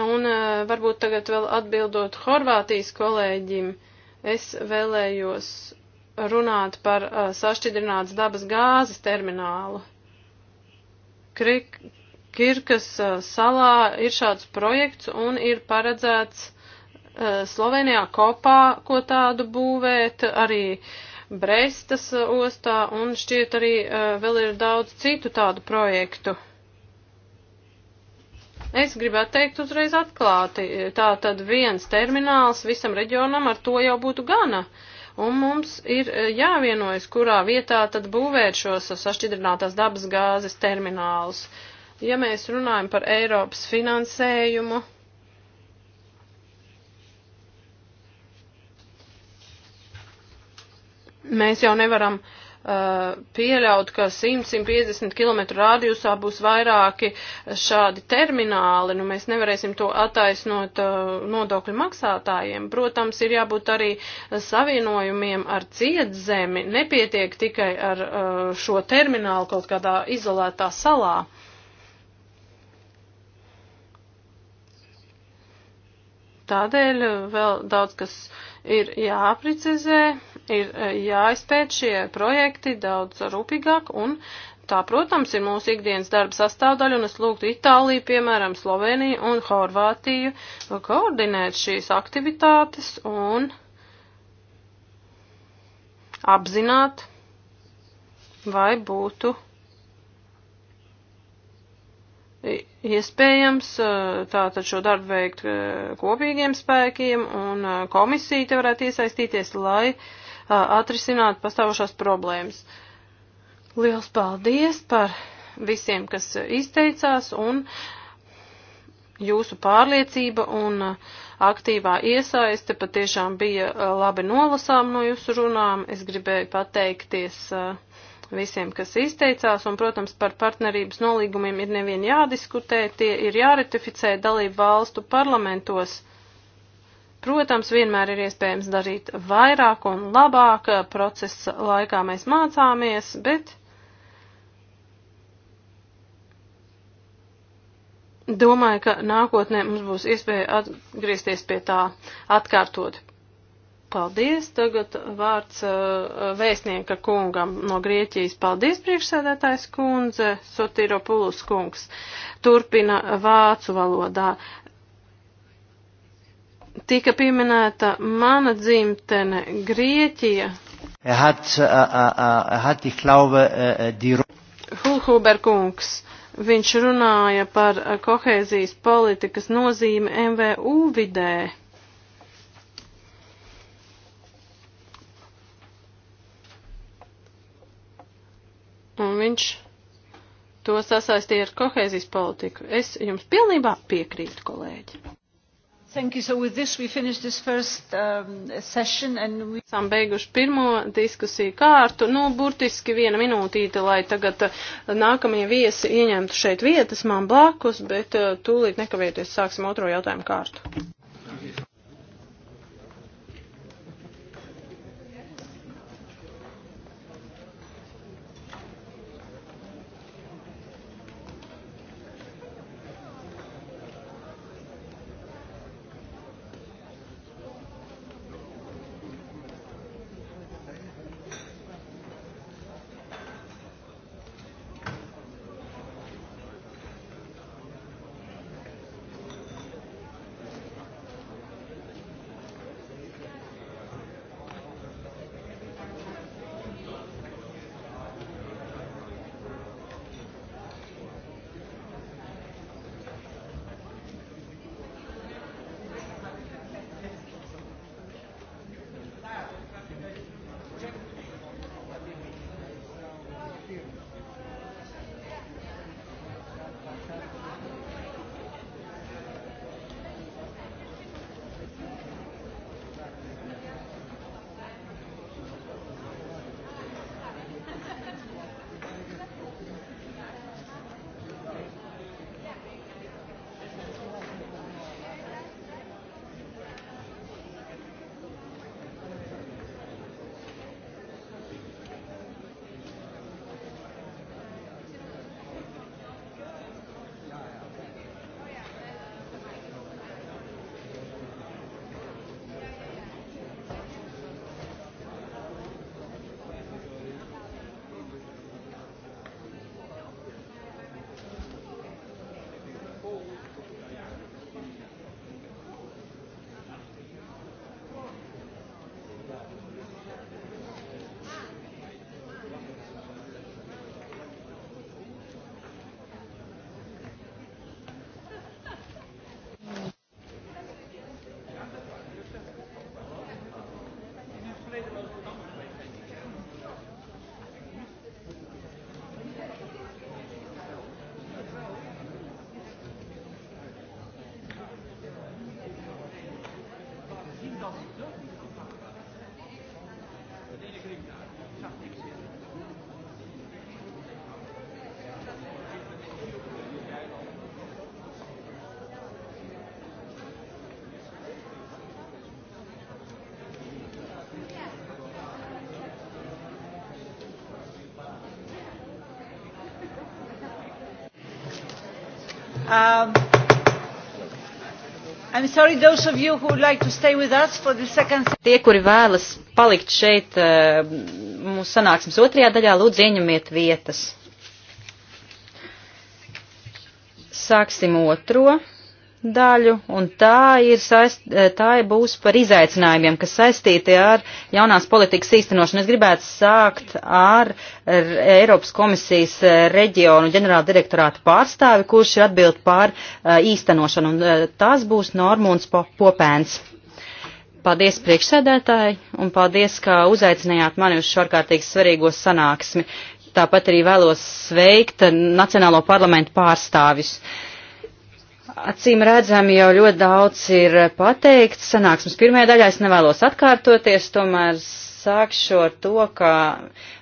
S4: Un e, varbūt tagad vēl atbildot Horvātijas kolēģim, es vēlējos runāt par uh, sašķidrinātas dabas gāzes terminālu. Krik, Kirkas salā ir šāds projekts un ir paredzēts Slovenijā kopā, ko tādu būvēt, arī Brestas ostā un šķiet arī vēl ir daudz citu tādu projektu. Es gribētu teikt uzreiz atklāti, tā tad viens termināls visam reģionam ar to jau būtu gana. Un mums ir jāvienojas, kurā vietā tad būvēt šos sašķidrinātās dabas gāzes terminālus. Uh, Ja mēs runājam par Eiropas finansējumu, mēs jau nevaram uh, pieļaut, ka 100-150 km rādījusā būs vairāki šādi termināli, nu mēs nevarēsim to attaisnot uh, nodokļu maksātājiem. Protams, ir jābūt arī savienojumiem ar cietzemi, nepietiek tikai ar uh, šo terminālu kaut kādā izolētā salā. Uh, Tādēļ vēl daudz kas ir jāprecizē, ir e, jāizpēt šie projekti daudz rūpīgāk un tā, protams, ir mūsu ikdienas darba sastāvdaļa un es lūgtu Itāliju, piemēram, Sloveniju un Horvātiju koordinēt šīs aktivitātes un apzināt, vai būtu iespējams tātad šo darbu veikt kopīgiem spēkiem un komisija te varētu iesaistīties, lai atrisinātu pastāvošās problēmas. Liels paldies par visiem, kas izteicās un jūsu pārliecība un aktīvā iesaiste patiešām bija labi nolasām no jūsu runām. Es gribēju pateikties uh, visiem, kas izteicās, un, protams, par partnerības nolīgumiem ir nevien jādiskutē, tie ir jāratificē dalību valstu parlamentos. Protams, vienmēr ir iespējams darīt vairāk un labāk, procesa laikā mēs mācāmies, bet domāju, ka nākotnē mums būs iespēja atgriezties pie tā atkārtot. Paldies. Tagad vārds uh, vēstnieka kungam no Grieķijas. Paldies, priekšsēdētājs kundze, Sotiropulus kungs. Turpina vācu valodā. Tika pieminēta mana dzimtene Grieķija.
S5: Er hat, uh, uh, uh, hat, ich glaube, uh, die...
S4: Hulhuber kungs. Viņš runāja par kohēzijas politikas nozīmi MVU vidē. un viņš to sasaistīja ar kohēzijas politiku. Es jums pilnībā piekrītu, kolēģi.
S2: Thank you. So with this we finish this first
S4: um, session and we... Esam beiguši pirmo diskusiju kārtu. Nu, burtiski viena minūtīte, lai tagad uh, nākamie viesi ieņemtu šeit vietas man blakus, bet uh, tūlīt nekavēties sāksim otro jautājumu kārtu.
S2: sorry, like
S3: second... Tie, kuri vēlas palikt šeit eh, mūsu sanāksmes otrajā daļā, lūdzu ieņemiet vietas. Sāksim otro daļu, un tā, ir saist, eh, tā būs par izaicinājumiem, kas saistīti ar jaunās politikas īstenošanu. Es gribētu sākt ar Eiropas komisijas eh, reģionu ģenerāla direktorāta pārstāvi, kurš ir atbild par eh, īstenošanu, un tas būs Normons Popēns. Paldies priekšsēdētāji, un paldies, ka uzaicinājāt mani uz šo ārkārtīgi svarīgo sanāksmi. Tāpat arī vēlos sveikt Nacionālo parlamentu pārstāvis. Uh, Acīm redzami jau ļoti daudz ir pateikts. Sanāksmes pirmajā daļā es nevēlos atkārtoties, tomēr sākšu ar to, ka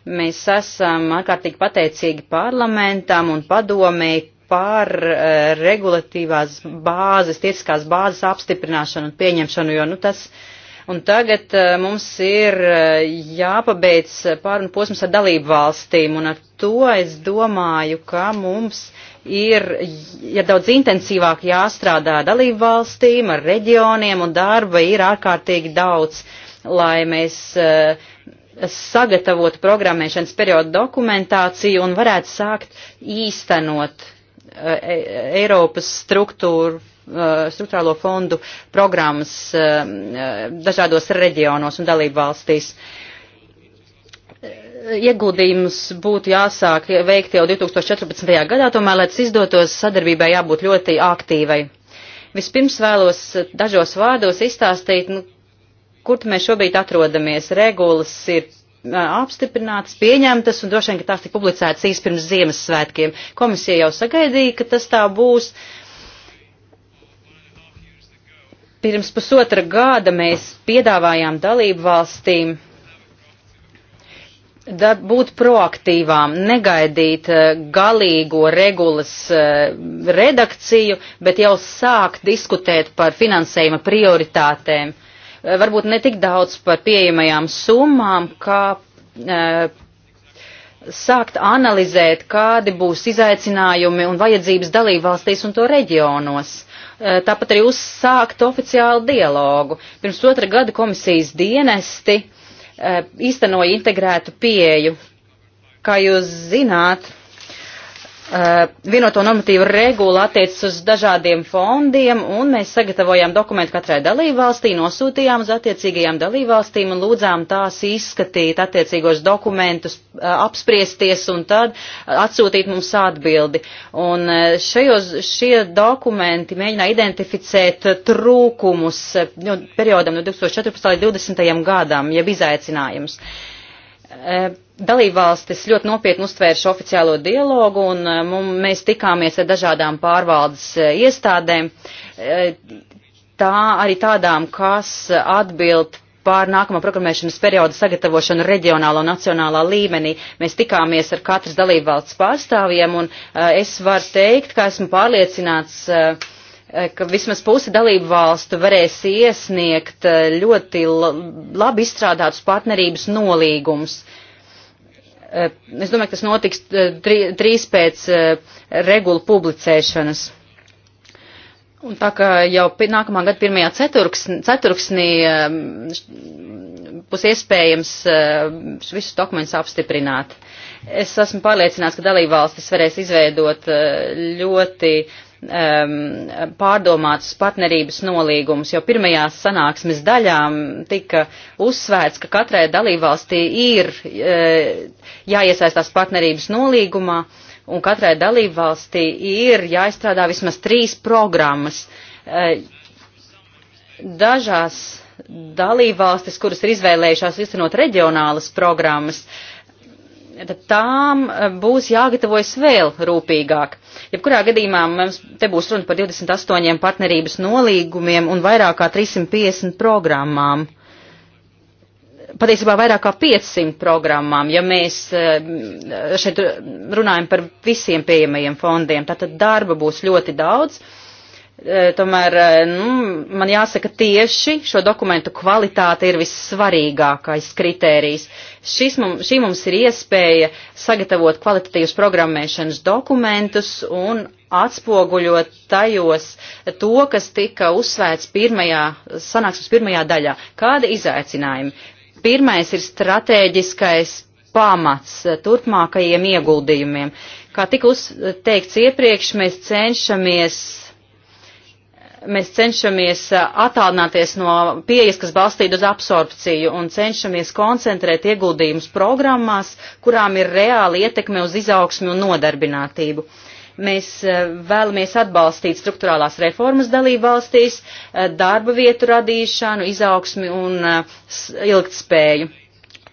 S3: mēs esam ārkārtīgi pateicīgi parlamentam un padomēji par uh, regulatīvās bāzes, tiesiskās bāzes apstiprināšanu un pieņemšanu, jo nu, tas. Un tagad uh, mums ir uh, jāpabeidz pārunu posms ar dalību valstīm, un ar to es domāju, ka mums uh, ir ja daudz intensīvāk jāstrādā dalību valstīm, ar reģioniem, un darba ir ārkārtīgi daudz, lai mēs uh, sagatavotu programmēšanas periodu dokumentāciju un varētu sākt īstenot uh, Eiropas struktūru uh, struktūrālo fondu programmas dažādos reģionos un dalību valstīs. Uh, ieguldījums būtu jāsāk veikt jau 2014. gadā, tomēr, lai tas izdotos, sadarbībai jābūt ļoti aktīvai. Vispirms vēlos dažos vārdos izstāstīt, nu, kur mēs šobrīd atrodamies. Regulas ir apstiprinātas, pieņemtas un droši vien, ka tās tika publicētas īsti pirms Ziemassvētkiem. Komisija jau sagaidīja, ka tas tā būs. Pirms pusotra gada mēs piedāvājām dalību valstīm da, būt proaktīvām, negaidīt eh, galīgo regulas eh, redakciju, bet jau sākt diskutēt par finansējuma prioritātēm. Eh, varbūt ne tik daudz par pieejamajām summām, kā sākt analizēt, kādi būs izaicinājumi un vajadzības dalībvalstīs un to reģionos. Tāpat arī uzsākt oficiālu dialogu. Pirms otra gada komisijas dienesti uh, Eh, īstenoja integrētu pieeju. Kā jūs zināt, Eh, vienoto normatīvu regula attiecas uz dažādiem fondiem, un mēs sagatavojām dokumentu katrai dalībvalstī, nosūtījām uz attiecīgajām dalībvalstīm un lūdzām tās izskatīt attiecīgos dokumentus, eh, apspriesties un tad atsūtīt mums atbildi. Un eh, šajos, šie dokumenti mēģināja identificēt trūkumus nu, periodam no 2014. līdz 2020. gadam, jeb izaicinājumus. Uh, E, dalībvalstis ļoti nopietni uztvēra šo oficiālo dialogu, un e, mums, mēs tikāmies ar dažādām pārvaldes e, iestādēm, tā arī tādām, kas atbild pār nākamā programmēšanas perioda sagatavošanu reģionālā un nacionālā līmenī. Mēs tikāmies ar katras dalībvalsts pārstāvjiem, un es varu teikt, ka esmu pārliecināts, Eh, ka vismaz pusi dalību valstu varēs iesniegt eh, ļoti labi izstrādātus partnerības nolīgumus. Eh, es domāju, ka tas notiks trīs pēc regulu publicēšanas. Un tā kā jau nākamā gada pirmajā ceturksnī, ceturksnī būs iespējams visus dokumentus apstiprināt. Es esmu pārliecināts, ka dalībvalstis varēs izveidot ļoti uh, um, pārdomātus partnerības nolīgumus, jo pirmajās sanāksmes daļām tika uzsvērts, ka katrai dalībvalstī ir uh, jāiesaistās partnerības nolīgumā, un katrai dalībvalstī ir jāizstrādā vismaz trīs programmas. Uh, dažās dalībvalstis, kuras ir izvēlējušās izcenot reģionālas programmas, uh, tad tām eh, būs jāgatavojas vēl rūpīgāk. Jebkurā gadījumā mums te būs runa par 28 partnerības nolīgumiem un vairāk kā 350 programmām. Patiesībā vairāk kā 500 programmām, ja mēs eh, šeit runājam par visiem pieejamajiem fondiem. Tātad darba būs ļoti daudz. Uh, E, tomēr e, nu, man jāsaka tieši šo dokumentu kvalitāte ir vissvarīgākais kritērijs. Šis mums, šī mums ir iespēja sagatavot kvalitatīvus programmēšanas dokumentus un atspoguļot tajos to, kas tika uzsvērts pirmajā, sanāksmes pirmajā daļā. Kāda izaicinājumi? Pirmais ir stratēģiskais pamats turpmākajiem ieguldījumiem. Kā tika uzteikts iepriekš, mēs cenšamies mēs cenšamies attālināties no pieejas, kas balstīta uz absorpciju un cenšamies koncentrēt ieguldījumus programmās, kurām ir reāli ietekme uz izaugsmi un nodarbinātību. Mēs vēlamies atbalstīt struktūrālās reformas dalību valstīs, darba vietu radīšanu, izaugsmi un ilgtspēju.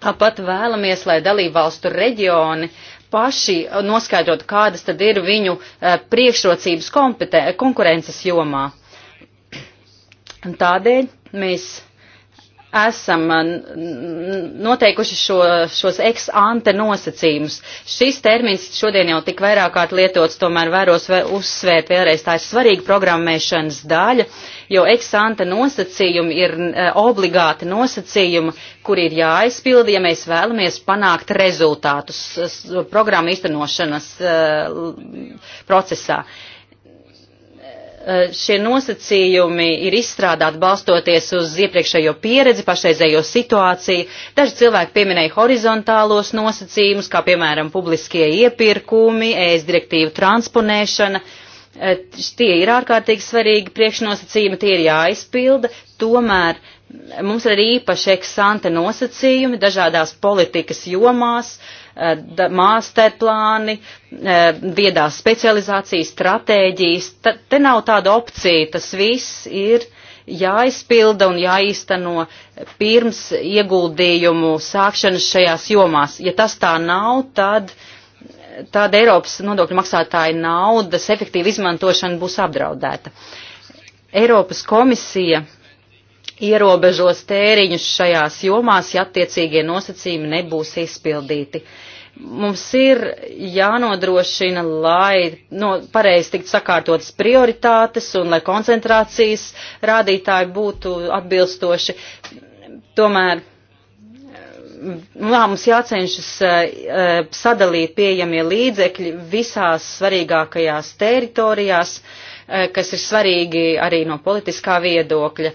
S3: Tāpat vēlamies, lai dalību valstu reģioni paši noskaidrot, kādas tad ir viņu priekšrocības konkurences jomā Tādēļ mēs esam uh, noteikuši šo, šos ex ante nosacījumus. Šis termins šodien jau tik vairāk kārt lietots, tomēr vēros vē, uzsvērt vēlreiz, tā ir svarīga programmēšanas daļa, jo ex ante nosacījumi ir eh, obligāti nosacījumi, kur ir jāaizpilda, ja mēs vēlamies panākt rezultātus programmu īstenošanas eh, procesā. Uh, Eh, šie nosacījumi ir izstrādāti balstoties uz iepriekšējo pieredzi, pašreizējo situāciju. Daži cilvēki pieminēja horizontālos nosacījumus, kā piemēram publiskie iepirkumi, ēs direktīvu transponēšana. Eh, tie ir ārkārtīgi svarīgi priekšnosacījumi, tie ir jāizpilda. Tomēr mums ir arī īpaši eksante nosacījumi dažādās politikas jomās, Eh, masterplāni, eh, viedās specializācijas, stratēģijas. Te nav tāda opcija, tas viss ir jāizpilda un jāīsteno pirms ieguldījumu sākšanas šajās jomās. Ja tas tā nav, tad tāda Eiropas nodokļu maksātāja naudas efektīva izmantošana būs apdraudēta. Eiropas komisija ierobežos tēriņus šajās jomās, ja attiecīgie nosacījumi nebūs izpildīti. Mums ir jānodrošina, lai no, nu, pareizi tiktu sakārtotas prioritātes un lai koncentrācijas rādītāji būtu atbilstoši. Tomēr nu, jā, mums jācenšas eh, sadalīt pieejamie līdzekļi visās svarīgākajās teritorijās, eh, kas ir svarīgi arī no politiskā viedokļa.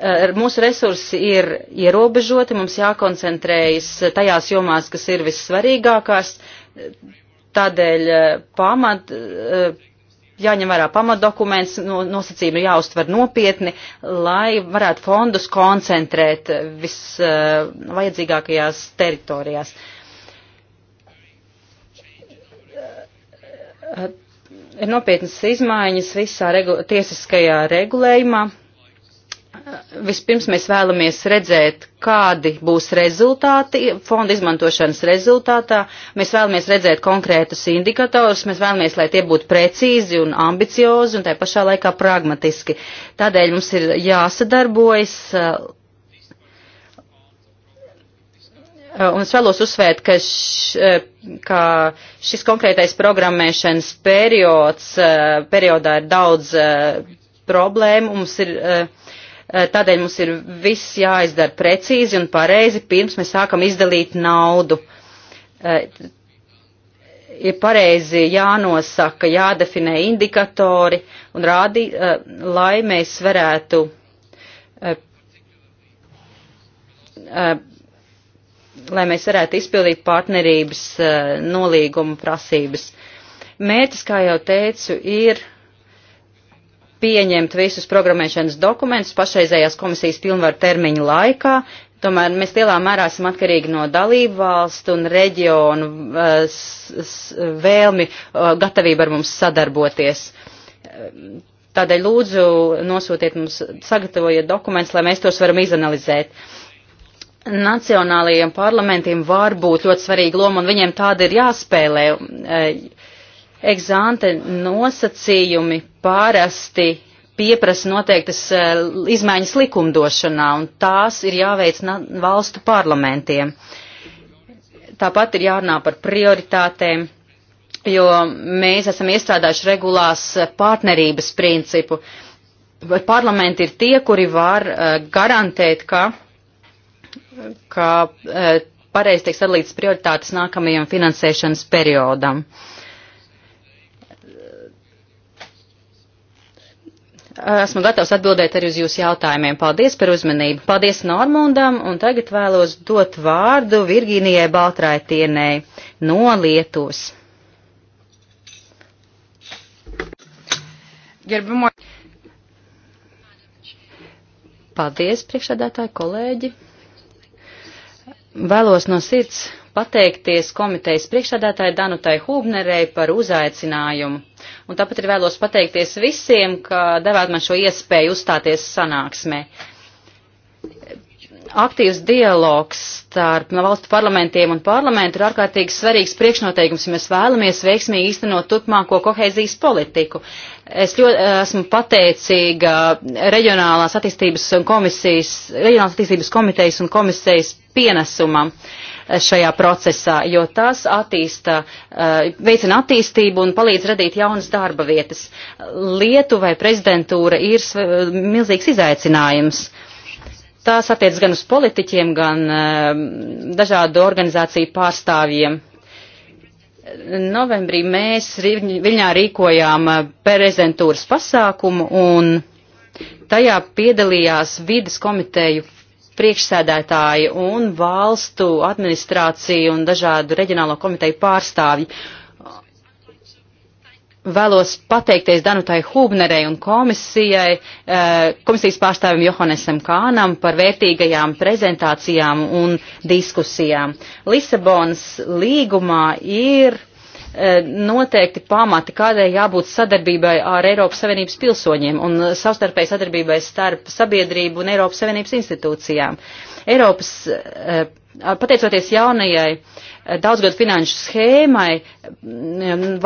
S3: Eh, mūsu resursi ir ierobežoti, mums jākoncentrējas tajās jomās, kas ir vissvarīgākās, tādēļ eh, pamat, eh, jāņem vērā pamatdokuments, nosacījumi ir jāuztver nopietni, lai varētu fondus koncentrēt visvajadzīgākajās teritorijās. Ir nopietnas izmaiņas visā regu tiesiskajā regulējumā Vispirms mēs vēlamies redzēt, kādi būs rezultāti fonda izmantošanas rezultātā. Mēs vēlamies redzēt konkrētus indikatorus, mēs vēlamies, lai tie būtu precīzi un ambiciozi un tā pašā laikā pragmatiski. Tādēļ mums ir jāsadarbojas. Un es vēlos uzsvērt, ka, š, ka šis konkrētais programmēšanas periods, periodā ir daudz eh, problēmu. Mums ir uh, Eh, tādēļ mums ir viss jāizdara precīzi un pareizi, pirms mēs sākam izdalīt naudu. Eh, ir pareizi jānosaka, jādefinē indikatori un rādi, eh, lai mēs varētu lai mēs varētu izpildīt partnerības nolīguma prasības. Mērķis, kā jau teicu, ir pieņemt visus programmēšanas dokumentus pašreizējās komisijas pilnvaru termiņu laikā. Tomēr mēs lielā mērā esam atkarīgi no dalību valstu un reģionu eh, vēlmi, eh, gatavību ar mums sadarboties. Tādēļ lūdzu nosūtiet mums, sagatavojiet dokumentus, lai mēs tos varam izanalizēt. Nacionālajiem parlamentiem var būt ļoti svarīga loma, un viņiem tāda ir jāspēlē. Eh, Eksante nosacījumi parasti pieprasa noteiktas eh, izmaiņas likumdošanā, un tās ir jāveic valstu parlamentiem. Tāpat ir jārunā par prioritātēm, jo mēs esam iestrādājuši regulās eh, partnerības principu. Parlamenti ir tie, kuri var eh, garantēt, ka, ka pareizi tiek sadalītas prioritātes nākamajam finansēšanas periodam. Uh, esmu gatavs atbildēt arī uz jūsu jautājumiem. Paldies par uzmanību. Paldies Normundam, un tagad vēlos dot vārdu Virgīnijai Baltraitienai no Lietuvas. Gerbimo. Paldies, priekšādātāji, kolēģi. Vēlos no sirds pateikties komitejas priekšādātāji Danutai Hūbnerei par uzaicinājumu Un tāpat ir vēlos pateikties visiem, ka devāt man šo iespēju uzstāties sanāksmē. Aktīvs dialogs starp valstu parlamentiem un parlamentu ir ārkārtīgi svarīgs priekšnoteikums, ja mēs vēlamies veiksmīgi īstenot turpmāko kohēzijas politiku. Es ļoti eh, esmu pateicīga reģionālās attīstības komisijas, reģionālās attīstības komitejas un komisijas pienesumam. Uh, šajā procesā, jo tas attīsta, eh, veicina attīstību un palīdz radīt jaunas darba vietas. Lietuvai prezidentūra ir milzīgs izaicinājums. Tās attiec gan uz politiķiem, gan eh, dažādu organizāciju pārstāvjiem novembrī mēs Viļņā rīkojām eh, prezentūras pasākumu un tajā piedalījās vidas komiteju priekšsēdētāji un valstu administrāciju un dažādu reģionālo komiteju pārstāvji. Vēlos pateikties Danutai Hūbnerei un komisijai, eh, komisijas pārstāvim Johannesam Kānam par vērtīgajām prezentācijām un diskusijām. Lisabonas līgumā ir E, noteikti pamati, kādai jābūt sadarbībai ar Eiropas Savienības pilsoņiem un savstarpēji sadarbībai starp sabiedrību un Eiropas Savienības institūcijām. Eiropas, e, pateicoties jaunajai e, daudzgad finanšu schēmai,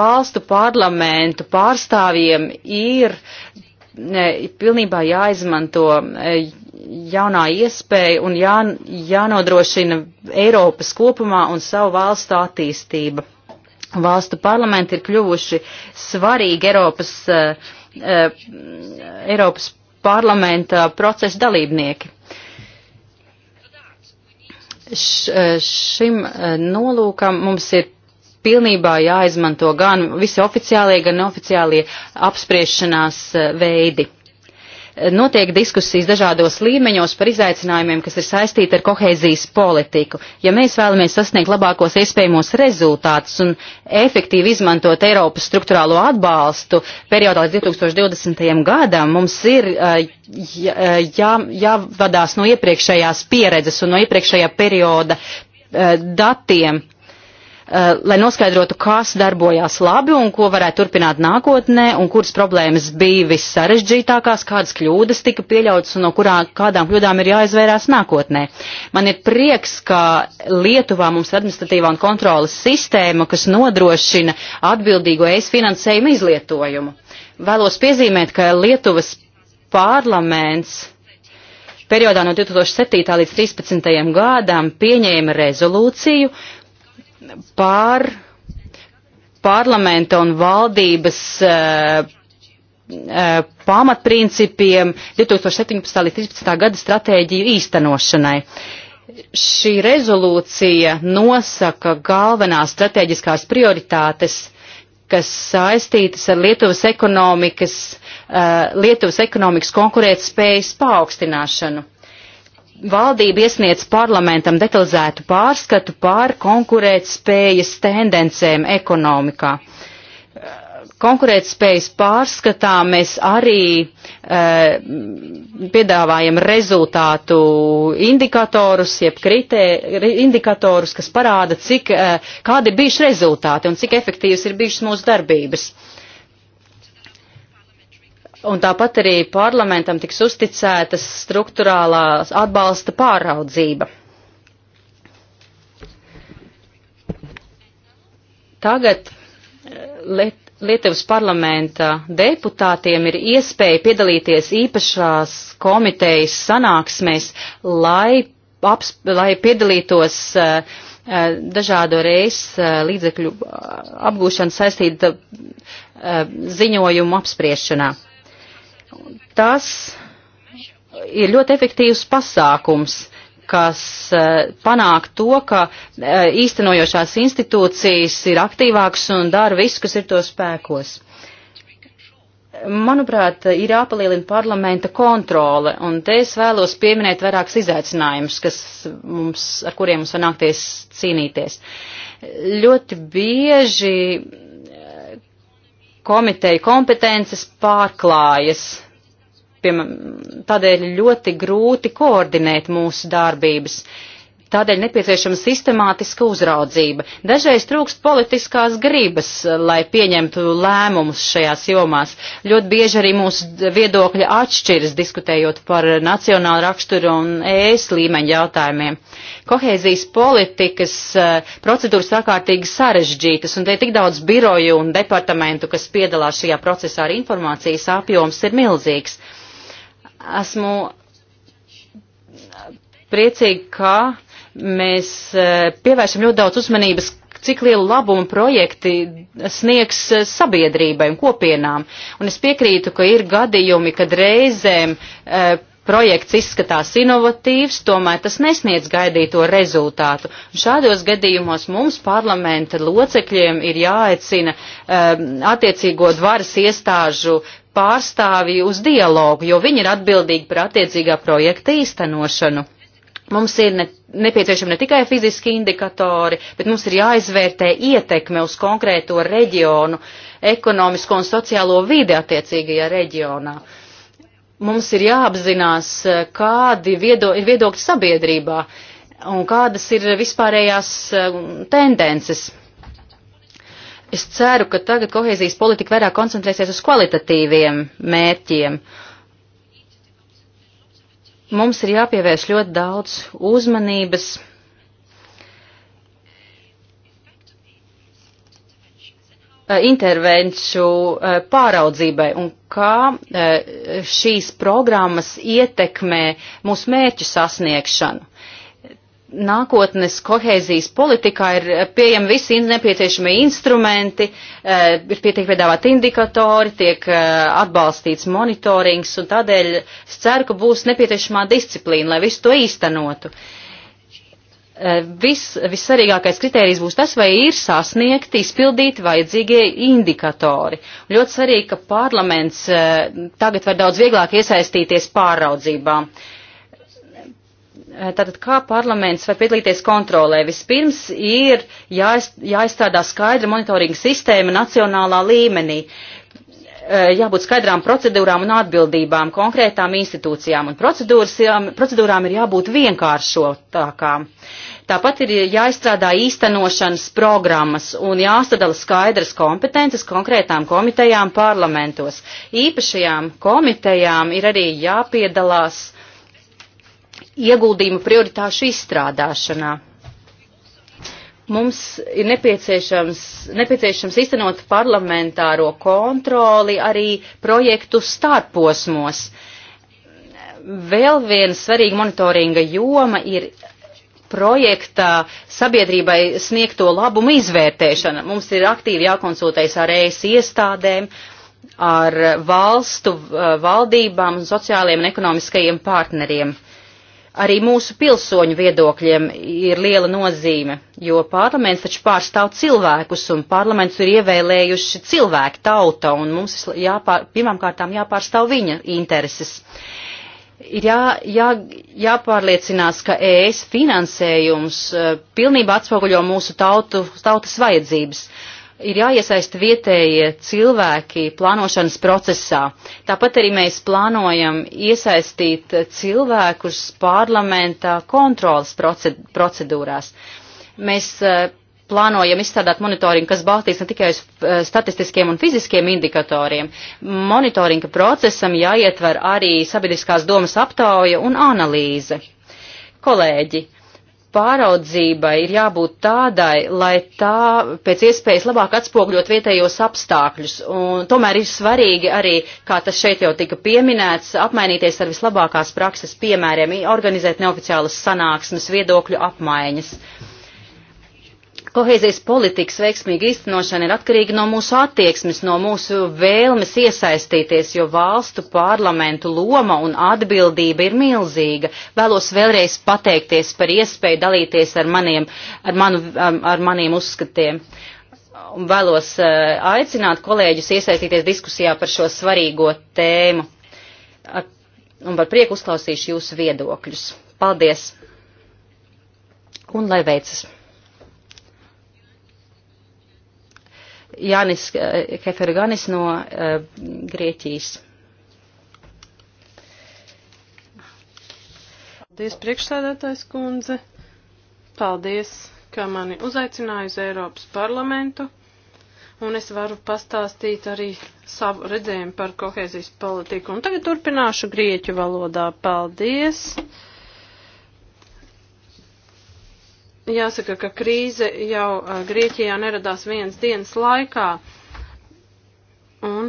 S3: valstu parlamentu pārstāvjiem ir pilnībā jāizmanto jaunā iespēja un jā, jānodrošina Eiropas kopumā un savu valstu attīstība valstu parlamenti ir kļuvuši svarīgi Eiropas, eh, eh, Eiropas parlamenta procesa dalībnieki. Š, eh, šim nolūkam mums ir pilnībā jāizmanto gan visi oficiālie, gan neoficiālie apspriešanās veidi notiek diskusijas dažādos līmeņos par izaicinājumiem, kas ir saistīti ar kohēzijas politiku. Ja mēs vēlamies sasniegt labākos iespējamos rezultātus un efektīvi izmantot Eiropas struktūrālo atbalstu periodā līdz 2020. gadam, mums ir jā, jāvadās no iepriekšējās pieredzes un no iepriekšējā perioda datiem Eh, lai noskaidrotu, kas darbojās labi un ko varētu turpināt nākotnē, un kuras problēmas bija vissarežģītākās, kādas kļūdas tika pieļautas un no kurā, kādām kļūdām ir jāizvairās nākotnē. Man ir prieks, ka Lietuvā mums ir administratīvā un kontrolas sistēma, kas nodrošina atbildīgo ES finansējumu izlietojumu. Vēlos piezīmēt, ka Lietuvas parlaments periodā no 2007. līdz 2013. gadam pieņēma rezolūciju, pār parlamenta un valdības eh, eh, pamatprincipiem 2017. līdz 2013. gada stratēģiju īstenošanai. Šī rezolūcija nosaka galvenās strateģiskās prioritātes, kas saistītas ar Lietuvas ekonomikas, eh, Lietuvas ekonomikas konkurētspējas paaugstināšanu valdība iesniedz parlamentam detalizētu pārskatu pār konkurētspējas tendencēm ekonomikā. Konkurētspējas pārskatā mēs arī e, piedāvājam rezultātu indikatorus, jeb kritē, indikatorus, kas parāda, cik, e, kādi ir bijuši rezultāti un cik efektīvas ir bijušas mūsu darbības. E, Un tāpat arī parlamentam tiks uzticētas struktūrālās atbalsta pāraudzība. Tagad eh, Liet Lietuvas parlamenta deputātiem ir iespēja piedalīties īpašās komitejas sanāksmēs, lai, aps, lai piedalītos uh, dažādo reisu uh, līdzekļu apgūšanu saistīta uh, ziņojumu apspriešanā tas ir ļoti efektīvs pasākums, kas e, panāk to, ka e, īstenojošās institūcijas ir aktīvākas un dara visu, kas ir to spēkos. Manuprāt, ir jāpalielina parlamenta kontrole, un te es vēlos pieminēt vairākus izaicinājumus, kas mums, ar kuriem mums var nākties cīnīties. Ļoti bieži e, komiteju kompetences pārklājas Piemēram, tādēļ ļoti grūti koordinēt mūsu darbības. Tādēļ nepieciešama sistemātiska uzraudzība. Dažreiz trūkst politiskās gribas, lai pieņemtu lēmumus šajās jomās. Ļoti bieži arī mūsu viedokļi atšķiras, diskutējot par nacionālu raksturu un ēs līmeņa jautājumiem. Kohēzijas politikas eh, procedūras ir ārkārtīgi sarežģītas, un te ir tik daudz biroju un departamentu, kas piedalās šajā procesā, arī informācijas apjoms ir milzīgs. Esmu priecīgi, ka mēs eh, pievēršam ļoti daudz uzmanības, cik lielu labumu projekti sniegs eh, sabiedrībai un kopienām. Un es piekrītu, ka ir gadījumi, kad reizēm e, projekts izskatās inovatīvs, tomēr tas nesniedz gaidīto rezultātu. Un šādos gadījumos mums parlamenta locekļiem ir jāaicina e, attiecīgo dvaras iestāžu pārstāvji uz dialogu, jo viņi ir atbildīgi par attiecīgā projekta īstenošanu. Mums ir ne, nepieciešami ne tikai fiziski indikatori, bet mums ir jāizvērtē ietekme uz konkrēto reģionu, ekonomisko un sociālo vidi attiecīgajā reģionā. Mums ir jāapzinās, eh, kādi viedo, ir viedokļi sabiedrībā un kādas ir vispārējās eh, tendences Es ceru, ka tagad kohēzijas politika vairāk koncentrēsies uz kvalitatīviem mērķiem. Mums ir jāpievērš ļoti daudz uzmanības eh, intervenciju eh, pāraudzībai un kā eh, šīs programmas ietekmē mūsu mērķu sasniegšanu nākotnes kohēzijas politikā ir eh, pieejami visi nepieciešamie instrumenti, eh, ir tiek piedāvāti indikatori, tiek eh, atbalstīts monitorings, un tādēļ es ceru, ka būs nepieciešamā disciplīna, lai visu to īstenotu. Vis, vissvarīgākais kriterijs būs tas, vai ir sasniegti, izpildīti vajadzīgie indikatori. Un ļoti svarīgi, ka parlaments tagad var daudz vieglāk iesaistīties pāraudzībām. Uh, Eh, tātad, kā parlaments var piedalīties kontrolē? Vispirms ir jāiz, jāizstrādā skaidra monitoringa sistēma nacionālā līmenī. Eh, jābūt skaidrām procedūrām un atbildībām konkrētām institūcijām, un procedūrām ir jābūt vienkāršotākām. Tāpat ir jāizstrādā īstenošanas programmas un jāsadala skaidras kompetences konkrētām komitejām parlamentos. Īpašajām komitejām ir arī jāpiedalās ieguldījumu prioritāšu izstrādāšanā. Mums ir nepieciešams, nepieciešams iztenot parlamentāro kontroli arī projektu starposmos. Vēl viena svarīga monitoringa joma ir projekta sabiedrībai sniegto labumu izvērtēšana. Mums ir aktīvi jākonsultējas ar ES iestādēm, ar valstu eh, valdībām un sociālajiem un ekonomiskajiem partneriem. Uh, arī mūsu pilsoņu viedokļiem ir liela nozīme, jo parlaments taču pārstāv cilvēkus, un parlaments ir ievēlējuši cilvēki, tauta, un mums jāpār, pirmām kārtām jāpārstāv viņa intereses. Ir jā, jā, jāpārliecinās, ka ES finansējums eh, pilnībā atspoguļo mūsu tautu, tautas vajadzības. Uh, ir jāiesaist vietējie cilvēki plānošanas procesā. Tāpat arī mēs plānojam iesaistīt cilvēkus parlamentā kontrolas procedūrās. Mēs e, plānojam izstrādāt monitoringu, kas balstīs ne tikai uz e, statistiskiem un fiziskiem indikatoriem. Monitoringa procesam jāietver arī sabiedriskās domas aptauja un analīze. Kolēģi, uh, pāraudzībai ir jābūt tādai, lai tā pēc iespējas labāk atspogļot vietējos apstākļus. Un tomēr ir svarīgi arī, kā tas šeit jau tika pieminēts, apmainīties ar vislabākās prakses piemēriem, organizēt neoficiālas sanāksmes, viedokļu apmaiņas. Uh, Kohēzijas politikas veiksmīga īstenošana ir atkarīga no mūsu attieksmes, no mūsu vēlmes iesaistīties, jo valstu parlamentu loma un atbildība ir milzīga. Vēlos vēlreiz pateikties par iespēju dalīties ar maniem, ar manu, ar maniem uzskatiem vēlos eh, aicināt kolēģus iesaistīties diskusijā par šo svarīgo tēmu. Ar, un par prieku uzklausīšu jūsu viedokļus. Paldies! Un lai veicas! Jānis eh, Keferganis no eh, Grieķijas.
S4: Paldies, priekšsēdētājs kundze. Paldies, ka mani uzaicināja uz Eiropas parlamentu un es varu pastāstīt arī savu redzējumu par kohēzijas politiku. Un tagad turpināšu grieķu valodā. Paldies! jāsaka, ka krīze jau Grieķijā neradās vienas dienas laikā. Un,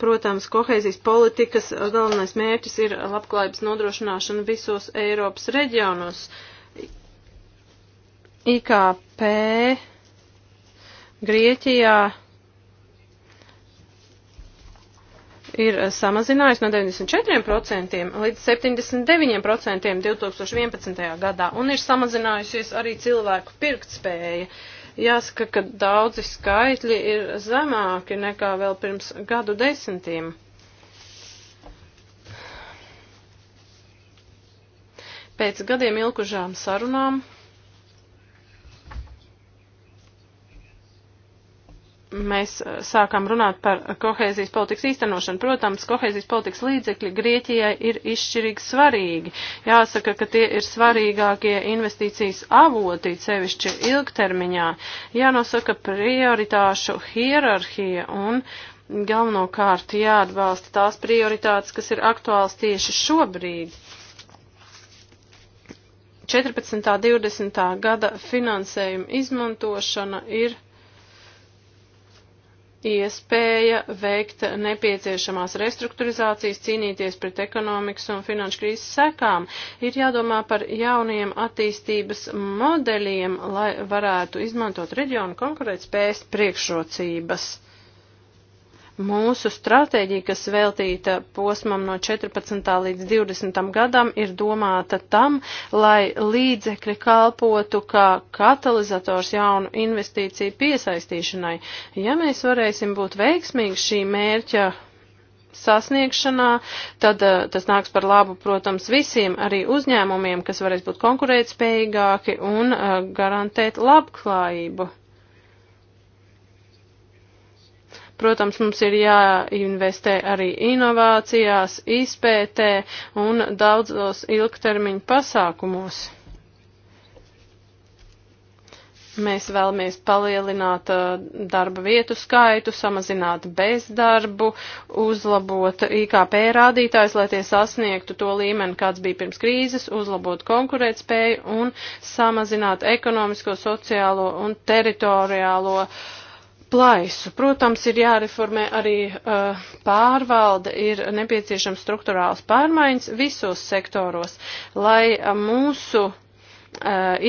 S4: protams, kohēzijas politikas galvenais mērķis ir labklājības nodrošināšana visos Eiropas reģionos. IKP Grieķijā ir samazinājusi no 94% līdz 79% 2011. gadā, un ir samazinājusies arī cilvēku pirktspēja. Jāsaka, ka daudzi skaitļi ir zemāki nekā vēl pirms gadu desmitiem. Pēc gadiem ilgušām sarunām mēs eh, sākām runāt par kohēzijas politikas īstenošanu. Protams, kohēzijas politikas līdzekļi Grieķijai ir izšķirīgi svarīgi. Jāsaka, ka tie ir svarīgākie investīcijas avoti, sevišķi ilgtermiņā. Jānosaka prioritāšu hierarhija un galvenokārt jāatbalsta tās prioritātes, kas ir aktuāls tieši šobrīd. 14. 20. gada finansējuma izmantošana ir iespēja veikt nepieciešamās restruktūrizācijas, cīnīties pret ekonomikas un finanšu krīzes sekām. Ir jādomā par jauniem attīstības modeļiem, lai varētu izmantot reģionu konkurētspējas priekšrocības. Mūsu stratēģija, kas veltīta posmam no 14. līdz 20. gadam, ir domāta tam, lai līdzekļi kalpotu kā katalizators jaunu investīciju piesaistīšanai. Ja mēs varēsim būt veiksmīgi šī mērķa sasniegšanā, tad uh, tas nāks par labu, protams, visiem arī uzņēmumiem, kas varēs būt konkurētspējīgāki un uh, garantēt labklājību. Protams, mums ir jāinvestē arī inovācijās, izpētē un daudzos ilgtermiņu pasākumos. Mēs vēlamies palielināt uh, darba vietu skaitu, samazināt bezdarbu, uzlabot IKP rādītājs, lai tie sasniegtu to līmeni, kāds bija pirms krīzes, uzlabot konkurētspēju un samazināt ekonomisko, sociālo un teritoriālo uh, plaisu. Protams, ir jāreformē arī uh, pārvalde, ir nepieciešams struktūrāls pārmaiņas visos sektoros, lai uh, mūsu uh,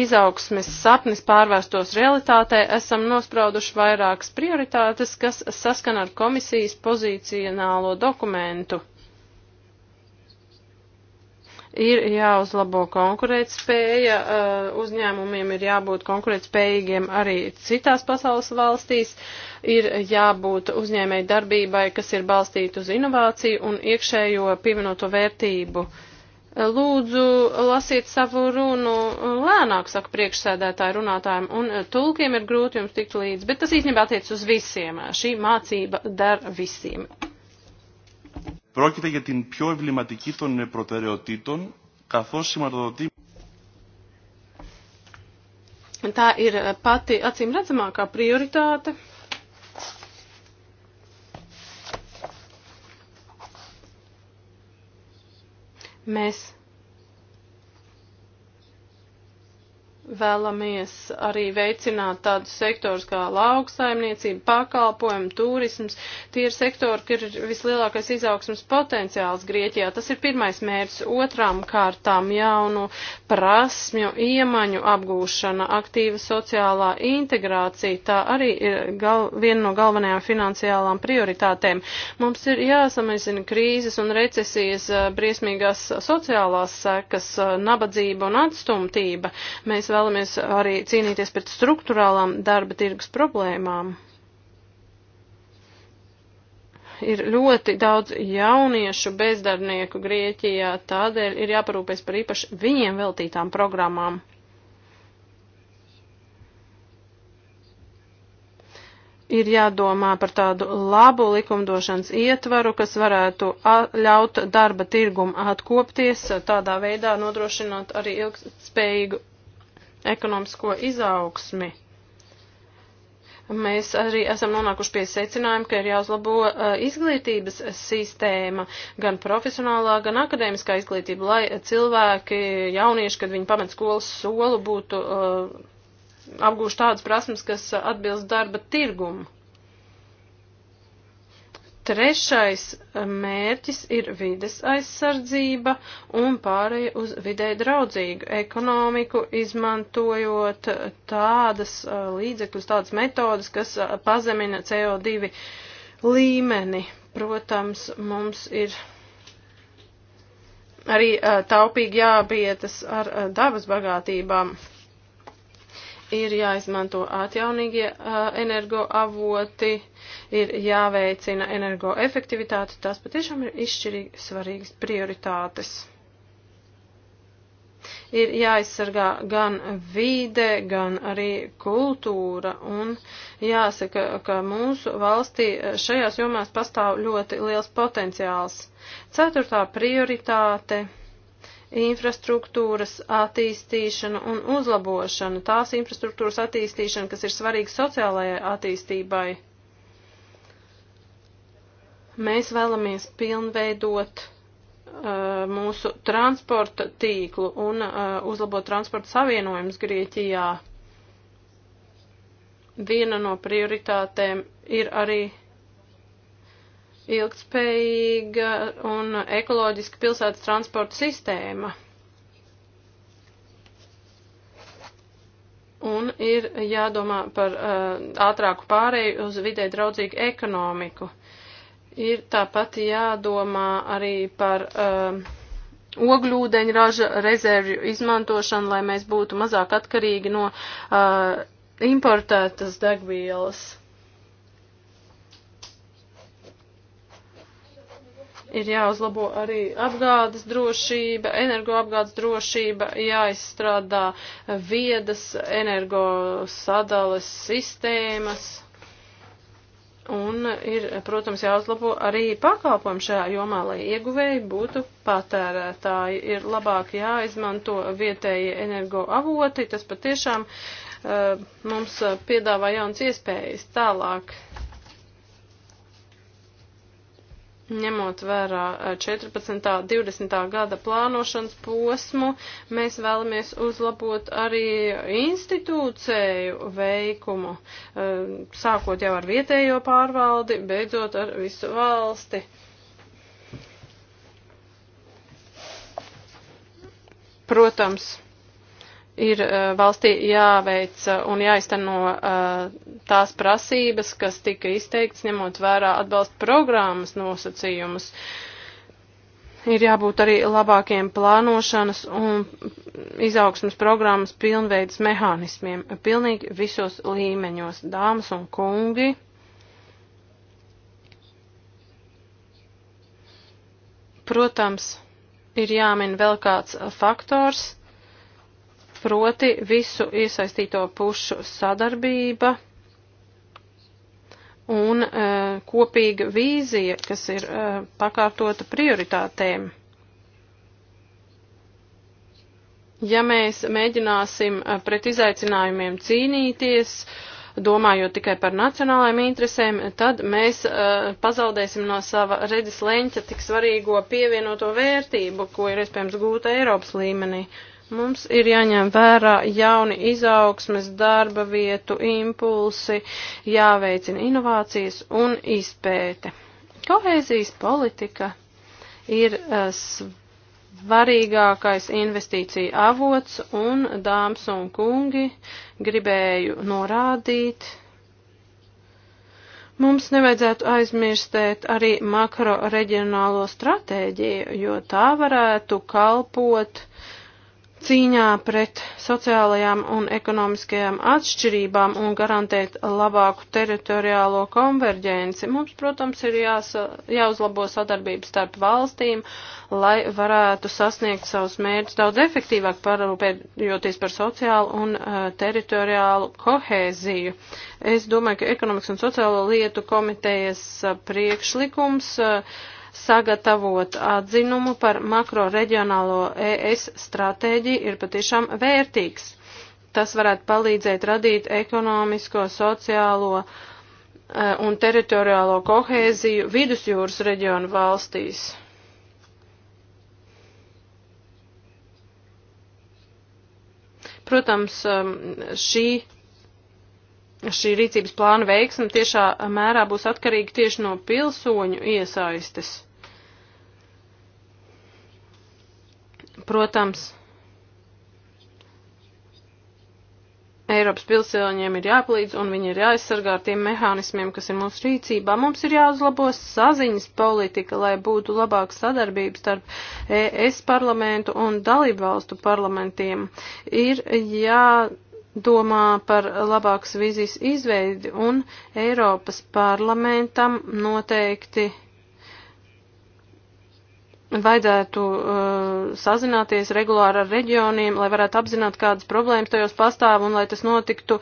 S4: izaugsmes sapnis pārvērstos realitātē, esam nosprauduši vairākas prioritātes, kas saskana ar komisijas pozīcionālo dokumentu ir jāuzlabo konkurētspēja, uh, uzņēmumiem ir jābūt konkurētspējīgiem arī citās pasaules valstīs, ir jābūt uzņēmēji darbībai, kas ir balstīta uz inovāciju un iekšējo pievienoto vērtību. Lūdzu, lasiet savu runu lēnāk, saka priekšsēdētāji runātājiem, un tulkiem ir grūti jums tikt līdz, bet tas īstenībā attiec uz visiem. Šī mācība dar visiem
S6: πρόκειται για την πιο εμβληματική των προτεραιοτήτων, καθώς σηματοδοτεί
S4: Tā ir pati acīm redzamākā prioritāte. Mēs Vēlamies arī veicināt tādus sektors kā lauksaimniecība, pakalpojumi, turisms. Tie ir sektori, kur ir vislielākais izaugsmas potenciāls Grieķijā. Tas ir pirmais mērķis. Otrām kārtām jaunu prasmju, iemaņu apgūšana, aktīva sociālā integrācija. Tā arī ir gal, viena no galvenajām finansiālām prioritātēm. Mums ir jāsamazina krīzes un recesijas eh, briesmīgās sociālās sekas, eh, nabadzība un atstumtība. Mēs vēl vēlamies arī cīnīties pret struktūrālām darba tirgus problēmām. Ir ļoti daudz jauniešu bezdarbnieku Grieķijā, tādēļ ir jāparūpēs par īpaši viņiem veltītām programmām. ir jādomā par tādu labu likumdošanas ietvaru, kas varētu ļaut darba tirgumu atkopties, tādā veidā nodrošināt arī ilgspējīgu ekonomisko izaugsmi. Mēs arī esam nonākuši pie secinājuma, ka ir jāuzlabo uh, izglītības sistēma, gan profesionālā, gan akadēmiskā izglītība, lai cilvēki, jaunieši, kad viņi pamet skolas solu, būtu uh, apgūši tādas prasmes, kas atbilst darba tirgumu. Trešais eh, mērķis ir vides aizsardzība un pārēja uz vidē draudzīgu ekonomiku, izmantojot tādas eh, līdzekļus, tādas metodas, kas eh, pazemina CO2 līmeni. Protams, mums ir arī taupīgi jābietas ar dabas bagātībām ir jāizmanto atjaunīgie uh, energoavoti, ir jāveicina energoefektivitāte, tās patiešām ir izšķirīgi svarīgas prioritātes. Ir jāaizsargā gan vīde, gan arī kultūra, un jāsaka, ka mūsu valstī šajās jomās pastāv ļoti liels potenciāls. Ceturtā prioritāte infrastruktūras attīstīšana un uzlabošana, tās infrastruktūras attīstīšana, kas ir svarīga sociālajai attīstībai. Mēs vēlamies pilnveidot uh, mūsu transporta tīklu un uh, uzlabot transporta savienojumus Grieķijā. Viena no prioritātēm ir arī ilgtspējīga un ekoloģiska pilsētas transporta sistēma. Un ir jādomā par uh, ātrāku pārēju uz vidē draudzīgu ekonomiku. Ir tāpat jādomā arī par uh, eh, ogļūdeņraža rezervju izmantošanu, lai mēs būtu mazāk atkarīgi no uh, importētas degvielas. ir jāuzlabo arī apgādes drošība, energoapgādes drošība, jāizstrādā viedas energosadales sistēmas. Un ir, protams, jāuzlabo arī pakalpojumi šajā jomā, lai ieguvēji būtu patērētāji. Ir labāk jāizmanto vietējie energoavoti, tas patiešām uh, mums eh, piedāvā jauns iespējas tālāk. Uh, ņemot vērā 14. Eh, 20. gada plānošanas posmu, mēs vēlamies uzlabot arī institūcēju veikumu, eh, sākot jau ar vietējo pārvaldi, beidzot ar visu valsti. Protams, ir eh, valstī jāveic eh, un jāizteno eh, tās prasības, kas tika izteikts, ņemot vērā atbalsta programmas nosacījumus. Ir jābūt arī labākiem plānošanas un izaugsmas programmas pilnveidas mehānismiem, pilnīgi visos līmeņos, dāmas un kungi. Protams, ir jāmin vēl kāds faktors proti visu iesaistīto pušu sadarbība un e, kopīga vīzija, kas ir e, pakārtota prioritātēm. Ja mēs mēģināsim e, pret izaicinājumiem cīnīties, domājot tikai par nacionālajiem interesēm, tad mēs uh, pazaudēsim no sava redzes leņķa tik svarīgo pievienoto vērtību, ko ir iespējams gūt Eiropas līmenī. Uh, Mums ir jāņem vērā jauni izaugsmes, darba vietu, impulsi, jāveicina inovācijas un izpēte. Kohēzijas politika ir eh, svarīgākais investīcija avots un, dāmas un kungi, gribēju norādīt, Mums nevajadzētu aizmirstēt arī makro reģionālo stratēģiju, jo tā varētu kalpot uh, cīņā pret sociālajām un ekonomiskajām atšķirībām un garantēt labāku teritoriālo konverģenci. Mums, protams, ir jāsa, jāuzlabo sadarbība starp valstīm, lai varētu sasniegt savus mērķus daudz efektīvāk, parūpējoties par sociālu un uh, teritoriālu kohēziju. Es domāju, ka ekonomikas un sociālo lietu komitejas uh, priekšlikums uh, sagatavot atzinumu par makro reģionālo ES stratēģiju ir patiešām vērtīgs. Tas varētu palīdzēt radīt ekonomisko, sociālo e, un teritoriālo kohēziju vidusjūras reģionu valstīs. Protams, e, šī šī rīcības plāna veiksme tiešā mērā būs atkarīga tieši no pilsoņu iesaistes. Protams, Eiropas pilsēņiem ir jāpalīdz un viņi ir jāaizsargā ar tiem mehānismiem, kas ir mūsu rīcībā. Mums ir jāuzlabo saziņas politika, lai būtu labāka sadarbība starp ES parlamentu un dalību valstu parlamentiem. Ir jā. Ja domā par labākas vīzijas izveidi un Eiropas parlamentam noteikti vajadzētu uh, sazināties regulāri ar reģioniem, lai varētu apzināt, kādas problēmas tajos pastāv un lai tas notiktu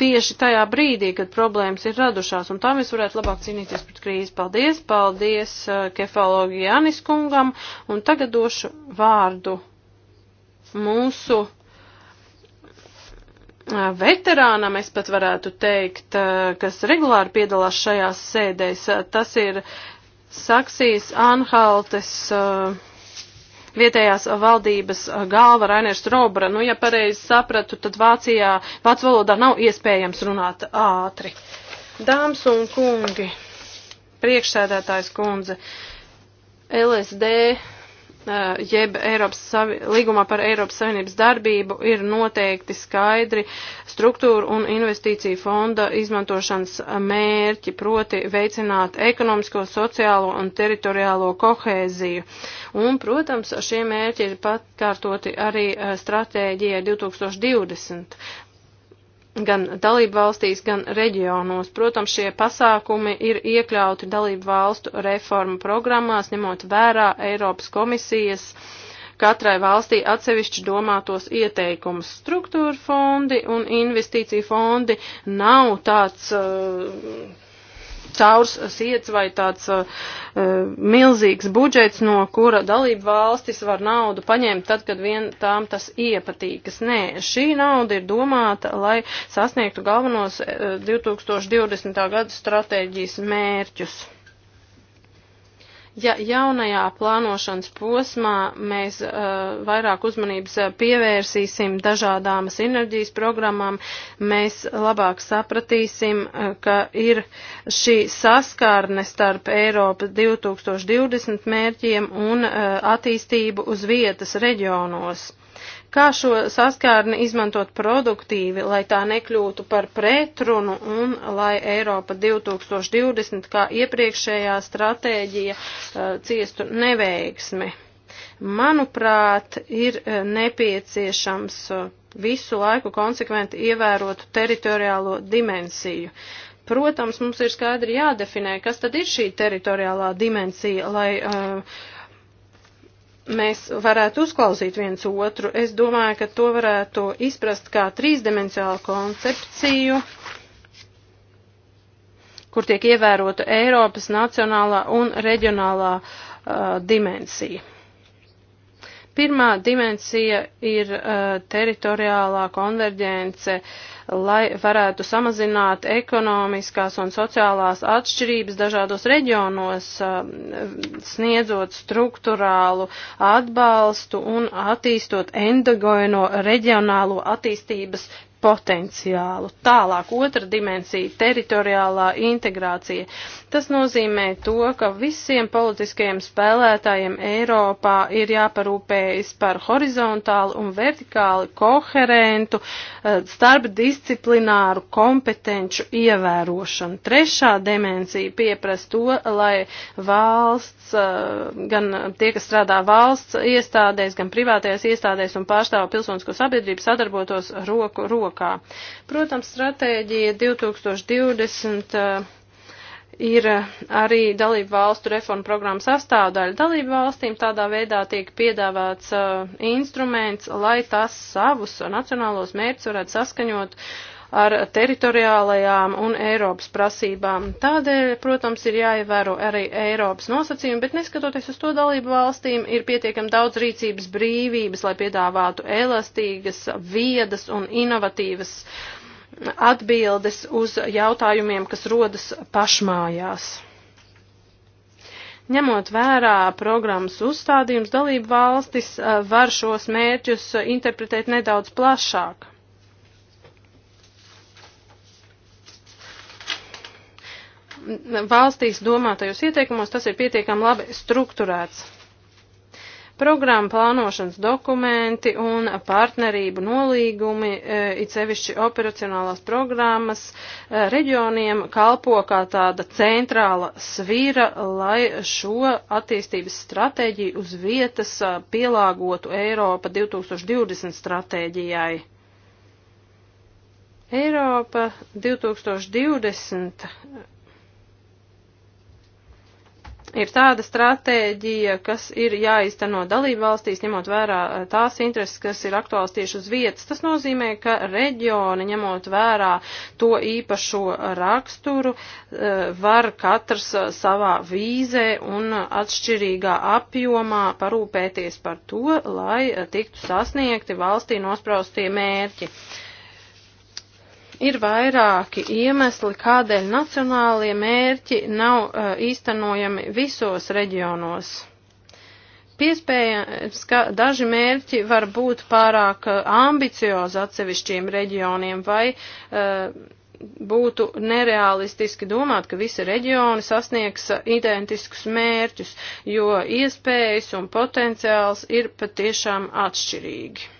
S4: tieši tajā brīdī, kad problēmas ir radušās. Un tā mēs varētu labāk cīnīties pret krīzi. Paldies, paldies uh, kefalogi Janis kungam. Un tagad došu vārdu mūsu veterānam, es pat varētu teikt, kas regulāri piedalās šajās sēdēs. Tas ir Saksijas Anhaltes vietējās valdības galva Rainers Robra. Nu, ja pareizi sapratu, tad Vācijā, vācu valodā nav iespējams runāt ātri. Dāmas un kungi, priekšsēdētājs kundze, LSD Eh, jeb Eiropas Savi, līgumā par Eiropas Savienības darbību ir noteikti skaidri struktūra un investīcija fonda izmantošanas mērķi, proti veicināt ekonomisko, sociālo un teritoriālo kohēziju. Un, protams, šie mērķi ir patkārtoti arī eh, stratēģijai 2020 gan dalību valstīs, gan reģionos. Protams, šie pasākumi ir iekļauti dalību valstu reformu programmās, ņemot vērā Eiropas komisijas katrai valstī atsevišķi domātos ieteikumus. Struktūra fondi un investīcija fondi nav tāds uh, caurs sirds vai tāds uh, uh, milzīgs budžets, no kura dalību valstis var naudu paņemt tad, kad vien tām tas iepatīkas. Nē, šī nauda ir domāta, lai sasniegtu galvenos uh, 2020. gada stratēģijas mērķus. Ja jaunajā plānošanas posmā mēs uh, vairāk uzmanības uh, pievērsīsim dažādām sinerģijas programmām, mēs labāk sapratīsim, uh, ka ir šī saskārne starp Eiropas 2020 mērķiem un uh, attīstību uz vietas reģionos. Kā šo saskārni izmantot produktīvi, lai tā nekļūtu par pretrunu un lai Eiropa 2020 kā iepriekšējā stratēģija eh, ciestu neveiksmi? Manuprāt, ir eh, nepieciešams eh, visu laiku konsekventi ievērot teritoriālo dimensiju. Protams, mums ir skaidri jādefinē, kas tad ir šī teritoriālā dimensija, lai uh, mēs varētu uzklausīt viens otru. Es domāju, ka to varētu izprast kā trīsdimensionālu koncepciju, kur tiek ievērota Eiropas nacionālā un reģionālā uh, dimensija. Pirmā dimensija ir uh, teritoriālā konverģence. Uh, lai varētu samazināt ekonomiskās un sociālās atšķirības dažādos reģionos, um, sniedzot struktūrālu atbalstu un attīstot endogoino reģionālo attīstības potenciālu. Tālāk otra dimensija - teritoriālā integrācija. Tas nozīmē to, ka visiem politiskajiem spēlētājiem Eiropā ir jāparūpējas par horizontālu un vertikāli koherentu eh, starpdisciplināru kompetenču ievērošanu. Trešā dimensija pieprasa to, lai valsts, eh, gan tie, kas strādā valsts iestādēs, gan privātajās iestādēs un pārstāv pilsonisko sabiedrību sadarbotos roku roku rokā. Protams, stratēģija 2020 eh, ir eh, arī dalību valstu reformu programma sastāvdaļa. Dalību valstīm tādā veidā tiek piedāvāts uh, instruments, lai tas savus nacionālos mērķus varētu saskaņot uh, ar teritoriālajām un Eiropas prasībām. Tādēļ, protams, ir jāievēro arī Eiropas nosacījumi, bet neskatoties uz to dalību valstīm, ir pietiekami daudz rīcības brīvības, lai piedāvātu elastīgas, viedas un inovatīvas atbildes uz jautājumiem, kas rodas pašmājās. Ņemot vērā programmas uzstādījums, dalību valstis eh, var šos mērķus interpretēt nedaudz plašāk. valstīs domātajos ieteikumos tas ir pietiekami labi strukturēts. Programma plānošanas dokumenti un partnerību nolīgumi, e, it sevišķi operacionālās programmas, e, reģioniem kalpo kā tāda centrāla svīra, lai šo attīstības stratēģiju uz vietas e, pielāgotu Eiropa 2020 stratēģijai. Eiropa 2020 ir tāda stratēģija, kas ir jāizteno dalību valstīs, ņemot vērā eh, tās intereses, kas ir aktuāls tieši uz vietas. Tas nozīmē, ka reģioni, ņemot vērā to īpašo raksturu, eh, var katrs eh, savā vīzē un atšķirīgā apjomā parūpēties par to, lai tiktu sasniegti valstī nospraustie mērķi ir vairāki iemesli, kādēļ nacionālie mērķi nav uh, īstenojami visos reģionos. Piespējams, ka daži mērķi var būt pārāk eh, ambiciozi atsevišķiem reģioniem vai uh, būtu nereālistiski domāt, ka visi reģioni sasniegs identiskus mērķus, jo iespējas un potenciāls ir patiešām atšķirīgi.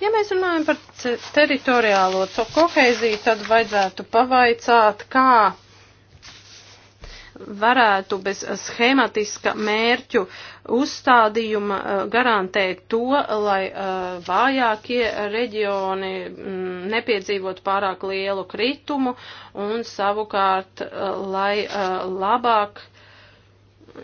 S4: Ja mēs runājam par teritoriālo to kohēziju, tad vajadzētu pavaicāt, kā varētu bez schematiska mērķu uzstādījuma eh, garantēt to, lai eh, vājākie reģioni mm, nepiedzīvot pārāk lielu kritumu un savukārt, eh, lai labāk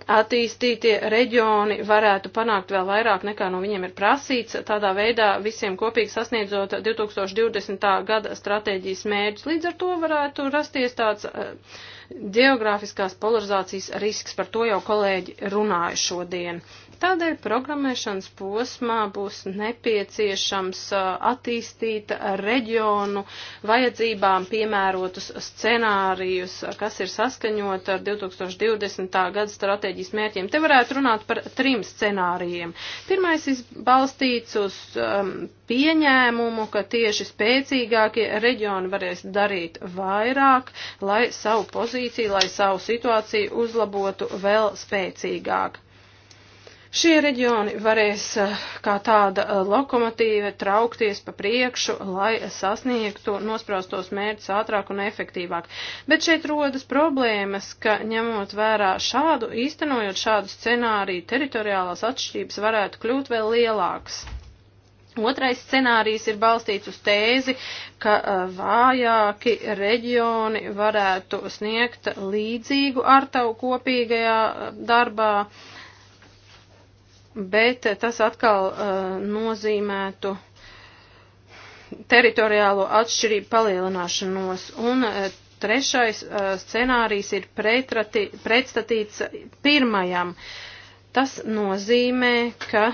S4: attīstītie reģioni varētu panākt vēl vairāk nekā no viņiem ir prasīts, tādā veidā visiem kopīgi sasniedzot 2020. gada stratēģijas mērķus. Līdz ar to varētu rasties tāds eh, geogrāfiskās polarizācijas risks, par to jau kolēģi runāja šodien. Uh, Tādēļ programmēšanas posmā būs nepieciešams attīstīt reģionu vajadzībām piemērotus scenārijus, kas ir saskaņot ar 2020. gada stratēģijas mērķiem. Te varētu runāt par trim scenārijiem. Pirmais ir balstīts uz um, pieņēmumu, ka tieši spēcīgākie reģioni varēs darīt vairāk, lai savu pozīciju, lai savu situāciju uzlabotu vēl spēcīgāk. Šie reģioni varēs eh, kā tāda eh, lokomotīve traukties pa priekšu, lai sasniegtu nospraustos mērķus ātrāk un efektīvāk. Bet šeit rodas problēmas, ka ņemot vērā šādu, īstenojot šādu scenāriju, teritoriālās atšķirības varētu kļūt vēl lielākas. Otrais scenārijs ir balstīts uz tēzi, ka eh, vājāki reģioni varētu sniegt līdzīgu ar tavu kopīgajā darbā bet tas atkal uh, nozīmētu teritoriālo atšķirību palielināšanos. Un uh, trešais uh, scenārijs ir pretrati, pretstatīts pirmajam. Tas nozīmē, ka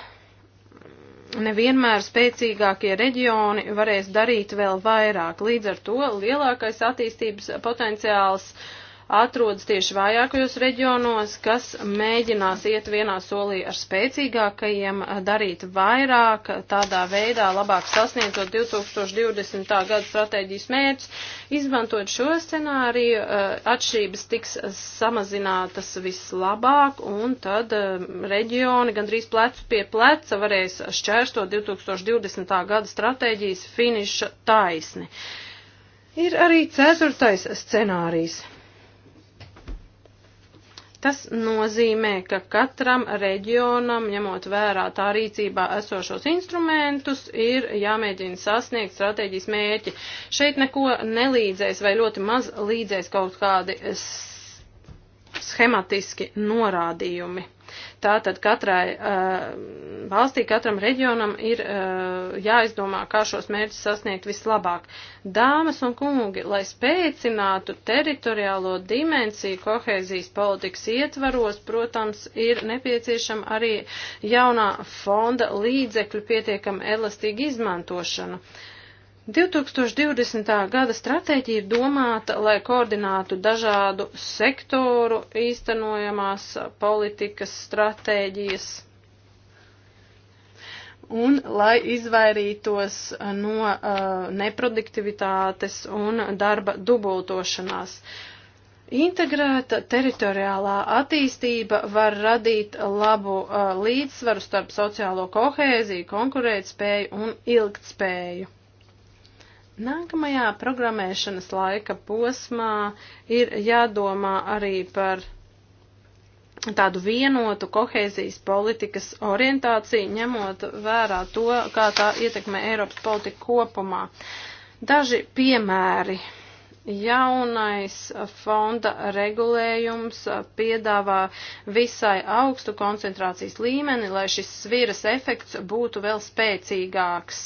S4: nevienmēr spēcīgākie reģioni varēs darīt vēl vairāk. Līdz ar to lielākais attīstības potenciāls uh, atrodas tieši vājākajos reģionos, kas mēģinās iet vienā solī ar spēcīgākajiem, darīt vairāk, tādā veidā labāk sasniedzot 2020. gada stratēģijas mērķus. Izmantojot šo scenāriju, eh, atšķirības tiks samazinātas vislabāk, un tad eh, reģioni gandrīz plecu pie pleca varēs šķērstot 2020. gada stratēģijas finiša taisni. Ir arī ceturtais scenārijs. Tas nozīmē, ka katram reģionam, ņemot vērā tā rīcībā esošos instrumentus, ir jāmēģina sasniegt stratēģijas mērķi. Šeit neko nelīdzēs vai ļoti maz līdzēs kaut kādi schematiski norādījumi. Tātad katrai uh, valstī, katram reģionam ir uh, jāizdomā, kā šos mērķus sasniegt vislabāk. Dāmas un kungi, lai spēcinātu teritoriālo dimensiju kohēzijas politikas ietvaros, protams, ir nepieciešama arī jaunā fonda līdzekļu pietiekama elastīga izmantošana. Uh, 2020. gada stratēģija ir domāta, lai koordinātu dažādu sektoru īstenojamās politikas stratēģijas un lai izvairītos no uh, neproduktivitātes un darba dubultošanās. Integrēta teritoriālā attīstība var radīt labu uh, līdzsvaru starp sociālo kohēziju, konkurētspēju un ilgtspēju. Nākamajā programmēšanas laika posmā ir jādomā arī par tādu vienotu kohēzijas politikas orientāciju, ņemot vērā to, kā tā ietekmē Eiropas politiku kopumā. Daži piemēri. Jaunais fonda regulējums piedāvā visai augstu koncentrācijas līmeni, lai šis sviras efekts būtu vēl spēcīgāks.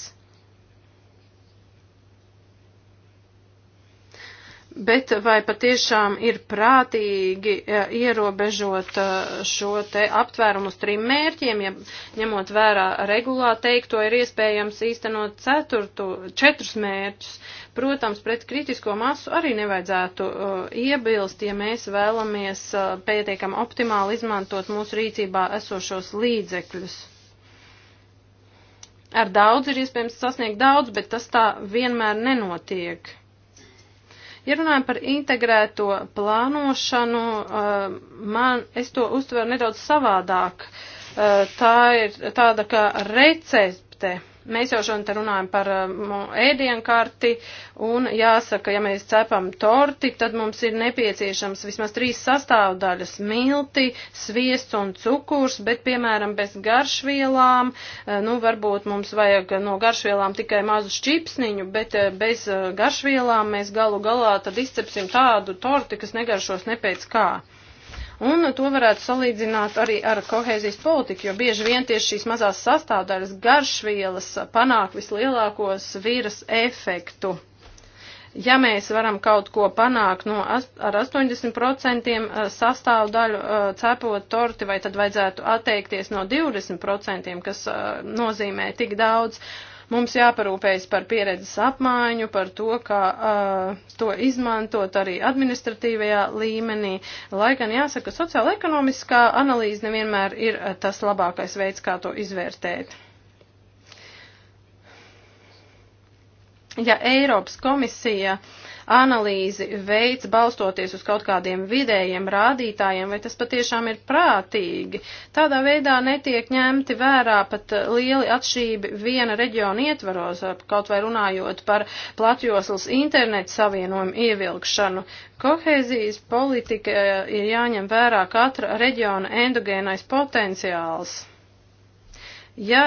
S4: Bet vai patiešām ir prātīgi e, ierobežot e, šo te aptvērumu uz trim mērķiem, ja ņemot vērā regulā teikto ir iespējams īstenot ceturtu, četrus mērķus? Protams, pret kritisko masu arī nevajadzētu uh, iebilst, ja mēs vēlamies uh, pietiekam optimāli izmantot mūsu rīcībā esošos līdzekļus. Ar daudz ir iespējams sasniegt daudz, bet tas tā vienmēr nenotiek. Ja runājam par integrēto plānošanu, eh, man, es to uztveru nedaudz savādāk. Eh, tā ir tāda kā recepte Mēs jau šodien te runājam par eh, ēdienkarti, un jāsaka, ja mēs cepam torti, tad mums ir nepieciešams vismaz trīs sastāvdaļas - milti, sviests un cukurs, bet, piemēram, bez garšvielām, eh, nu, varbūt mums vajag no garšvielām tikai mazu šķipsniņu, bet eh, bez garšvielām mēs galu galā tad izcepsim tādu torti, kas negaršos ne pēc kā. Un to varētu salīdzināt arī ar kohēzijas politiku, jo bieži vien tieši šīs mazās sastāvdaļas garšvielas panāk vislielākos vīras efektu. Ja mēs varam kaut ko panākt no, ar 80% eh, sastāvdaļu eh, cepot torti, vai tad vajadzētu atteikties no 20%, kas eh, nozīmē tik daudz, Mums jāparūpējas par pieredzes apmaiņu, par to, kā uh, to izmantot arī administratīvajā līmenī. Lai gan jāsaka, sociāla-ekonomiskā analīze nevienmēr ir uh, tas labākais veids, kā to izvērtēt. Ja Eiropas komisija uh, analīzi veids balstoties uz kaut kādiem vidējiem rādītājiem, vai tas patiešām ir prātīgi. Tādā veidā netiek ņemti vērā pat lieli atšķība viena reģiona ietvaros, kaut vai runājot par platjoslas internetu savienojumu ievilkšanu. Kohēzijas politika eh, ir jāņem vērā katra reģiona endogēnais potenciāls. Ja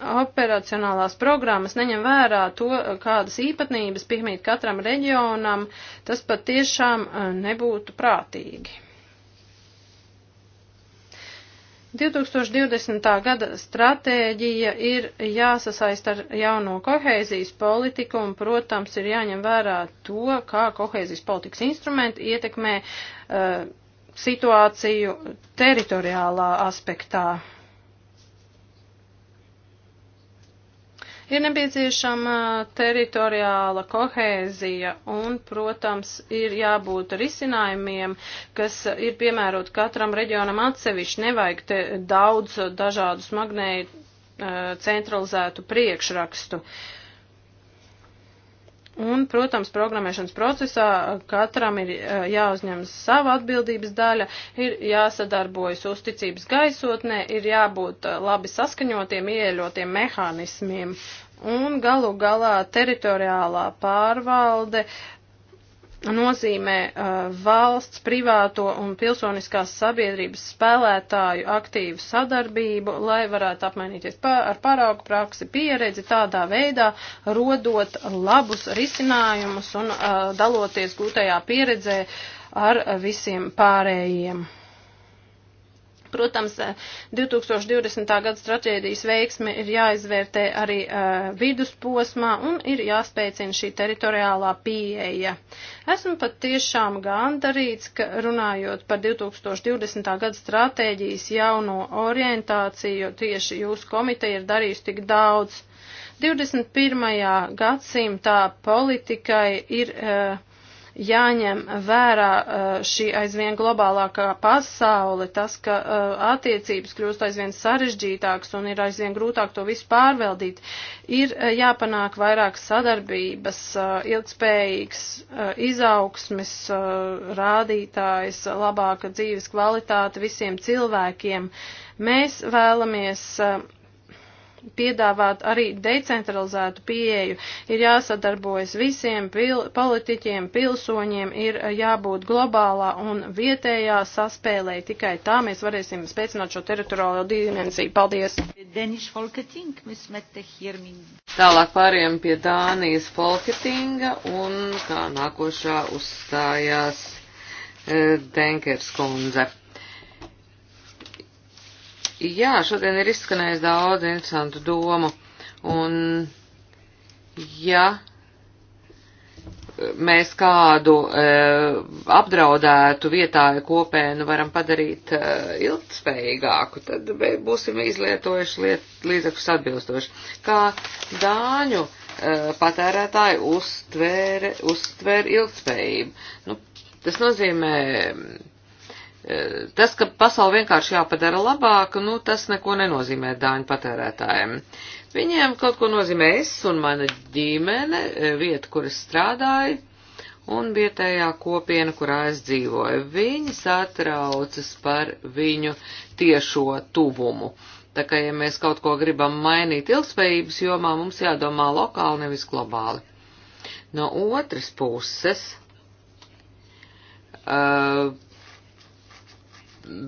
S4: operacionālās programmas neņem vērā to, kādas īpatnības piemīt katram reģionam, tas pat tiešām e, nebūtu prātīgi. 2020. gada stratēģija ir jāsasaist ar jauno kohēzijas politiku un, protams, ir jāņem vērā to, kā kohēzijas politikas instrumenti ietekmē uh, situāciju teritoriālā aspektā. Ir nepieciešama teritoriāla kohēzija un, protams, ir jābūt risinājumiem, kas ir piemērot katram reģionam atsevišķi. Nevajag te daudz dažādu smagnēju eh, centralizētu priekšrakstu. Uh, Un, protams, programmēšanas procesā uh, katram ir uh, jāuzņemas sava atbildības daļa, ir jāsadarbojas uzticības gaisotnē, ir jābūt uh, labi saskaņotiem, ieļotiem mehānismiem. Un galu galā teritoriālā pārvalde uh, nozīmē uh, valsts, privāto un pilsoniskās sabiedrības spēlētāju aktīvu sadarbību, lai varētu apmainīties pa, ar paraugu praksi pieredzi tādā veidā, rodot labus risinājumus un uh, daloties gūtajā pieredzē ar visiem pārējiem. Protams, 2020. Eh, gada stratēģijas veiksme ir jāizvērtē arī uh, vidusposmā un ir jāspēcina šī teritoriālā pieeja. Esmu pat tiešām gandarīts, ka runājot par 2020. gada stratēģijas jauno orientāciju, tieši jūsu komiteja ir darījusi tik daudz. 21. gadsimtā politikai ir uh, jāņem vērā uh, šī aizvien globālākā pasaule, tas, ka uh, attiecības kļūst aizvien sarežģītākas un ir aizvien grūtāk to visu pārveldīt, ir uh, jāpanāk vairāk sadarbības, ilgspējīgs izaugsmes rādītājs, labāka dzīves kvalitāte visiem cilvēkiem. Mēs vēlamies piedāvāt arī decentralizētu pieeju. Ir jāsadarbojas visiem pil politiķiem, pilsoņiem, ir jābūt globālā un vietējā saspēlē. Tikai tā mēs varēsim spēcināt šo teritoriālo dimensiju. Paldies!
S1: Tālāk pāriem pie Dānijas Folketinga un kā nākošā uzstājās eh, Denkers kundze. Jā, šodien ir izskanējis daudz interesantu domu, un ja mēs kādu e, apdraudētu vietāju kopēnu varam padarīt e, ilgspējīgāku, tad būsim izlietojuši liet, līdzekļus atbilstoši. Kā dāņu e, patērētāji uztvēra, uztvēra ilgspējību. Nu, tas nozīmē Tas, ka pasauli vienkārši jāpadara labāk, nu, tas neko nenozīmē dāņu patērētājiem. Viņiem kaut ko nozīmē es un mana ģimene, vieta, kur es strādāju, un vietējā kopiena, kurā es dzīvoju. Viņi satraucas par viņu tiešo tuvumu. Tā kā, ja mēs kaut ko gribam mainīt ilgspējības jomā, mums jādomā lokāli, nevis globāli. No otras puses, uh,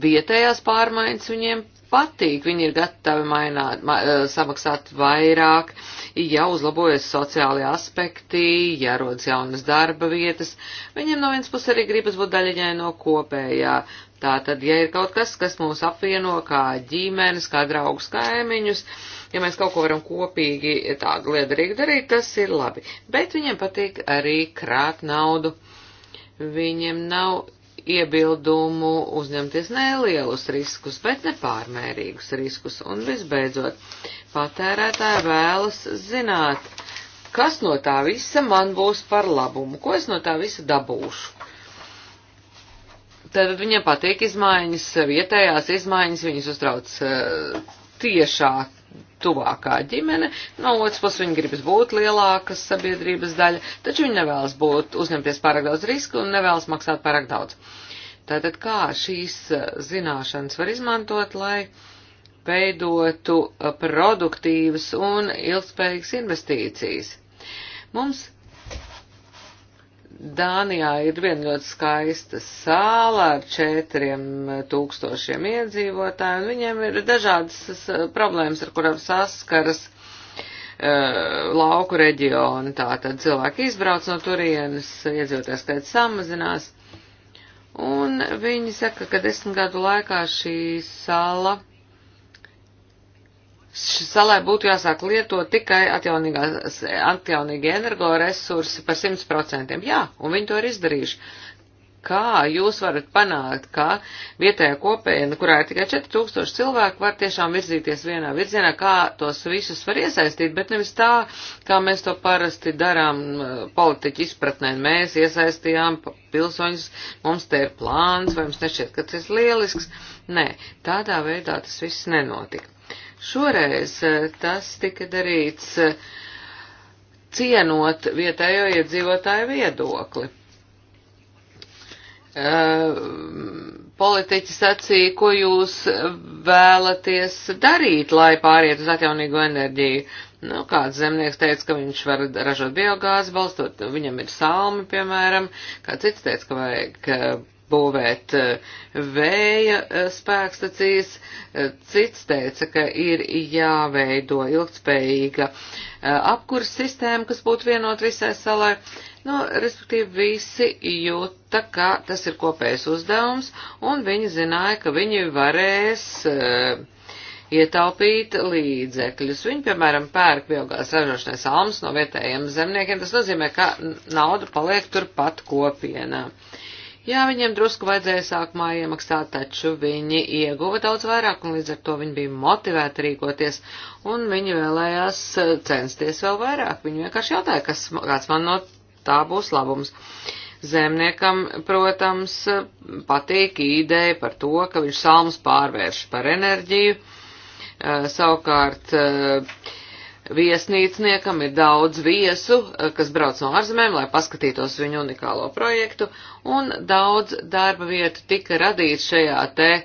S1: vietējās pārmaiņas viņiem patīk, viņi ir gatavi maināt, ma, eh, samaksāt vairāk, ja uzlabojas sociālie aspekti, ja rodas jaunas darba vietas, viņiem no vienas puses arī gribas būt daļiņai no kopējā. Tātad, ja ir kaut kas, kas mūs apvieno kā ģimenes, kā draugus, kaimiņus, ja mēs kaut ko varam kopīgi tādu liederīgu darīt, tas ir labi. Bet viņiem patīk arī krāt naudu. Viņiem nav iebildumu uzņemties nelielus riskus, bet nepārmērīgus riskus. Un visbeidzot, patērētāji vēlas zināt, kas no tā visa man būs par labumu, ko es no tā visa dabūšu. Tad viņiem patīk izmaiņas, vietējās izmaiņas, viņus uztrauc uh, eh, tiešāk tuvākā ģimene, no otras puses viņa gribas būt lielākas sabiedrības daļa, taču viņa nevēlas būt, uzņemties pārāk daudz risku un nevēlas maksāt pārāk daudz. Tātad kā šīs eh, zināšanas var izmantot, lai veidotu eh, produktīvas un ilgspējīgas investīcijas? Mums Dānijā ir viena ļoti skaista sāla ar četriem tūkstošiem iedzīvotāju, un viņiem ir dažādas problēmas, ar kurām saskaras uh, lauku reģioni. Tātad cilvēki izbrauc no turienes, iedzīvotājs skaits samazinās, un viņi saka, ka desmit gadu laikā šī sala salai būtu jāsāk lietot tikai atjaunīgi energoresursi par 100%. Jā, un viņi to ir izdarījuši. Kā jūs varat panākt, ka vietējā kopiena, kurā ir tikai 4000 cilvēku, var tiešām virzīties vienā virzienā, kā tos visus var iesaistīt, bet nevis tā, kā mēs to parasti darām eh, politiķi izpratnē. Mēs iesaistījām pilsoņus, mums te ir plāns, vai mums nešķiet, ka tas ir lielisks. Nē, tādā veidā tas viss nenotika. Šoreiz e, tas tika darīts e, cienot vietējo iedzīvotāju viedokli. E, politiķi sacīja, ko jūs vēlaties darīt, lai pāriet uz atjaunīgo enerģiju. Nu, kāds zemnieks teica, ka viņš var ražot biogāzi, balstot, viņam ir salmi, piemēram, kāds cits teica, ka vajag būvēt eh, vēja eh, spēkstacijas, eh, cits teica, ka ir jāveido ilgtspējīga apkurs sistēma, kas būtu vienot visai salai. Nu, respektīvi, visi jūta, ka tas ir kopējs uzdevums, un viņi zināja, ka viņi varēs ietaupīt līdzekļus. Viņi, piemēram, pērk biogās ražošanai salmas no vietējiem zemniekiem. Tas nozīmē, ka nauda paliek turpat kopienā. Uh, Jā, viņiem drusku vajadzēja sākumā iemaksāt, taču viņi ieguva daudz vairāk, un līdz ar to viņi bija motivēti rīkoties, un viņi vēlējās eh, censties vēl vairāk. Viņi vienkārši jautāja, kas, kāds man no tā būs labums. Zemniekam, protams, patīk ideja par to, ka viņš salmus pārvērš par enerģiju. Eh, savukārt, uh, Viesnīcniekam ir daudz viesu, eh, kas brauc no ārzemēm, lai paskatītos viņu unikālo projektu, un daudz darba vietu tika radīts šajā te e,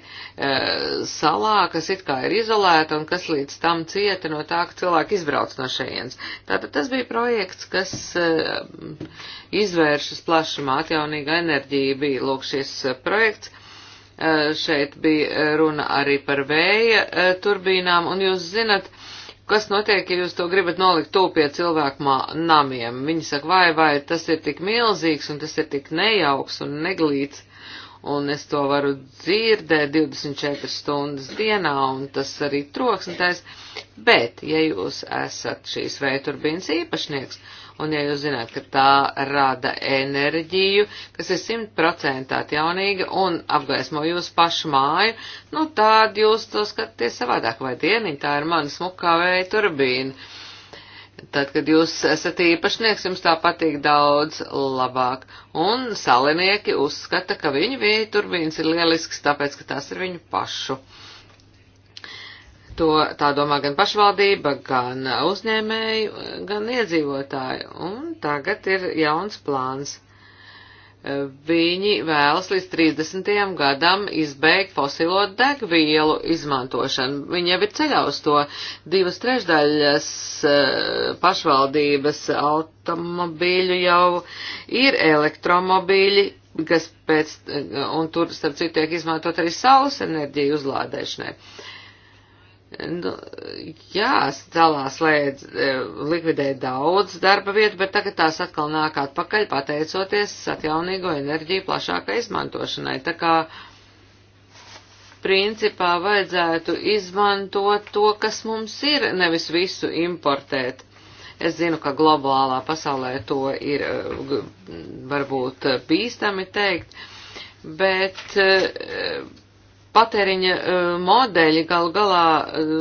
S1: salā, kas it kā ir izolēta un kas līdz tam cieta no tā, ka cilvēki izbrauc no šajienes. Tātad tas bija projekts, kas e, eh, izvēršas plašumā, atjaunīga enerģija bija lūk šis projekts šeit bija runa arī par vēja turbīnām, un jūs zinat, kas notiek, ja jūs to gribat nolikt tuvu pie cilvēku namiem? Viņi saka, vai, vai tas ir tik milzīgs un tas ir tik nejauks un neglīts, un es to varu dzirdēt 24 stundas dienā, un tas arī troksnitais, bet, ja jūs esat šīs vēturbīnas īpašnieks, un ja jūs zināt, ka tā rada enerģiju, kas ir simtprocentā jaunīga un apgaismo jūsu pašu māju, nu tād jūs to skatāties savādāk, vai dieniņ, tā ir mana smukā vēja turbīna. Tad, kad jūs esat īpašnieks, jums tā patīk daudz labāk. Un salinieki uzskata, ka viņu vēja turbīnas ir lielisks, tāpēc, ka tās ir viņu pašu. Uh, To tā domā gan pašvaldība, gan uzņēmēji, gan iedzīvotāji. Un tagad ir jauns plāns. Viņi vēlas līdz 30. gadam izbeigt fosilo degvielu izmantošanu. Viņi jau ir ceļā uz to. Divas trešdaļas eh, pašvaldības automobīļu jau ir elektromobīļi, kas pēc, eh, un tur, starp citu, tiek izmantot arī saules enerģiju uzlādēšanai. Uh, Nu, jā, dalās lēdz e, likvidēt daudz darba vietu, bet tagad tās atkal nāk atpakaļ, pateicoties atjaunīgo enerģiju plašākai izmantošanai. Tā kā principā vajadzētu izmantot to, kas mums ir, nevis visu importēt. Es zinu, ka globālā pasaulē to ir e, varbūt bīstami teikt, bet e, patēriņa e, modeļi gal galā e,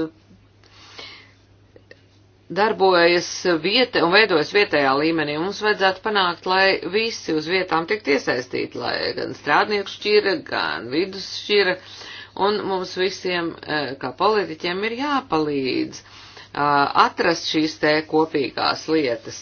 S1: darbojas vieta un veidojas vietējā līmenī. Mums vajadzētu panākt, lai visi uz vietām tiktu iesaistīti, lai gan strādnieku šķira, gan vidus šķira, un mums visiem, e, kā politiķiem, ir jāpalīdz atrast šīs te kopīgās lietas.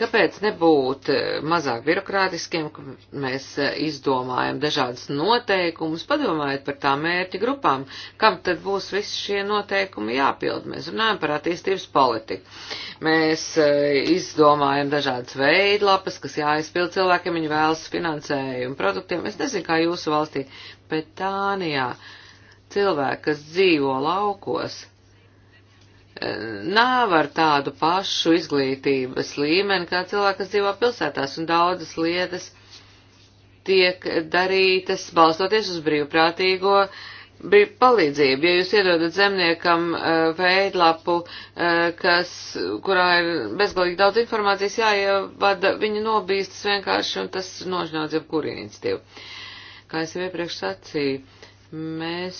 S1: Kāpēc nebūt eh, mazāk birokrātiskiem, ka mēs eh, izdomājam dažādas noteikumus, padomājiet par tām mērķu grupām, kam tad būs visi šie noteikumi jāpild. Mēs runājam par attīstības politiku. Mēs eh, izdomājam dažādas veidlapas, kas jāizpild cilvēkiem, viņi vēlas finansējumu produktiem. Es nezinu, kā jūsu valstī, bet Tānijā cilvēki, kas dzīvo laukos, nav ar tādu pašu izglītības līmeni, kā cilvēki, kas dzīvo pilsētās, un daudzas lietas tiek darītas balstoties uz brīvprātīgo uh, bija palīdzība. Ja jūs iedodat zemniekam uh, veidlapu, uh, kas, kurā ir bezgalīgi daudz informācijas jāievada, viņi nobīstas vienkārši un tas nožņauc jebkuru iniciatīvu. Kā es jau iepriekš sacīju, mēs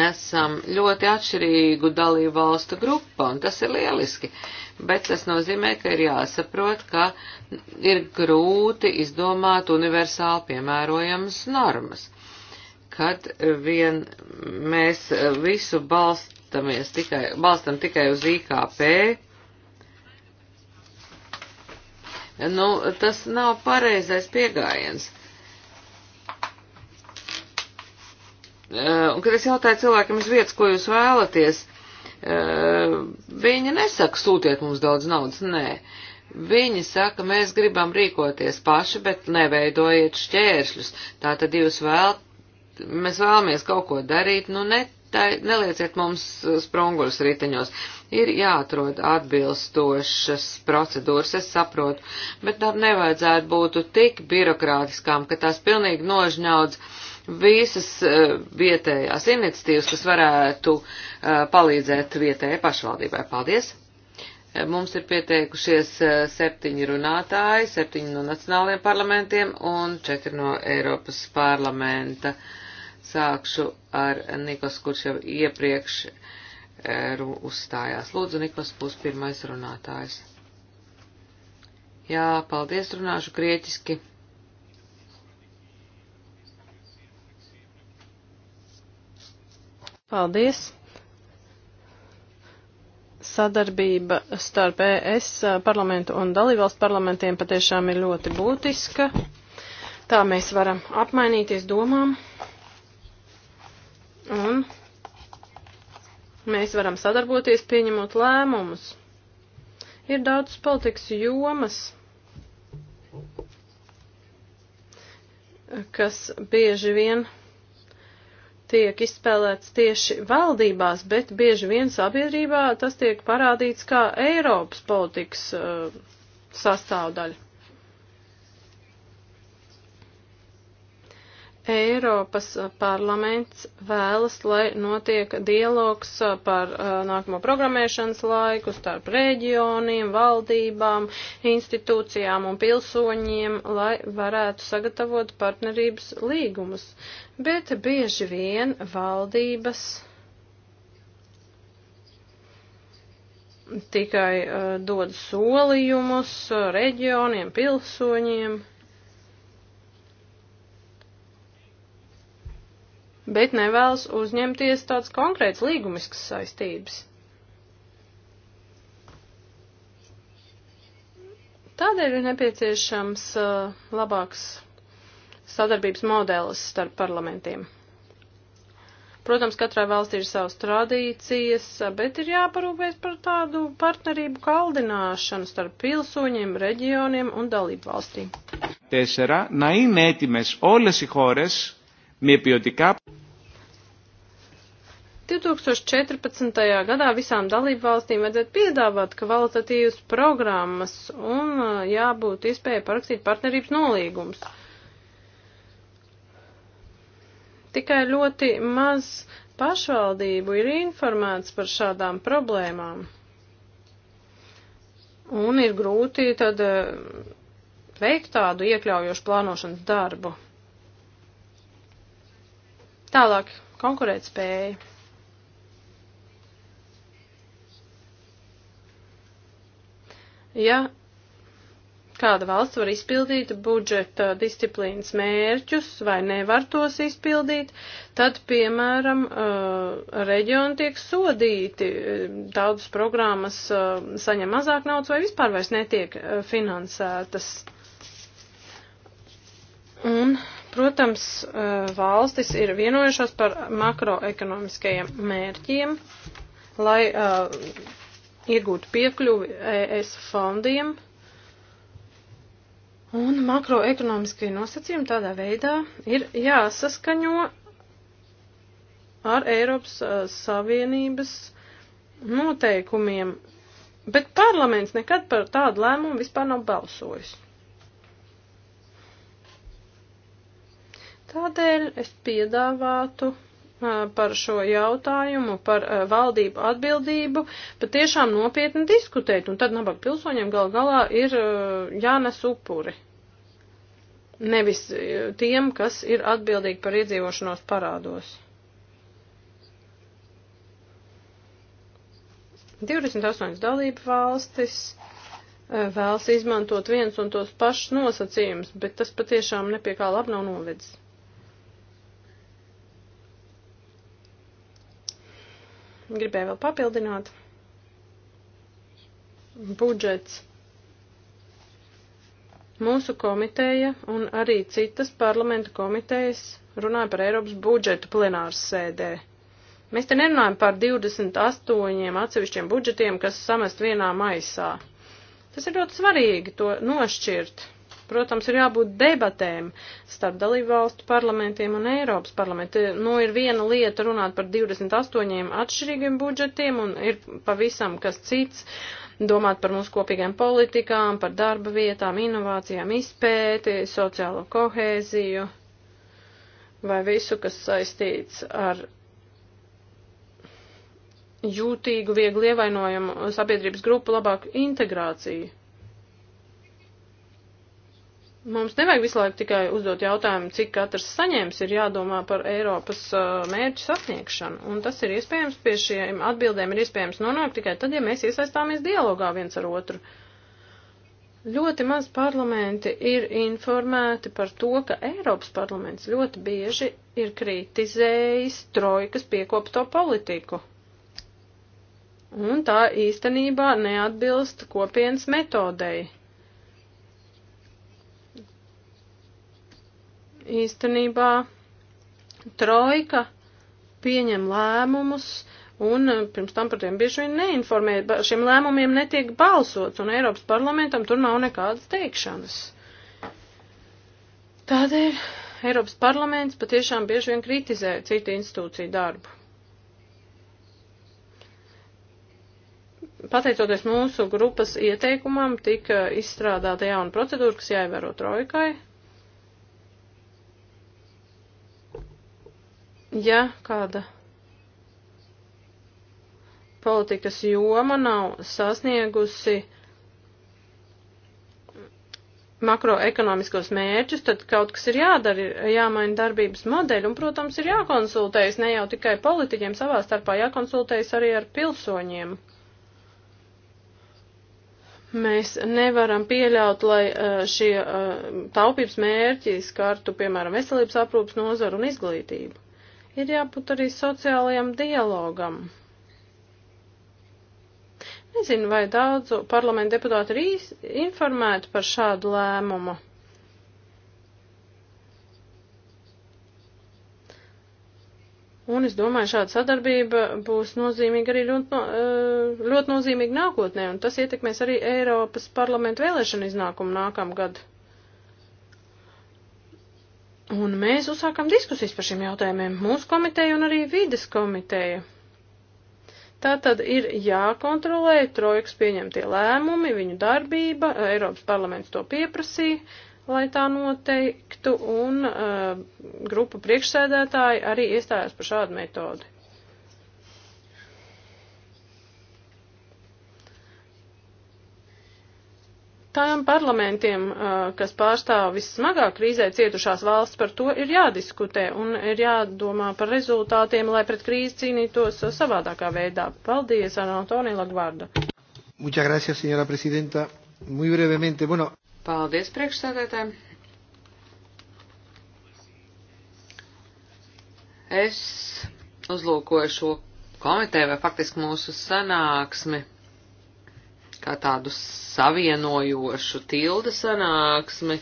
S1: esam ļoti atšķirīgu dalību valstu grupa, un tas ir lieliski. Bet tas nozīmē, ka ir jāsaprot, ka ir grūti izdomāt universāli piemērojamas normas. Kad vien mēs visu balstamies tikai, balstam tikai uz IKP, nu, tas nav pareizais piegājiens Eh, un, kad es jautāju cilvēkam uz vietas, ko jūs vēlaties, eh, viņi nesaka, sūtiet mums daudz naudas, nē. Viņi saka, mēs gribam rīkoties paši, bet neveidojiet šķēršļus. Tātad jūs vēl, mēs vēlamies kaut ko darīt, nu ne, tā, nelieciet mums sprunguļus riteņos. Ir jāatrod atbilstošas procedūras, es saprotu, bet tam nevajadzētu būt tik birokrātiskām, ka tās pilnīgi nožņaudz uh, visas eh, vietējās iniciatīvas, kas varētu eh, palīdzēt vietējai pašvaldībai. Paldies! Eh, mums ir pieteikušies septiņi runātāji, septiņi no nacionāliem parlamentiem un četri no Eiropas parlamenta. Sākšu ar Nikos, kurš jau iepriekš uzstājās. Lūdzu, Nikos, būs pirmais runātājs. Jā, paldies, runāšu grieķiski. Paldies!
S4: Sadarbība starp ES parlamentu un dalībvalstu parlamentiem patiešām ir ļoti būtiska. Tā mēs varam apmainīties domām un mēs varam sadarboties pieņemot lēmumus. Ir daudz politikas jomas, kas bieži vien tiek izspēlēts tieši valdībās, bet bieži vien sabiedrībā tas tiek parādīts kā Eiropas politikas uh, sastāvdaļa. Eiropas uh, parlaments vēlas, lai notiek dialogs uh, par uh, nākamo programmēšanas laiku starp reģioniem, valdībām, institūcijām un pilsoņiem, lai varētu sagatavot partnerības līgumus. Bet bieži vien valdības tikai uh, dod solījumus uh, reģioniem, pilsoņiem. bet nevēlas uzņemties tāds konkrēts līgumisks saistības. Tādēļ ir nepieciešams uh, labāks sadarbības modelis starp parlamentiem. Protams, katrai valstī ir savas tradīcijas, bet ir jāparūpēs par tādu partnerību kaldināšanu starp pilsoņiem, reģioniem un dalību
S5: valstīm. 4. Να είναι έτοιμες όλες οι χώρες με ποιοτικά.
S4: 2014. gadā visām dalību valstīm vajadzētu piedāvāt kvalitatīvas programmas un uh, jābūt iespēja parakstīt partnerības nolīgums. Tikai ļoti maz pašvaldību ir informēts par šādām problēmām. Un ir grūti tad uh, veikt tādu iekļaujošu plānošanas darbu. Tālāk, konkurētspēja. Ja kāda valsts var izpildīt budžeta disciplīnas mērķus vai nevar tos izpildīt, tad, piemēram, eh, reģioni tiek sodīti, eh, daudzas programmas eh, saņem mazāk naudas vai vispār vairs netiek finansētas. Un, protams, valstis ir vienojušās par makroekonomiskajiem mērķiem, lai iegūt piekļuvi ES fondiem, un makroekonomiskie nosacījumi tādā veidā ir jāsaskaņo ar Eiropas uh, Savienības noteikumiem, bet parlaments nekad par tādu lēmumu vispār nav balsojis. Tādēļ es piedāvātu par šo jautājumu, par valdību atbildību, patiešām nopietni diskutēt, un tad nabaga pilsoņiem gal galā ir jānes upuri. Nevis tiem, kas ir atbildīgi par iedzīvošanos parādos. 28 dalību valstis vēlas izmantot viens un tos pašus nosacījumus, bet tas patiešām nepie kā labi nav novedis. gribēju vēl papildināt. Budžets. Mūsu komiteja un arī citas parlamenta komitejas runāja par Eiropas budžetu plenārs sēdē. Mēs te nerunājam par 28 atsevišķiem budžetiem, kas samest vienā maisā. Tas ir ļoti svarīgi to nošķirt protams, ir jābūt debatēm starp dalībvalstu parlamentiem un Eiropas parlamentu. Nu, ir viena lieta runāt par 28 atšķirīgiem budžetiem un ir pavisam kas cits domāt par mūsu kopīgām politikām, par darba vietām, inovācijām, izpēti, sociālo kohēziju vai visu, kas saistīts ar jūtīgu, viegli ievainojumu sabiedrības grupu labāku integrāciju. Mums nevajag visu laiku tikai uzdot jautājumu, cik katrs saņems, ir jādomā par Eiropas uh, mērķu sasniegšanu. Un tas ir iespējams, pie šiem atbildēm ir iespējams nonākt tikai tad, ja mēs iesaistāmies dialogā viens ar otru. Ļoti maz parlamenti ir informēti par to, ka Eiropas parlaments ļoti bieži ir kritizējis trojkas piekopto politiku. Un tā īstenībā neatbilst kopienas metodei. īstenībā trojka pieņem lēmumus, un eh, pirms tam par tiem bieži vien neinformē. Šiem lēmumiem netiek balsots, un Eiropas parlamentam tur nav nekādas teikšanas. Tādēļ Eiropas parlaments patiešām bieži vien kritizē citu institūciju darbu. Pateicoties mūsu grupas ieteikumam, tika izstrādāta jauna procedūra, kas jāievēro trojkai, ja kāda politikas joma nav sasniegusi makroekonomiskos mērķus, tad kaut kas ir jādara, ir jāmaina darbības modeļi un, protams, ir jākonsultējas ne jau tikai politiķiem savā starpā, jākonsultējas arī ar pilsoņiem. Mēs nevaram pieļaut, lai eh, šie eh, taupības mērķi skartu, piemēram, veselības aprūpas nozaru un izglītību. Ir jābūt arī sociālajam dialogam. Nezinu, vai daudzu parlamentu deputātu ir informēti par šādu lēmumu. Un es domāju, šāda sadarbība būs nozīmīga arī ļoti, no, eh, ļoti nozīmīga nākotnē, un tas ietekmēs arī Eiropas parlamentu vēlēšanu iznākumu nākamgad. Un mēs uzsākam diskusijas par šiem jautājumiem mūsu komiteja un arī vides komiteja. Tā tad ir jākontrolē trojks pieņemtie lēmumi, viņu darbība, Eiropas parlaments to pieprasīja, lai tā noteiktu, un uh, eh, grupu priekšsēdētāji arī iestājās par šādu metodi. tām parlamentiem, kas pārstāv vissmagāk krīzē cietušās valsts, par to ir jādiskutē un ir jādomā par rezultātiem, lai pret krīzi cīnītos savādākā veidā. Paldies, Antonija Lagvārda.
S5: Muchas gracias, señora presidenta. Muy brevemente, bueno.
S1: Paldies, priekšsēdētāji. Es uzlūkoju šo komiteju vai faktiski mūsu sanāksmi kā tādu savienojošu tildu sanāksmi.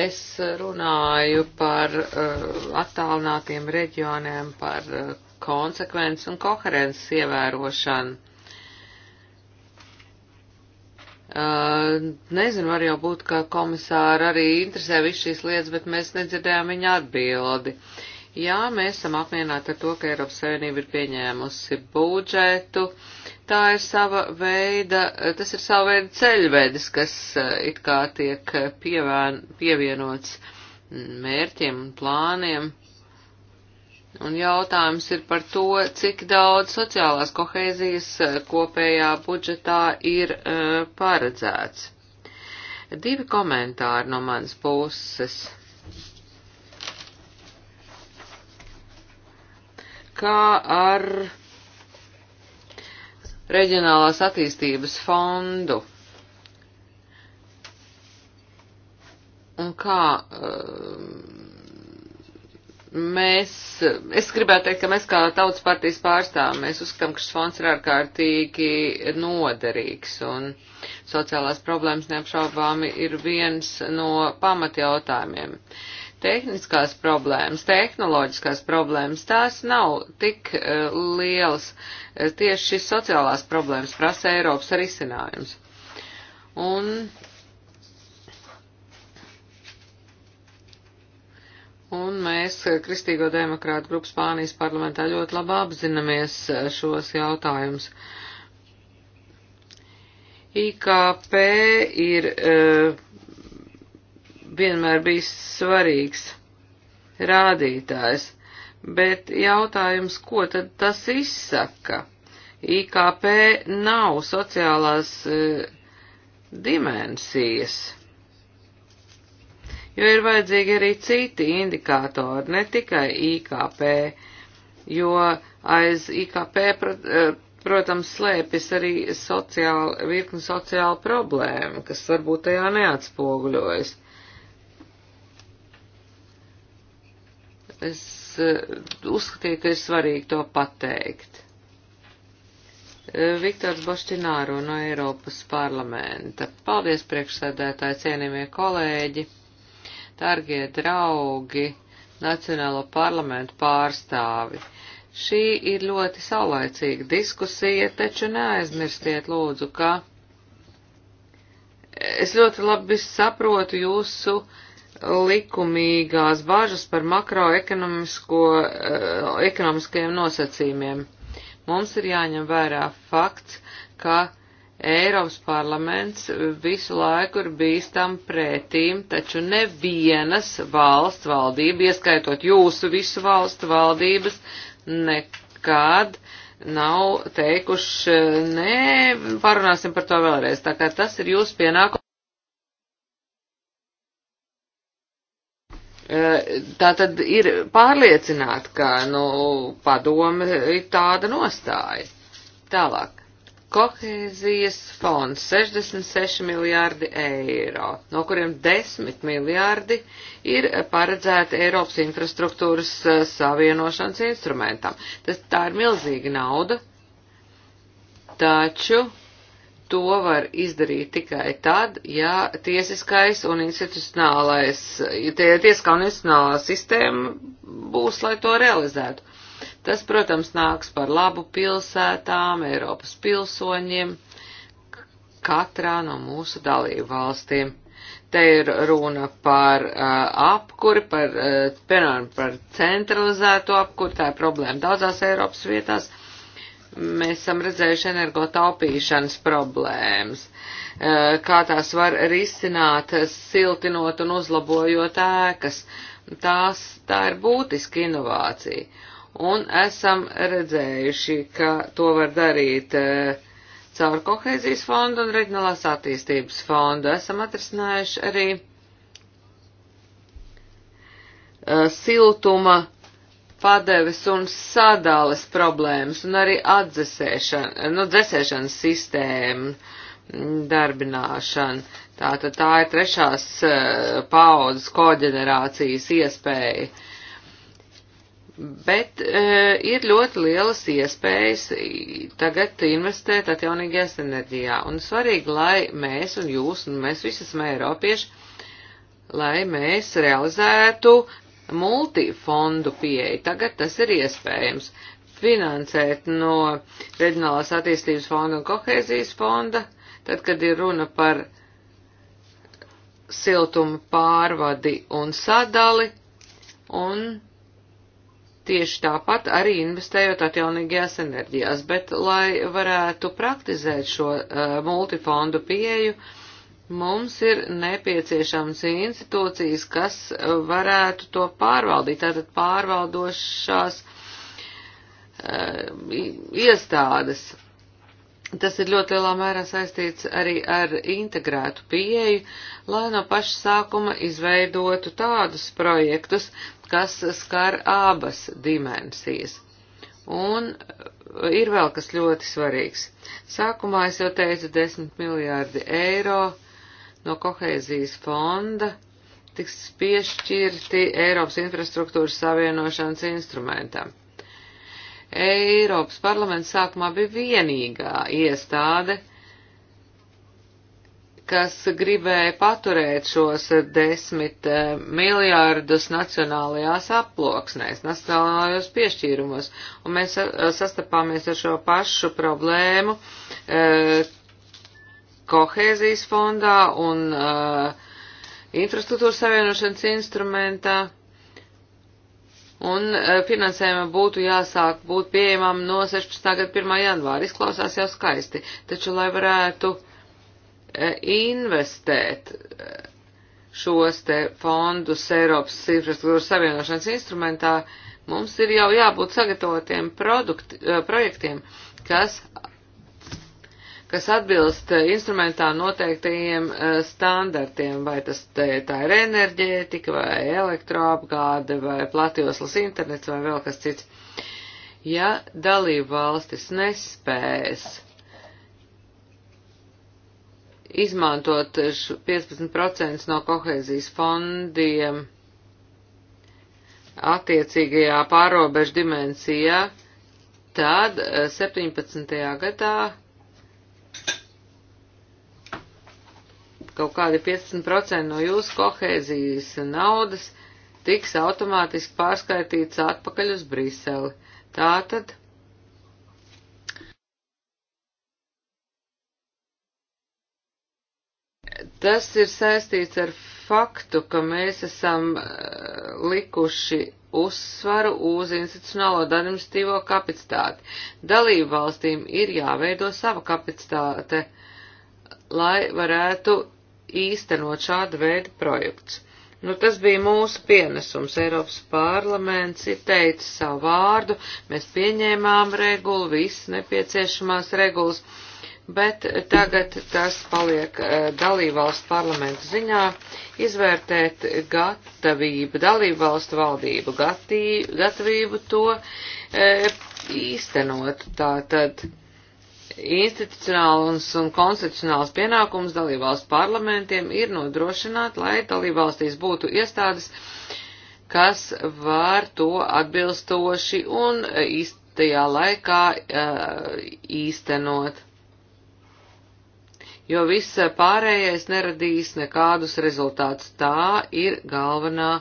S1: Es runāju par uh, attālinātiem reģioniem, par uh, konsekvences un koherences ievērošanu. Uh, nezinu, var jau būt, ka komisāra arī interesē visu šīs lietas, bet mēs nedzirdējām viņa atbildi. Jā, mēs esam apmierināti ar to, ka Eiropas Savienība ir pieņēmusi budžetu, tā ir sava veida, tas ir sava veida ceļvedis, kas eh, it kā tiek eh, pievēn, pievienots mērķiem un plāniem. Un jautājums ir par to, cik daudz sociālās kohēzijas eh, kopējā budžetā ir uh, paredzēts. Divi komentāri no manas puses. Kā ar reģionālās attīstības fondu. Un kā um, mēs, es gribētu teikt, ka mēs kā tautas partijas pārstāvam, mēs uzskatām, ka šis fonds ir ārkārtīgi noderīgs un sociālās problēmas neapšaubāmi ir viens no pamatjautājumiem. Uh, tehniskās problēmas, tehnoloģiskās problēmas, tās nav tik uh, lielas. E, tieši šis sociālās problēmas prasa Eiropas risinājums. Un, un mēs, e, Kristīgo demokrātu grupu Spānijas parlamentā, ļoti labi apzināmies šos jautājumus. IKP ir uh, vienmēr bijis svarīgs rādītājs, bet jautājums, ko tad tas izsaka? IKP nav sociālās uh, dimensijas, jo ir vajadzīgi arī citi indikātori, ne tikai IKP, jo aiz IKP, prot, uh, e, protams, slēpjas arī sociāla, virkni sociāla problēma, kas varbūt tajā neatspoguļojas. Es eh, uzskatīju, ka ir svarīgi to pateikt. Eh, Viktors Boštināro no Eiropas parlamenta. Paldies priekšsēdētāji, cienījamie kolēģi, dargie draugi, Nacionālo parlamentu pārstāvi. Šī ir ļoti saulaicīga diskusija, taču neaizmirstiet lūdzu, ka es ļoti labi saprotu jūsu uh, likumīgās bāžas par makroekonomiskajiem eh, nosacījumiem. Mums ir jāņem vērā fakts, ka Eiropas parlaments visu laiku ir bijis tam pretīm, taču nevienas valsts valdība, ieskaitot jūsu visu valstu valdības, nekad nav teikuši, nē, parunāsim par to vēlreiz. Tā kā tas ir jūsu pienākums. Tā tad ir pārliecināti, ka, nu, padome ir tāda nostāja. Tālāk. Kohēzijas fonds 66 miljārdi eiro, no kuriem 10 miljārdi ir paredzēti Eiropas infrastruktūras eh, savienošanas instrumentam. Tas tā ir milzīga nauda, taču to var izdarīt tikai tad, ja tiesiskais un institucionālais, tie, tiesiskā un institucionālā sistēma būs, lai to realizētu. Tas, protams, nāks par labu pilsētām, Eiropas pilsoņiem, katrā no mūsu dalību valstīm. Te ir runa par uh, apkuri, par, uh, piemēram, par centralizēto apkuri, tā ir problēma daudzās Eiropas vietās mēs esam redzējuši energo taupīšanas problēmas, e, kā tās var risināt, siltinot un uzlabojot ēkas. Tās, tā ir būtiska inovācija. Un esam redzējuši, ka to var darīt e, caur kohēzijas fondu un reģionālās attīstības fondu. Esam atrisinājuši arī e, siltuma padeves un sadales problēmas un arī atdzesēšana, nu, dzesēšanas sistēma mm, darbināšana. Tātad tā ir trešās eh, paaudzes koģenerācijas iespēja. Bet e, ir ļoti lielas iespējas tagad investēt atjaunīgajās enerģijā. Un svarīgi, lai mēs un jūs, un mēs visi esam eiropieši, lai mēs realizētu multifondu pieeja. Tagad tas ir iespējams finansēt no Reģionālās attīstības fonda un kohēzijas fonda, tad, kad ir runa par siltumu pārvadi un sadali, un tieši tāpat arī investējot atjaunīgajās enerģijās, bet lai varētu praktizēt šo uh, multifondu pieeju, uh, Mums ir nepieciešams institūcijas, kas varētu to pārvaldīt, tātad pārvaldošās uh, iestādes. Tas ir ļoti lielā mērā saistīts arī ar integrētu pieeju, lai no paša sākuma izveidotu tādus projektus, kas skar abas dimensijas. Un eh, ir vēl kas ļoti svarīgs. Sākumā es jau teicu 10 miljārdi eiro no kohēzijas fonda tiks piešķirti Eiropas infrastruktūras savienošanas instrumentam. Eiropas parlaments sākumā bija vienīgā iestāde, kas gribēja paturēt šos desmit eh, miljārdus nacionālajās aploksnēs, nacionālajos piešķīrumos, un mēs sastapāmies ar šo pašu problēmu, eh, kohēzijas fondā un uh, infrastruktūras savienošanas instrumentā. Un uh, finansējuma būtu jāsāk būt pieejamam no 16. gada 1. janvāra. Izklausās jau skaisti, taču, lai varētu uh, investēt uh, šos te fondus Eiropas infrastruktūras savienošanas instrumentā, mums ir jau jābūt sagatavotiem produkti, uh, projektiem, kas kas atbilst eh, instrumentā noteiktajiem eh, standartiem, vai tas tā ir enerģētika, vai elektroapgāde, vai platjoslas internets, vai vēl kas cits. Ja dalību valstis nespēs izmantot 15% no kohēzijas fondiem attiecīgajā pārobežu dimensijā, tad 17. Eh, gadā kaut kādi 15% no jūsu kohēzijas naudas tiks automātiski pārskaitīts atpakaļ uz Briseli. Tātad. Tas ir saistīts ar faktu, ka mēs esam eh, likuši uzsvaru uz institucionālo un administratīvo kapacitāti. Dalību valstīm ir jāveido sava kapacitāte, lai varētu īstenot šādu veidu projekts. Nu, tas bija mūsu pienesums. Eiropas parlaments ir teicis savu vārdu, mēs pieņēmām regulu, visas nepieciešamās regulas, bet tagad tas paliek eh, dalībvalstu parlamentu ziņā izvērtēt gatavību, dalībvalstu valdību gatī, gatavību to e, īstenot. Tātad institucionāls un konstitucionāls pienākums dalībvalstu parlamentiem ir nodrošināt, lai dalībvalstīs būtu iestādes, kas var to atbilstoši un īstajā laikā eh, īstenot. Jo viss pārējais neradīs nekādus rezultātus. Tā ir galvenā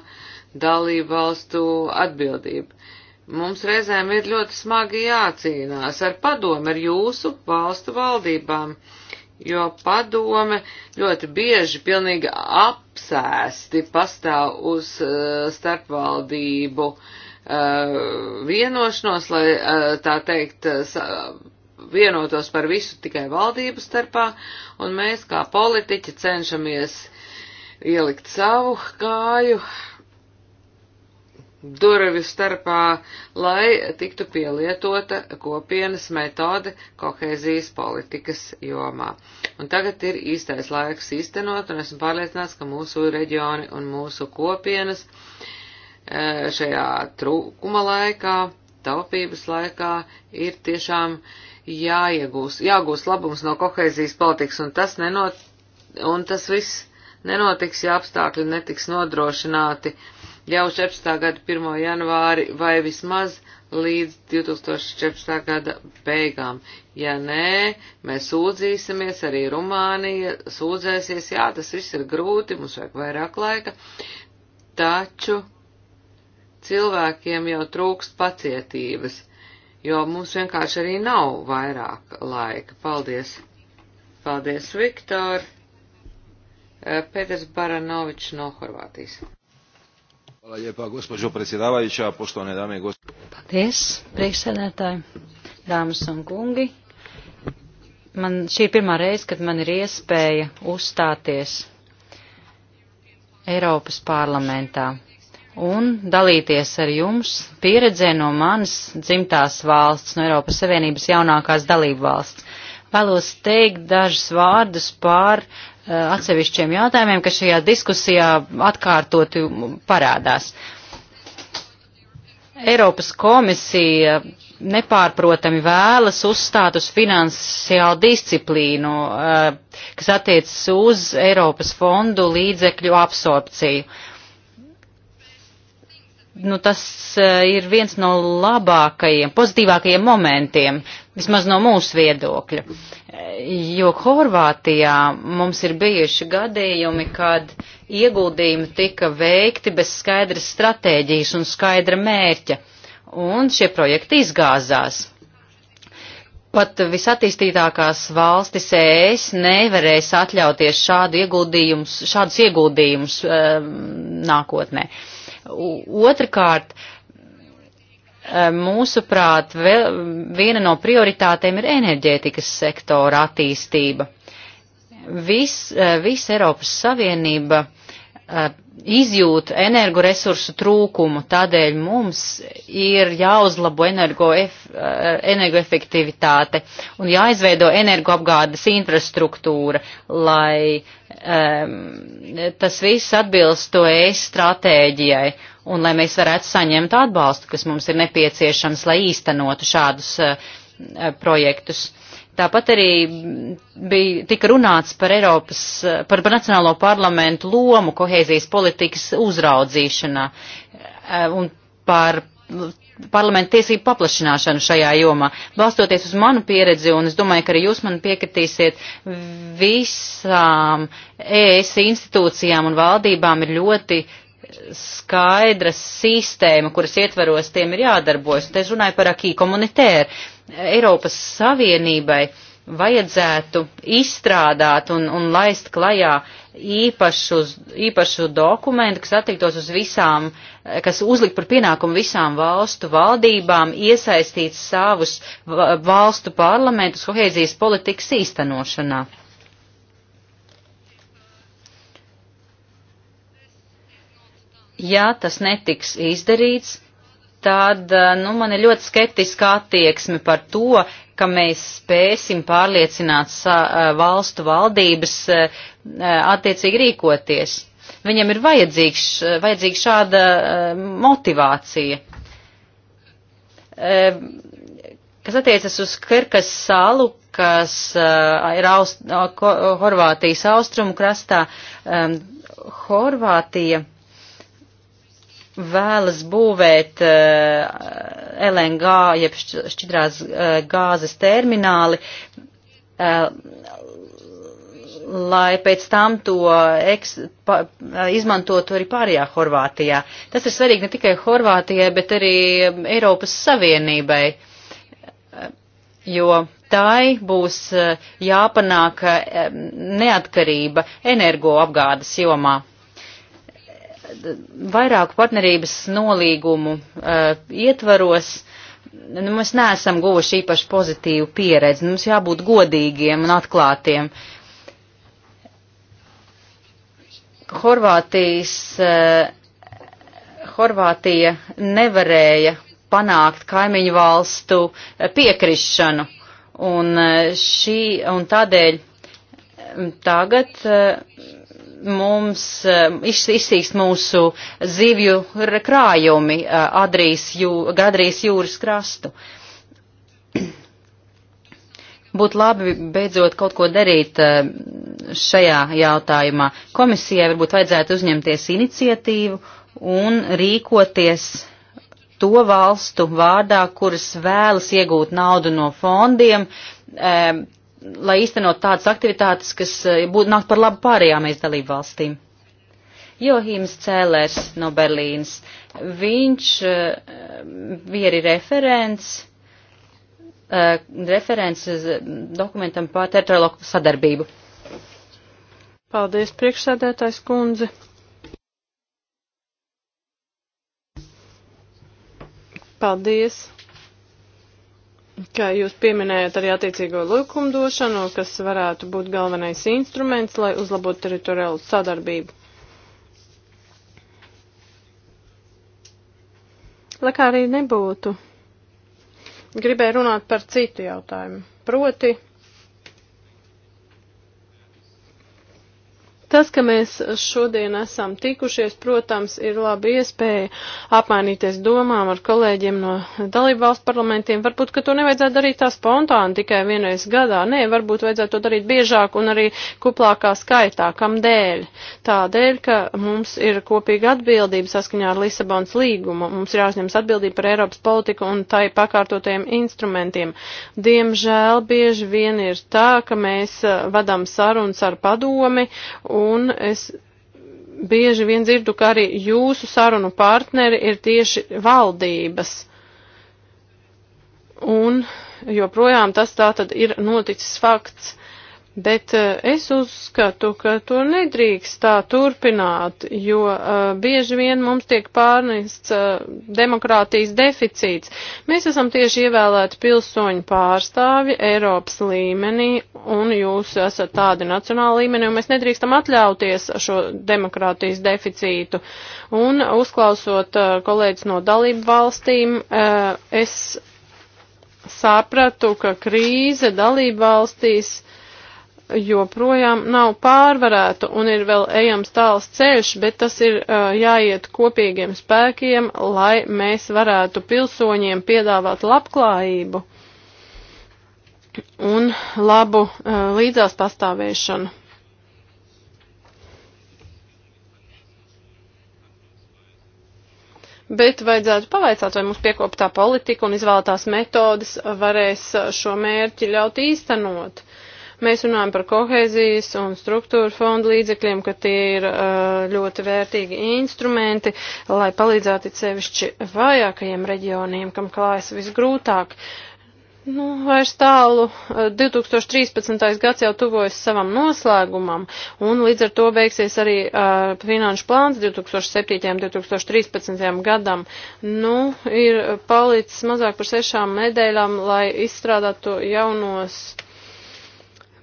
S1: dalībvalstu atbildība. Mums reizēm ir ļoti smagi jācīnās ar padomu, ar jūsu valstu valdībām, jo padome ļoti bieži pilnīgi apsēsti pastāv uz uh, starpvaldību uh, vienošanos, lai uh, tā teikt, uh, vienotos par visu tikai valdību starpā, un mēs kā politiķi cenšamies ielikt savu kāju durvju starpā, lai tiktu pielietota kopienas metode kohēzijas politikas jomā. Un tagad ir īstais laiks īstenot, un esmu pārliecināts, ka mūsu reģioni un mūsu kopienas e, šajā trūkuma laikā, taupības laikā ir tiešām jāiegūst, jāgūst labums no kohēzijas politikas, un tas nenot, un tas viss nenotiks, ja apstākļi netiks nodrošināti jau 14. gada 1. janvāri vai vismaz līdz 2014. gada beigām. Ja nē, mēs sūdzīsimies, arī Rumānija sūdzēsies, jā, tas viss ir grūti, mums vajag vairāk laika, taču cilvēkiem jau trūkst pacietības, jo mums vienkārši arī nav vairāk laika. Paldies! Paldies, Viktor! Pēters Baranovičs no Horvātijas.
S5: Hvala lijepa, gospođo predsjedavajuća, poštovane dame i gospodo.
S1: Paldies, priekšsēdētāji, dāmas un kungi.
S3: Man šī ir pirmā reize, kad man ir iespēja uzstāties Eiropas parlamentā un dalīties ar jums pieredzē no manas dzimtās valsts, no Eiropas Savienības jaunākās dalību valsts. Vēlos teikt dažus vārdus pār Eh, atsevišķiem jautājumiem, kas šajā diskusijā atkārtoti parādās. Eiropas komisija nepārprotami vēlas uzstāt uz finansiālu disciplīnu, eh, kas attiecas uz Eiropas fondu līdzekļu absorpciju. Nu, tas eh, ir viens no labākajiem, pozitīvākajiem momentiem vismaz no mūsu viedokļa. Jo Horvātijā mums ir bijuši gadījumi, kad ieguldījumi tika veikti bez skaidras stratēģijas un skaidra mērķa, un šie projekti izgāzās. Pat visattīstītākās valstis ES nevarēs atļauties šādu ieguldījumus, šādus ieguldījumus um, nākotnē. Otrakārt, uh, Eh, mūsuprāt, viena no prioritātēm ir enerģētikas sektora attīstība. Vis, eh, visa Eiropas Savienība eh, izjūt energoresursu trūkumu, tādēļ mums ir jāuzlabo energoef, energoefektivitāte un jāizveido energoapgādes infrastruktūra, lai um, tas viss atbilstu ES stratēģijai un lai mēs varētu saņemt atbalstu, kas mums ir nepieciešams, lai īstenotu šādus uh, projektus. Tāpat arī bija tika runāts par Eiropas, eh, par, par Nacionālo parlamentu lomu kohēzijas politikas uzraudzīšanā un par parlamentu tiesību paplašināšanu šajā jomā. Balstoties uz manu pieredzi, un es domāju, ka arī jūs man piekritīsiet, visām ES institūcijām un valdībām ir ļoti skaidra sistēma, kuras ietveros tiem ir jādarbojas. Te es runāju par akī komunitēru. Eiropas Savienībai vajadzētu izstrādāt un, un laist klajā īpašu, īpašu dokumentu, kas attiektos uz visām, kas uzlikt par pienākumu visām valstu valdībām iesaistīt savus valstu parlamentus kohēzijas politikas īstenošanā. ja tas netiks izdarīts, tad eh, nu, man ir ļoti skeptiska attieksme par to, ka mēs spēsim pārliecināt eh, valstu valdības eh, attiecīgi rīkoties. Viņam ir vajadzīga šāda motivācija. Kas attiecas uz Kirkas salu, kas ir Aust Horvātijas austrumu krastā, Horvātija vēlas būvēt eh, LNG, jeb šķidrās eh, gāzes termināli, eh, lai pēc tam to eks, pa, izmantotu arī pārējā Horvātijā. Tas ir svarīgi ne tikai Horvātijai, bet arī Eiropas Savienībai, jo tai būs jāpanāk neatkarība energoapgādes jomā vairāku partnerības nolīgumu uh, ietvaros nu, mēs neesam guvuši īpaši pozitīvu pieredzi. Mums jābūt godīgiem un atklātiem. Horvātijas, uh, Horvātija nevarēja panākt kaimiņu valstu eh, piekrišanu, un, šī, un tādēļ mm, tagad uh, mums eh, izsīkst mūsu zivju krājumi eh, Adrijas jū, Gadrijas jūras krastu. <clears throat> Būtu labi beidzot kaut ko darīt eh, šajā jautājumā. Komisijai varbūt vajadzētu uzņemties iniciatīvu un rīkoties to valstu vārdā, kuras vēlas iegūt naudu no fondiem, lai īstenot tādas aktivitātes, kas eh, būtu nākt par labu pārējām mēs dalību valstīm. Johīms Cēlers no Berlīnas, viņš eh, bija arī referents, eh, referents dokumentam par teritoriālo sadarbību. Paldies, priekšsēdētājs
S4: kundze. Paldies ka jūs pieminējat arī attiecīgo likumdošanu, kas varētu būt galvenais instruments, lai uzlabotu teritoriālu sadarbību. Lai kā arī nebūtu, gribēju runāt par citu jautājumu. Proti, Tas, ka mēs šodien esam tikušies, protams, ir laba iespēja apmainīties domām ar kolēģiem no dalību valstu parlamentiem. Varbūt, ka to nevajadzētu darīt tā spontāni tikai vienreiz gadā. Nē, varbūt vajadzētu to darīt biežāk un arī kuplākā skaitā. Kam dēļ? Tādēļ, ka mums ir kopīga atbildība saskaņā ar Lisabonas līgumu. Mums ir jāuzņemas atbildība par Eiropas politiku un tai pakārtotajiem instrumentiem. Diemžēl bieži vien ir tā, ka mēs eh, vadām sarunas ar padomi un es bieži vien dzirdu, ka arī jūsu sarunu partneri ir tieši valdības. Un joprojām tas tā tad ir noticis fakts. Bet eh, es uzskatu, ka to nedrīkst tā turpināt, jo uh, bieži vien mums tiek pārnests uh, demokrātijas deficīts. Mēs esam tieši ievēlēti pilsoņu pārstāvi Eiropas līmenī, un jūs esat tādi nacionāli līmenī, un mēs nedrīkstam atļauties šo demokrātijas deficītu. Un uzklausot uh, kolēģis no dalību valstīm, uh, es sapratu, ka krīze dalību valstīs joprojām nav pārvarēta un ir vēl ejams tāls ceļš, bet tas ir uh, jāiet kopīgiem spēkiem, lai mēs varētu pilsoņiem piedāvāt labklājību un labu uh, līdzās pastāvēšanu. bet vajadzētu pavaicāt, vai mums piekoptā politika un izvēlētās metodas varēs šo mērķi ļaut īstenot. Mēs runājam par kohēzijas un struktūra fondu līdzekļiem, ka tie ir uh, ļoti vērtīgi instrumenti, lai palīdzētu sevišķi vājākajiem reģioniem, kam klājas visgrūtāk. Nu, vairs tālu 2013. Uh, gads jau tuvojas savam noslēgumam, un līdz ar to beigsies arī uh, finanšu plāns 2007. un 2013. gadam. Nu, ir palicis mazāk par sešām nedēļām, lai izstrādātu jaunos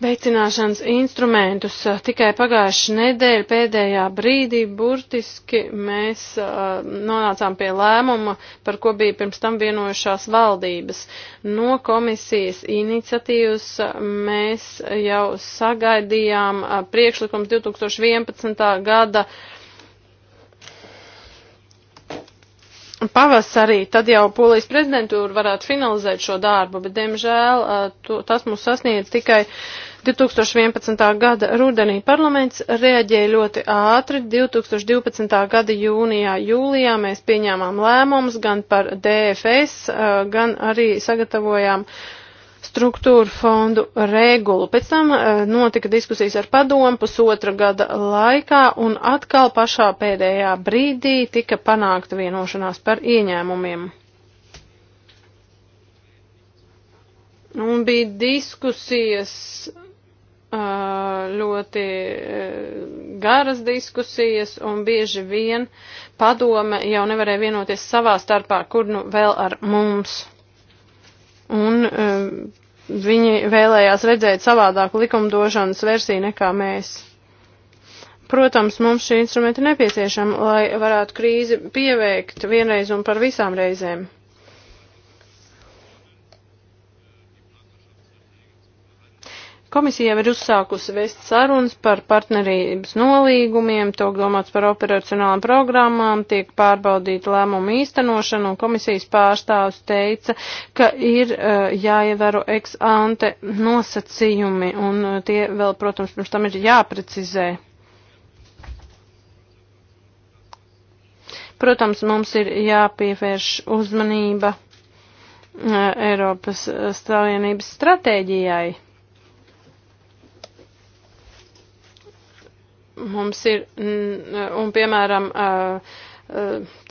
S4: veicināšanas instrumentus. Eh, tikai pagājuši nedēļa pēdējā brīdī burtiski mēs uh, nonācām pie lēmuma, par ko bija pirms tam vienojušās valdības. No komisijas iniciatīvas eh, mēs jau sagaidījām priekšlikums 2011. gada uh, pavasarī, tad jau polijas prezidentūra varētu finalizēt šo darbu, bet, diemžēl, to, tas mūs sasniedz tikai 2011. gada rudenī. Parlaments reaģēja ļoti ātri. 2012. gada jūnijā, jūlijā mēs pieņēmām lēmumus gan par DFS, gan arī sagatavojām uh, struktūru fondu regulu. Pēc tam eh, notika diskusijas ar padomu pusotra gada laikā un atkal pašā pēdējā brīdī tika panākta vienošanās par ieņēmumiem. Un bija diskusijas, eh, ļoti eh, garas diskusijas, un bieži vien padome jau nevarēja vienoties savā starpā, kur nu vēl ar mums. Un Viņi vēlējās redzēt savādāku likumdošanas versiju nekā mēs. Protams, mums šī instrumenta nepieciešama, lai varētu krīzi pieveikt vienreiz un par visām reizēm. Komisija jau ir uzsākusi vest sarunas par partnerības nolīgumiem, tiek domāts par operacionālām programmām, tiek pārbaudīta lēmuma īstenošana, un komisijas pārstāvs teica, ka ir uh, jāievēro ex ante nosacījumi, un uh, tie vēl, protams, pirms tam ir jāprecizē. Protams, mums ir jāpievērš uzmanība uh, Eiropas Savienības stratēģijai. Mums ir, un piemēram,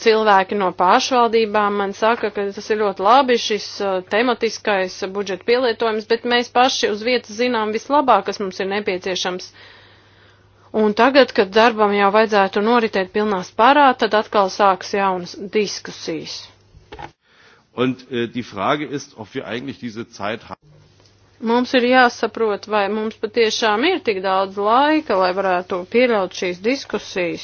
S4: cilvēki no pārvaldībām man saka, ka tas ir ļoti labi šis tematiskais budžeta pielietojums, bet mēs paši uz vietas zinām vislabāk, kas mums ir nepieciešams. Un tagad, kad darbam jau vajadzētu noritēt pilnā spārā, tad atkal sāks jaunas diskusijas.
S5: Und äh, die Frage ist, ob wir eigentlich diese Zeit haben.
S4: Mums ir jāsaprot, vai mums patiešām ir tik daudz laika, lai varētu pieļaut šīs diskusijas,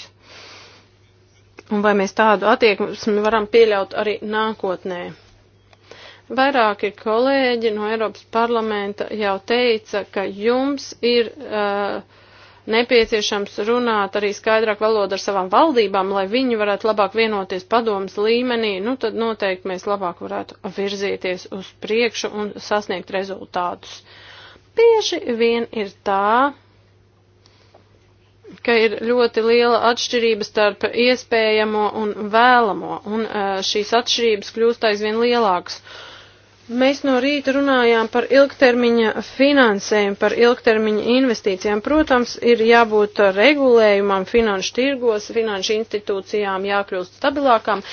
S4: un vai mēs tādu attieksmi varam pieļaut arī nākotnē. Vairāki kolēģi no Eiropas parlamenta jau teica, ka jums ir uh, nepieciešams runāt arī skaidrāk valodu ar savām valdībām, lai viņi varētu labāk vienoties padomas līmenī, nu tad noteikti mēs labāk varētu virzīties uz priekšu un sasniegt rezultātus. Bieži vien ir tā, ka ir ļoti liela atšķirība starp iespējamo un vēlamo, un eh, šīs atšķirības kļūst aizvien lielākas. Mēs no rīta runājām par ilgtermiņa finansējumu, par ilgtermiņa investīcijām. Protams, ir jābūt regulējumam finanšu tirgos, finanšu institūcijām jākļūst stabilākām.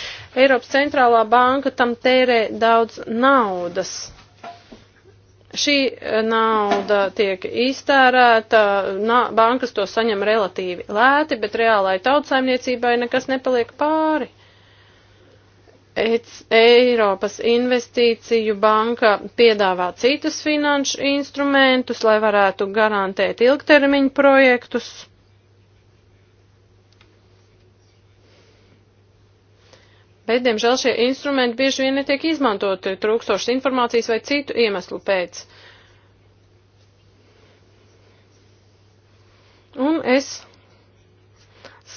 S4: Eiropas centrālā banka tam tērē daudz naudas. Šī eh, nauda tiek iztērēta, na, bankas to saņem relatīvi lēti, bet reālai tautsaimniecībai nekas nepaliek pāri. Eiropas investīciju banka piedāvā citus finanšu instrumentus, lai varētu garantēt ilgtermiņu projektus. Bet, diemžēl, šie instrumenti bieži vien netiek izmantoti trūkstošas informācijas vai citu iemeslu pēc. Un es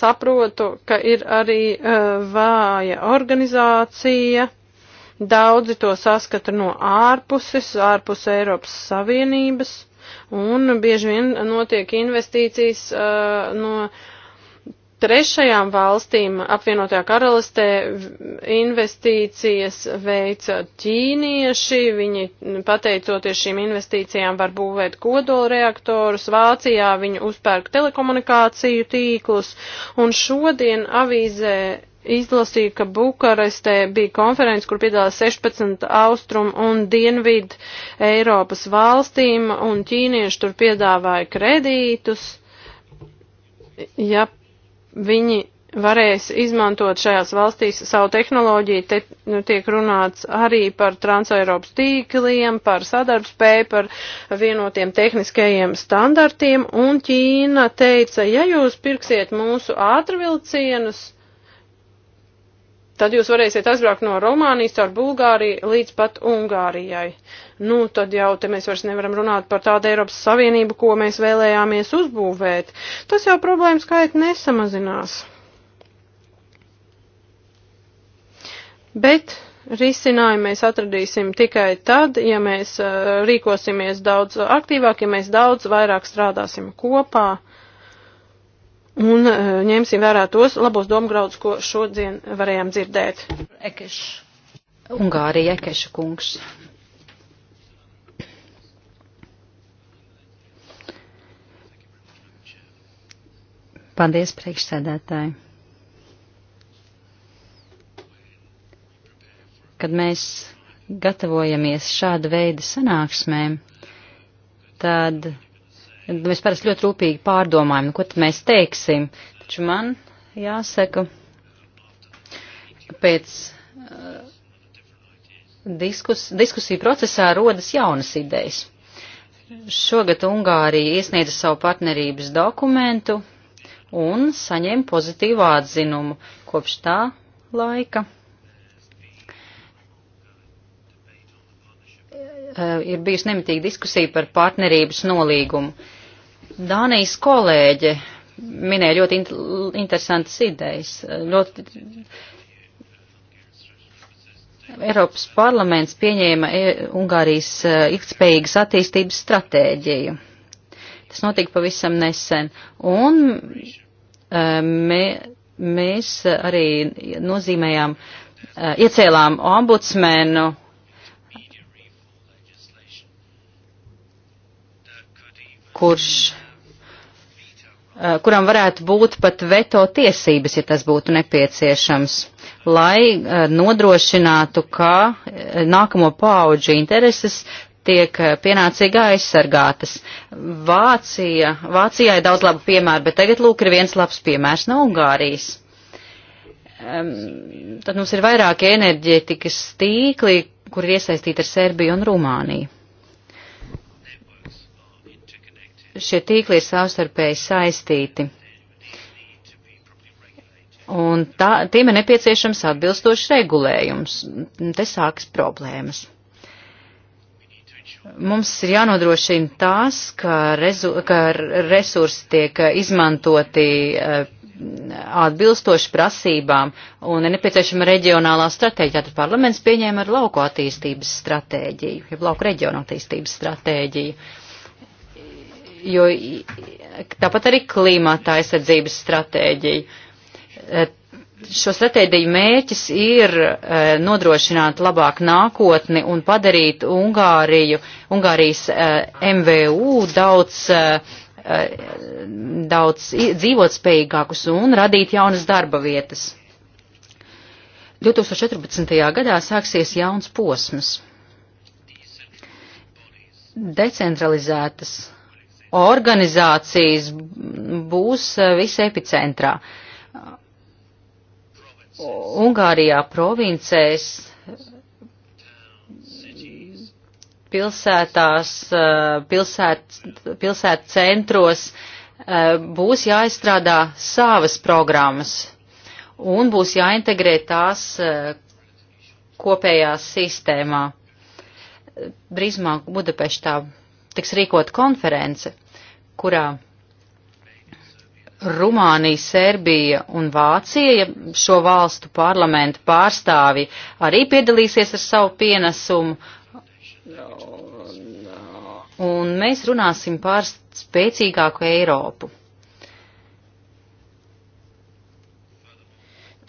S4: saprotu, ka ir arī uh, vāja organizācija. Daudzi to saskata no ārpuses, ārpus Eiropas Savienības, un bieži vien notiek investīcijas uh, no trešajām valstīm apvienotajā karalistē investīcijas veica ķīnieši, viņi pateicoties šīm investīcijām var būvēt kodolreaktorus, Vācijā viņi uzpērk telekomunikāciju tīklus, un šodien avīzē izlasīju, ka Bukarestē bija konferences, kur piedalās 16 austrum un dienvid Eiropas valstīm, un ķīnieši tur piedāvāja kredītus. Ja viņi varēs izmantot šajās valstīs savu tehnoloģiju. Te nu, tiek runāts arī par transeiropas tīkliem, par sadarbspēju, par vienotiem tehniskajiem standartiem, un Ķīna teica, ja jūs pirksiet mūsu ātrvilcienus, tad jūs varēsiet aizbraukt no Romānijas caur Bulgāriju līdz pat Ungārijai. Nu, tad jau te mēs vairs nevaram runāt par tādu Eiropas Savienību, ko mēs vēlējāmies uzbūvēt. Tas jau problēmu skaitu nesamazinās. Bet risinājumu mēs atradīsim tikai tad, ja mēs uh, rīkosimies daudz aktīvāk, ja mēs daudz vairāk strādāsim kopā un e, ņemsim vērā tos labos domgraudus, ko šodien varējām dzirdēt. Ekeš. Ungārija
S3: Ekeša kungs. Paldies, priekšsēdētāji. Kad mēs gatavojamies šāda veida sanāksmēm, tad mēs parasti ļoti rūpīgi pārdomājam, nu, ko tad mēs teiksim. Taču man jāsaka, pēc
S2: uh,
S3: diskus, diskusiju procesā rodas jaunas idejas. Šogad Ungārija iesniedza savu partnerības dokumentu un saņēma pozitīvu atzinumu kopš tā laika. Uh, ir bijusi nemitīga diskusija par partnerības nolīgumu. Dānijas kolēģe minēja ļoti int interesantas idejas. Ļoti Eiropas parlaments pieņēma e, Ungārijas e, ilgspējīgas attīstības stratēģiju. Tas notika pavisam nesen. Un e, mē, mēs arī nozīmējām, iecēlām ombudsmenu kurš Eh, kuram varētu būt pat veto tiesības, ja tas būtu nepieciešams, lai eh, nodrošinātu, ka eh, nākamo pauģu intereses tiek pienācīgi aizsargātas. Vācija, Vācijā ir daudz labu piemēru, bet tagad lūk ir viens labs piemērs no Ungārijas. Tad mums ir vairāki enerģētikas tīkli, kur ir iesaistīti ar Serbiju un Rumāniju. šie tīkli ir savstarpēji saistīti. Un tā, tiem ir nepieciešams atbilstošs regulējums. Te sākas problēmas. Mums ir jānodrošina tās, ka, rezu, ka resursi tiek izmantoti eh, atbilstoši prasībām un ir nepieciešama reģionālā stratēģija. Tātad parlaments pieņēma ar lauku attīstības stratēģiju, jeb lauku reģionu attīstības stratēģiju jo tāpat arī klimata aizsardzības stratēģija. E, šo stratēģiju mērķis ir e, nodrošināt labāk nākotni un padarīt Ungāriju, Ungārijas e, MVU daudz daudz dzīvotspējīgākus un radīt jaunas darba vietas. 2014. gadā sāksies jauns posms. Decentralizētas organizācijas būs eh, visa epicentrā. Ungārijā provincēs, pilsētās, eh, pilsēt, pilsēt centros eh, būs jāizstrādā savas programmas un būs jāintegrē tās kopējā sistēmā. Drīzumā Budapeštā tiks rīkot konference kurā Rumānija, Serbija un Vācija, šo valstu parlamentu pārstāvi, arī piedalīsies ar savu pienesumu. Un mēs runāsim par spēcīgāku Eiropu.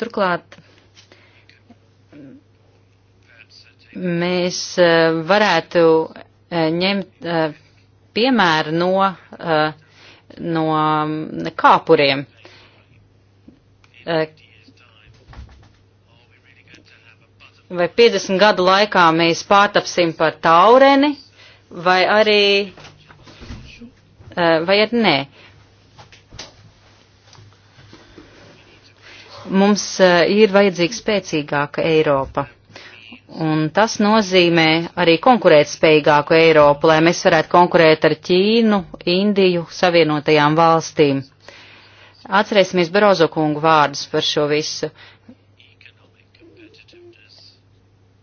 S3: Turklāt mēs eh, varētu eh, ņemt eh, piemēru no, eh, no kāpuriem. Eh, vai 50 gadu laikā mēs pārtapsim par taureni, vai arī, eh, vai arī nē. Mums ir vajadzīga spēcīgāka Eiropa. Un tas nozīmē arī konkurētspējīgāku Eiropu, lai mēs varētu konkurēt ar Ķīnu, Indiju, Savienotajām valstīm. Atcerēsimies Barozo kungu vārdus par šo visu.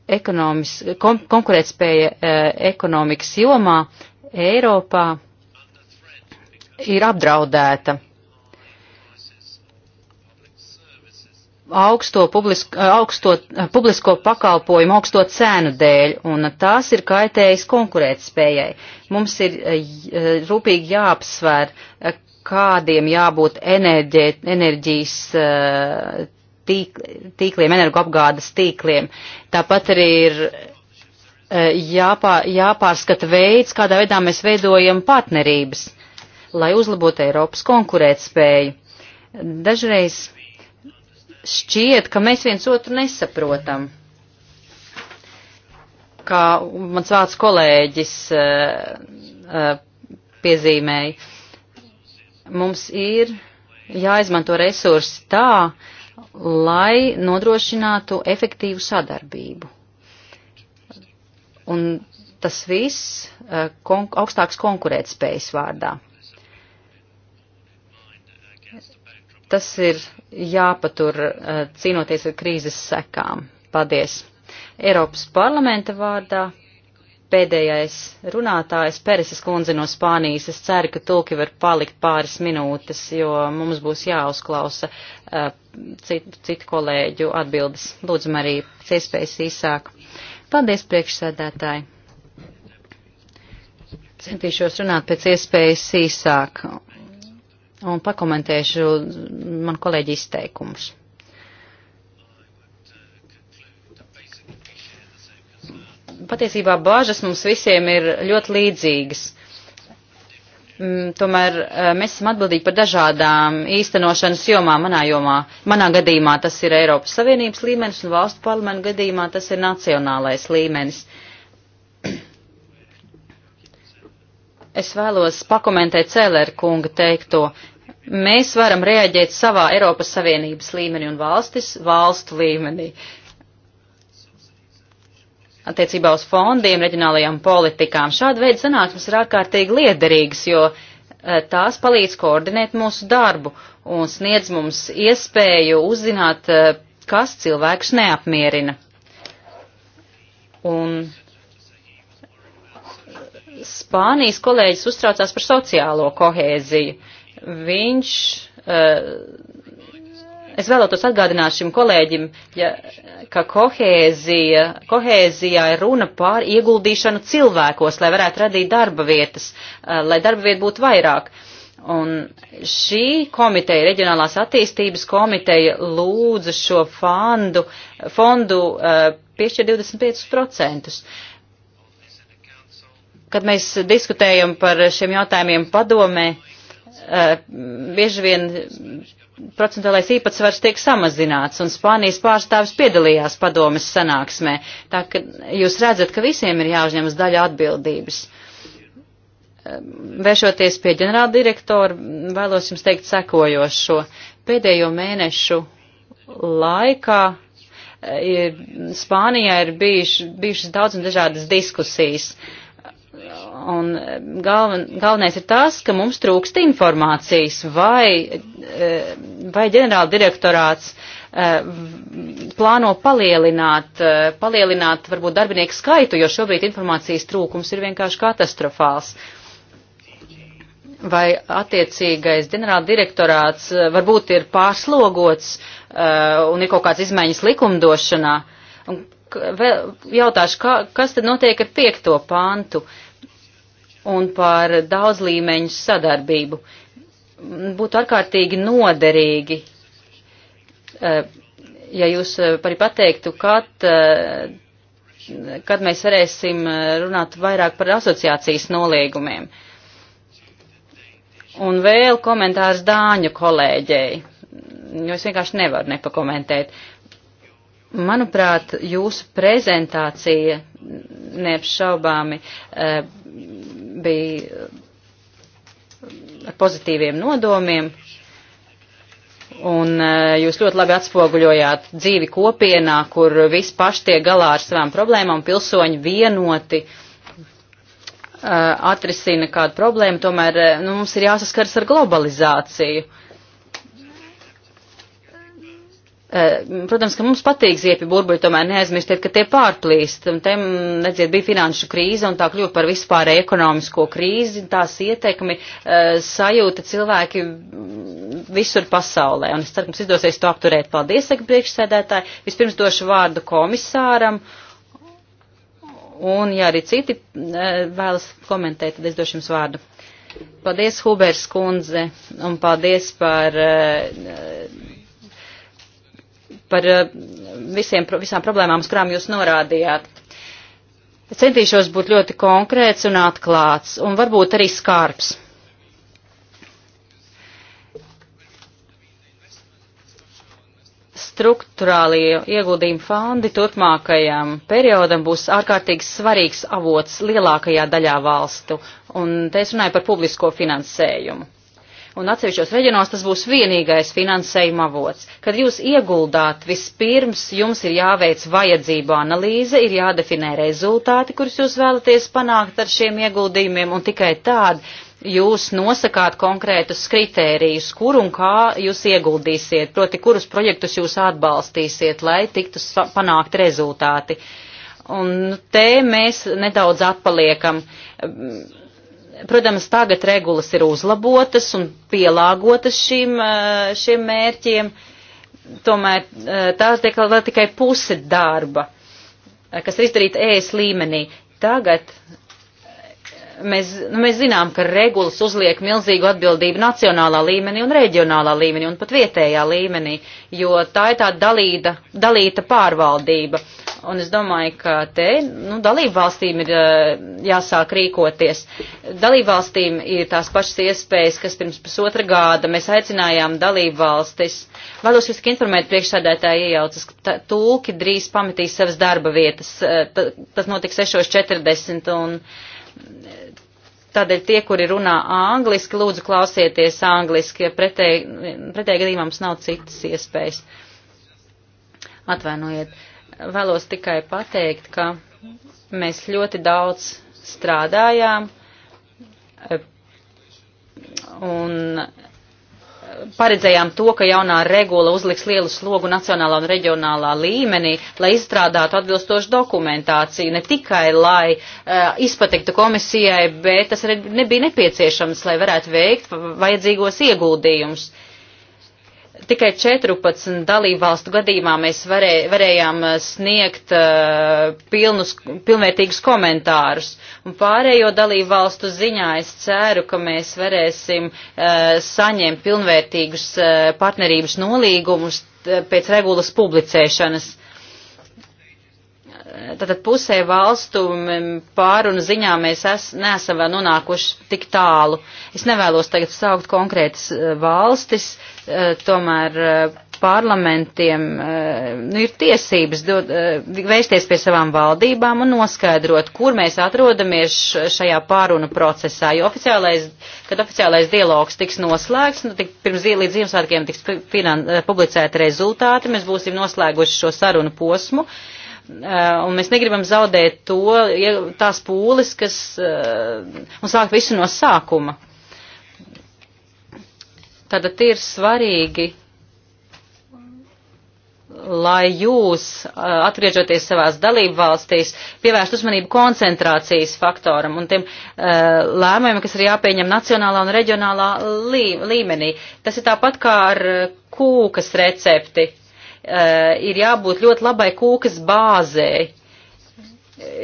S3: Ekonomis, kom, konkurētspēja eh, ekonomikas jomā Eiropā ir apdraudēta augsto, publisk, augsto publisko pakalpojumu, augsto cēnu dēļ, un tās ir kaitējis konkurētspējai. Mums ir rūpīgi jāapsver, kādiem jābūt enerģē, enerģijas tīk, tīkliem, energoapgādes tīkliem. Tāpat arī ir e, jāpā, jāpārskata veids, kādā veidā mēs veidojam partnerības, lai uzlabotu Eiropas konkurētspēju. Dažreiz šķiet, ka mēs viens otru nesaprotam. Kā mans vārds kolēģis eh, eh, piezīmēja, mums ir jāizmanto resursi tā, lai nodrošinātu efektīvu sadarbību. Un tas viss eh, kon augstāks konkurētspējas vārdā. Tas ir jāpatur eh, cīnoties ar krīzes sekām. Paldies! Eiropas parlamenta vārdā pēdējais runātājs Pereses kundze no Spānijas. Es ceru, ka tulki var palikt pāris minūtes, jo mums būs jāuzklausa uh, eh, citu, citu kolēģu atbildes. Lūdzu, arī pēc iespējas īsāk. Paldies, priekšsēdētāji! Centīšos runāt pēc iespējas īsāk un pakomentēšu man kolēģi izteikumus. Patiesībā bāžas mums visiem ir ļoti līdzīgas. Mm, tomēr eh, mēs esam atbildīgi par dažādām īstenošanas jomām manā jomā. Manā gadījumā tas ir Eiropas Savienības līmenis un valstu parlamentu gadījumā tas ir nacionālais līmenis. Uh, Es vēlos pakomentēt Cēlēra kunga teikto. Mēs varam reaģēt savā Eiropas Savienības līmenī un valstis valstu līmenī. Attiecībā uz fondiem, reģionālajām politikām šāda veida sanāksmes ir ārkārtīgi liederīgas, jo eh, tās palīdz koordinēt mūsu darbu un sniedz mums iespēju uzzināt, eh, kas cilvēkus neapmierina. Un Spānijas kolēģis uztraucās par sociālo kohēziju. Viņš, eh, es vēlētos atgādināt šim kolēģim, ja, ka kohēzija, kohēzijā ir runa pār ieguldīšanu cilvēkos, lai varētu radīt darba vietas, eh, lai darba vieta būtu vairāk. Un šī komiteja, reģionālās attīstības komiteja, lūdza šo fondu, fondu piešķir 25%. Kad mēs diskutējam par šiem jautājumiem padomē, eh, bieži vien procentuālais īpatsvars tiek samazināts, un Spānijas pārstāvis piedalījās padomes sanāksmē. Tā ka jūs redzat, ka visiem ir jāuzņemas daļa atbildības. Eh, vēršoties pie ģenerāla direktora, vēlos jums teikt sekojošo. Pēdējo mēnešu laikā eh, ir, Spānijā ir bijuši, bijušas daudz un dažādas diskusijas. Uh, Un eh, galven, galvenais ir tas, ka mums trūkst informācijas, vai, eh, vai ģenerāla direktorāts eh, plāno palielināt, palielināt varbūt darbinieku skaitu, jo šobrīd informācijas trūkums ir vienkārši katastrofāls. Vai attiecīgais ģenerāla direktorāts varbūt ir pārslogots un ir kaut kāds izmaiņas likumdošanā? Un vēl jautāšu, kā, kas tad notiek ar piekto pāntu? Uh, un par daudzlīmeņu sadarbību. Būtu ārkārtīgi noderīgi, eh, ja jūs eh, arī pateiktu, kad, eh, kad mēs varēsim runāt vairāk par asociācijas noliegumiem. Un vēl komentārs Dāņu kolēģei, jo es vienkārši nevaru nepakomentēt. Manuprāt, jūsu prezentācija neapšaubāmi e, bija e, ar pozitīviem nodomiem, un e, jūs ļoti labi atspoguļojāt dzīvi kopienā, kur visi paši tiek galā ar savām problēmām, pilsoņi vienoti atrisina kādu problēmu, tomēr nu, mums ir jāsaskars ar globalizāciju. Uh, Eh, protams, ka mums patīk ziepju burbuļi, tomēr neaizmirstiet, ka tie pārplīst. Un te, mm, redziet, bija finanšu krīze un tā kļūpa par vispārēju ekonomisko krīzi, tās ietekmi eh, sajūta cilvēki mm, visur pasaulē. Un es ceru, ka mums izdosies to apturēt. Paldies, saka priekšsēdētāji. Vispirms došu vārdu komisāram. Un, ja arī citi eh, vēlas komentēt, tad es došu jums vārdu. Paldies, Hubers kundze, un paldies par uh, par eh, visiem, visām problēmām, uz kurām jūs norādījāt. Es centīšos būt ļoti konkrēts un atklāts, un varbūt arī skarbs. Struktūrālie ieguldījumi fondi turpmākajam periodam būs ārkārtīgi svarīgs avots lielākajā daļā valstu, un te es runāju par publisko finansējumu un atsevišķos reģionos tas būs vienīgais finansējuma avots. Kad jūs ieguldāt, vispirms jums ir jāveic vajadzību analīze, ir jādefinē rezultāti, kurus jūs vēlaties panākt ar šiem ieguldījumiem, un tikai tād jūs nosakāt konkrētus kritērijus, kur un kā jūs ieguldīsiet, proti kurus projektus jūs atbalstīsiet, lai tiktu panākt rezultāti. Un te mēs nedaudz atpaliekam Protams, tagad regulas ir uzlabotas un pielāgotas šīm, eh, šiem mērķiem, tomēr eh, tās tiek vēl tikai puse darba, eh, kas ir izdarīta ēs e līmenī. Tagad Mēs, nu, mēs zinām, ka regulas uzliek milzīgu atbildību nacionālā līmenī un reģionālā līmenī un pat vietējā līmenī, jo tā ir tā dalīta, dalīta pārvaldība. Un es domāju, ka te nu, dalību valstīm ir eh, jāsāk rīkoties. Dalību valstīm ir tās pašas iespējas, kas pirms pusotra gada mēs aicinājām dalību valstis. Vēlos jūs informēt priekšsēdētāji iejaucas, ka tulki drīz pametīs savas darba vietas. Eh, tas notiks 6.40 un Tādēļ tie, kuri runā angliski, lūdzu klausieties angliski, ja pretēji pretē gadījumā mums nav citas iespējas. Atvainojiet. Vēlos tikai pateikt, ka mēs ļoti daudz strādājām eh, un paredzējām to, ka jaunā regula uzliks lielu slogu nacionālā un reģionālā līmenī, lai izstrādātu atbilstošu dokumentāciju, ne tikai lai uh, izpatiktu komisijai, bet tas nebija nepieciešams, lai varētu veikt vajadzīgos ieguldījumus. Uh, Tikai 14 dalībvalstu gadījumā mēs varē, varējām eh, sniegt uh, pilnus, pilnvērtīgus komentārus. Un pārējo dalībvalstu ziņā es ceru, ka mēs varēsim uh, saņemt pilnvērtīgus uh, partnerības nolīgumus pēc regulas publicēšanas. Tātad pusē valstu mm, pārunu ziņā mēs es, neesam vēl nonākuši tik tālu. Es nevēlos tagad saukt konkrētas valstis, Eh, tomēr eh, parlamentiem eh, nu, ir tiesības dod, vērsties pie savām valdībām un noskaidrot, kur mēs atrodamies šajā pārunu procesā. Jo oficiālais, kad oficiālais dialogs tiks noslēgts, nu, tik, pirms līdz Ziemassvētkiem tiks finan, publicēti rezultāti, mēs būsim noslēguši šo sarunu posmu. Un mēs negribam zaudēt to, tās pūles, kas, un sākt visu no sākuma. Tātad ir svarīgi, lai jūs, eh, atgriežoties savās dalību valstīs, pievērst uzmanību koncentrācijas faktoram un tiem eh, lēmumiem, kas ir jāpieņem nacionālā un reģionālā līmenī. Tas ir tāpat kā ar eh, kūkas recepti. Ir jābūt ļoti labai kūkas bāzēji.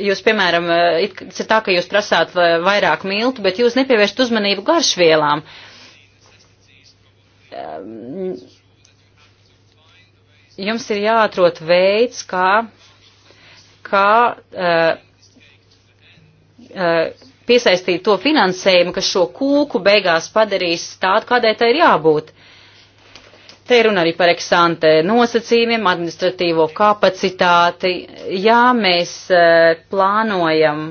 S3: Jūs, piemēram, ir tā, ka jūs prasāt vairāk miltu, bet jūs nepievēršat uzmanību garšvielām. Uh, jums ir jāatrod veids, kā, kā uh, uh, piesaistīt to finansējumu, kas šo kūku beigās padarīs tādu, kādai tai ir jābūt. Te ir runa arī par eksante nosacījumiem, administratīvo kapacitāti. Jā, mēs e, plānojam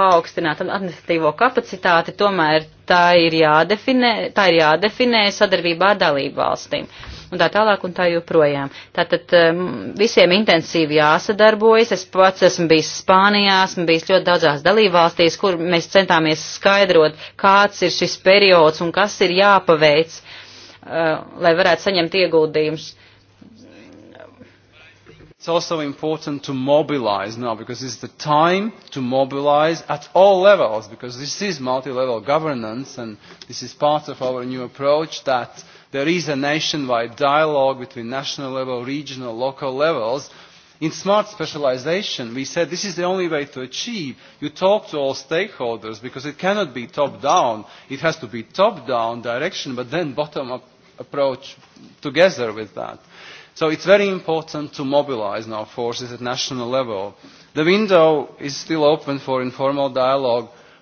S3: paaugstināt administratīvo kapacitāti, tomēr tā ir jādefinē, tā ir jādefinē sadarbībā ar dalību valstīm. Un tā tālāk un tā joprojām. Tātad e, visiem intensīvi jāsadarbojas. Es pats esmu bijis Spānijā, esmu bijis ļoti daudzās dalībvalstīs, kur mēs centāmies skaidrot, kāds ir šis periods un kas ir jāpaveic. Uh, Uh, lai varētu saņemt ieguldījumus.
S5: It's also important to mobilize now because it's the time to mobilize at all levels because this is multi-level governance and this is part of our new approach that there is a nationwide dialogue between national level, regional, local levels in smart specialization, we said this is the only way to achieve. You talk to all stakeholders because it cannot be top down. It has to be top down direction, but then bottom up approach together with that. So it's very important to mobilize now forces at national level. The window is still open for informal dialogue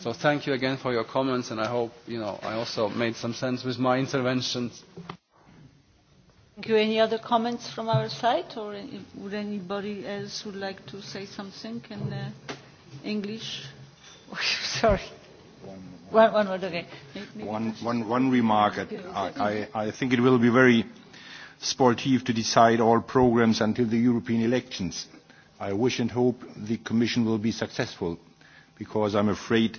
S5: So thank you again for your comments, and I hope you know I also made some sense with my interventions.
S2: Thank you. Any other comments from our side, or any, would anybody else would like to say something in uh, English? Oh, <laughs> sorry. One, one, one word, okay. Maybe
S5: one, one, one remark. I, I, I think it will be very sportive to decide all programs until the European elections. I wish and hope the Commission will be successful because I'm afraid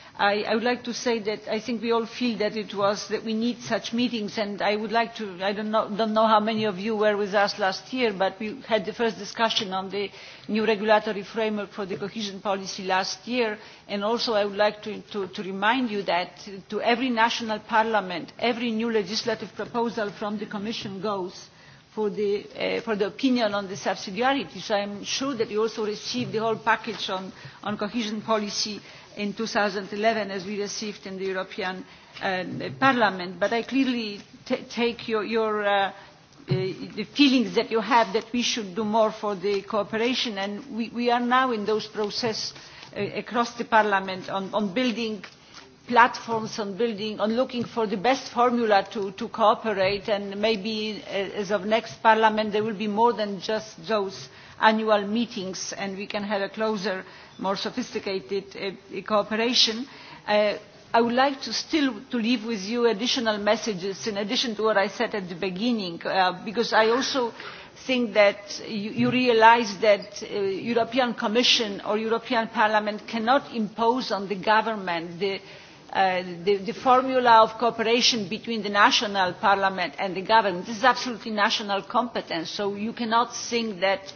S2: I, I would like to say that I think we all feel that it was that we need such meetings and I would like to, I don't know, don't know how many of you were with us last year, but we had the first discussion on the new regulatory framework for the cohesion policy last year and also I would like to, to, to remind you that to every national parliament, every new legislative proposal from the Commission goes for the, uh, for the opinion on the subsidiarity. So I'm sure that you also received the whole package on, on cohesion policy uh, in 2011 as we received in the European uh, Parliament. But I clearly t take your, your uh, Uh, the feelings that you have that we should do more for the cooperation and we, we are now in those processes uh, across the parliament on, on building platforms on building on looking for the best formula to, to cooperate and maybe uh, as of next parliament there will be more than just those uh, annual meetings and we can have a closer more sophisticated uh, cooperation. Uh, i would like to still to leave with you additional messages in addition to what i said at the beginning uh, because i also think that you, you realise that the uh, european commission or european parliament cannot impose on the government the, uh, the, the formula of cooperation between the national parliament and the government. this is absolutely national competence so you cannot think that uh,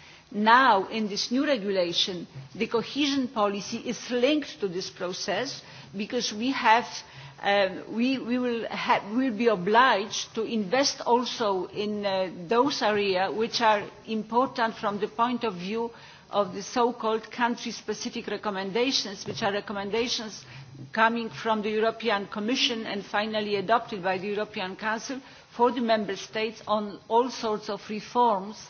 S2: now in this new regulation the cohesion policy is linked to this process because we have um, we, we will, have, will be obliged to invest also in uh, those areas which are important from the point of view of the so-called country-specific recommendations, which are recommendations coming from the European Commission and finally adopted by the European Council for the Member States on all sorts of reforms uh,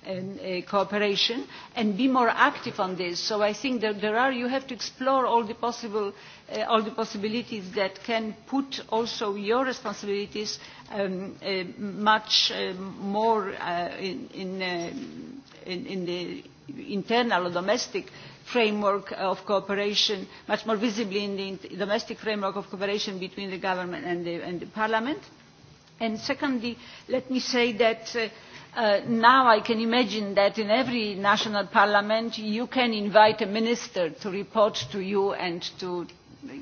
S2: um, uh, cooperation and be more active on this. So I think that there are, you have to explore all the, possible, uh, all the possibilities that can put also your responsibilities um, uh, much uh, more uh, in, in, uh, in, in the internal or domestic framework of cooperation, much more visibly in the domestic framework of cooperation between the government and the, and the parliament. And secondly, let me say that uh, Uh, now i can imagine that in every national parliament you can invite a minister to report to you and to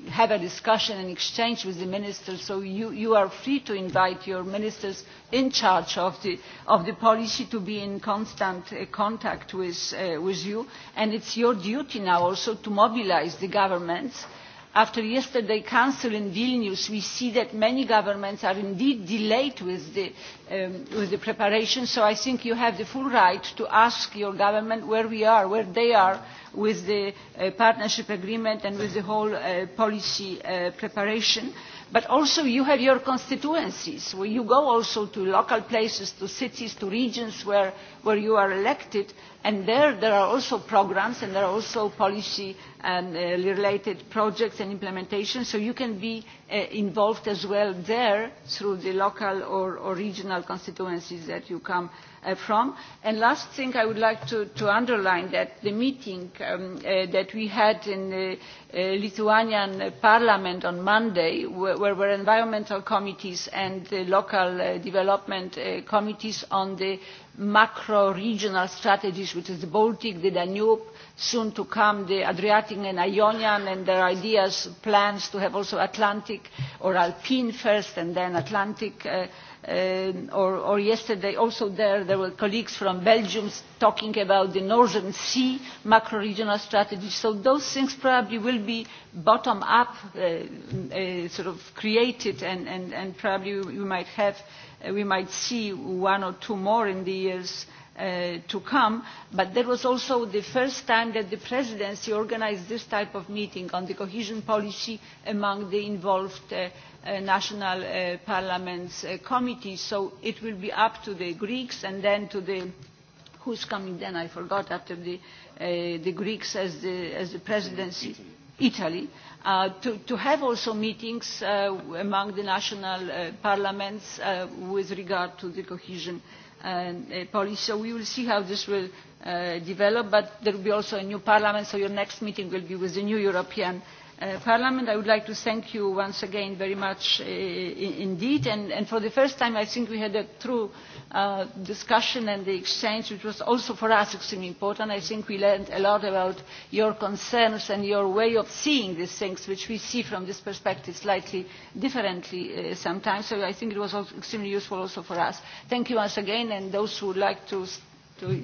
S2: have a discussion and exchange with the minister so you, you are free to invite your ministers in charge of the, of the policy to be in constant uh, contact with, uh, with you and it's your duty now also to mobilise the governments uh, after yesterday's council in vilnius we see that many governments are indeed delayed with the, um, with the preparation so i think you have the full right to ask your government where we are where they are with the uh, partnership agreement and with the whole uh, policy uh, preparation. Uh, but also you have your constituencies where you go also to local places to cities to regions where, where you are elected and there there are also programs and there are also policy and uh, related projects and implementation so you can be uh, involved as well there through the local or, or regional constituencies that you come uh, uh, from. And last thing I would like to, to underline that the meeting um, uh, that we had in the uh, Lithuanian parliament on Monday, where were environmental committees and the local uh, development uh, committees on the macro-regional strategies, which is the Baltic, the Danube, soon to come the Adriatic and Ionian, and there are ideas, plans to have also Atlantic or Alpine first and then Atlantic uh, um, or, or yesterday also there there were colleagues from Belgium talking about the Northern Sea macro-regional strategy. So those things probably will be bottom-up uh, uh, sort of created and, and, and probably we might have, uh, we might see one or two more in the years uh, uh, to come, but that was also the first time that the presidency organized this type of meeting on the cohesion policy among the involved uh, uh, national uh, parliaments uh, committees. So it will be up to the Greeks and then to the who's coming then, I forgot, after the, uh, the Greeks as the, as the presidency. Italy. Italy, uh, to, to have also meetings uh, among the national uh, parliaments uh, with regard to the cohesion uh, and, uh, policy. So we will see how this will uh, develop, but there will be also a new parliament, so your next meeting will be with the new European uh, Uh, parliament i would like to thank you once again very much uh, indeed and, and for the first time i think we had a true uh, discussion and exchange which was also for us extremely important. i think we learned a lot about your concerns and your way of seeing these things which we see from this perspective slightly differently uh, sometimes so i think it was extremely useful also for us. thank you once again and those who would like to, to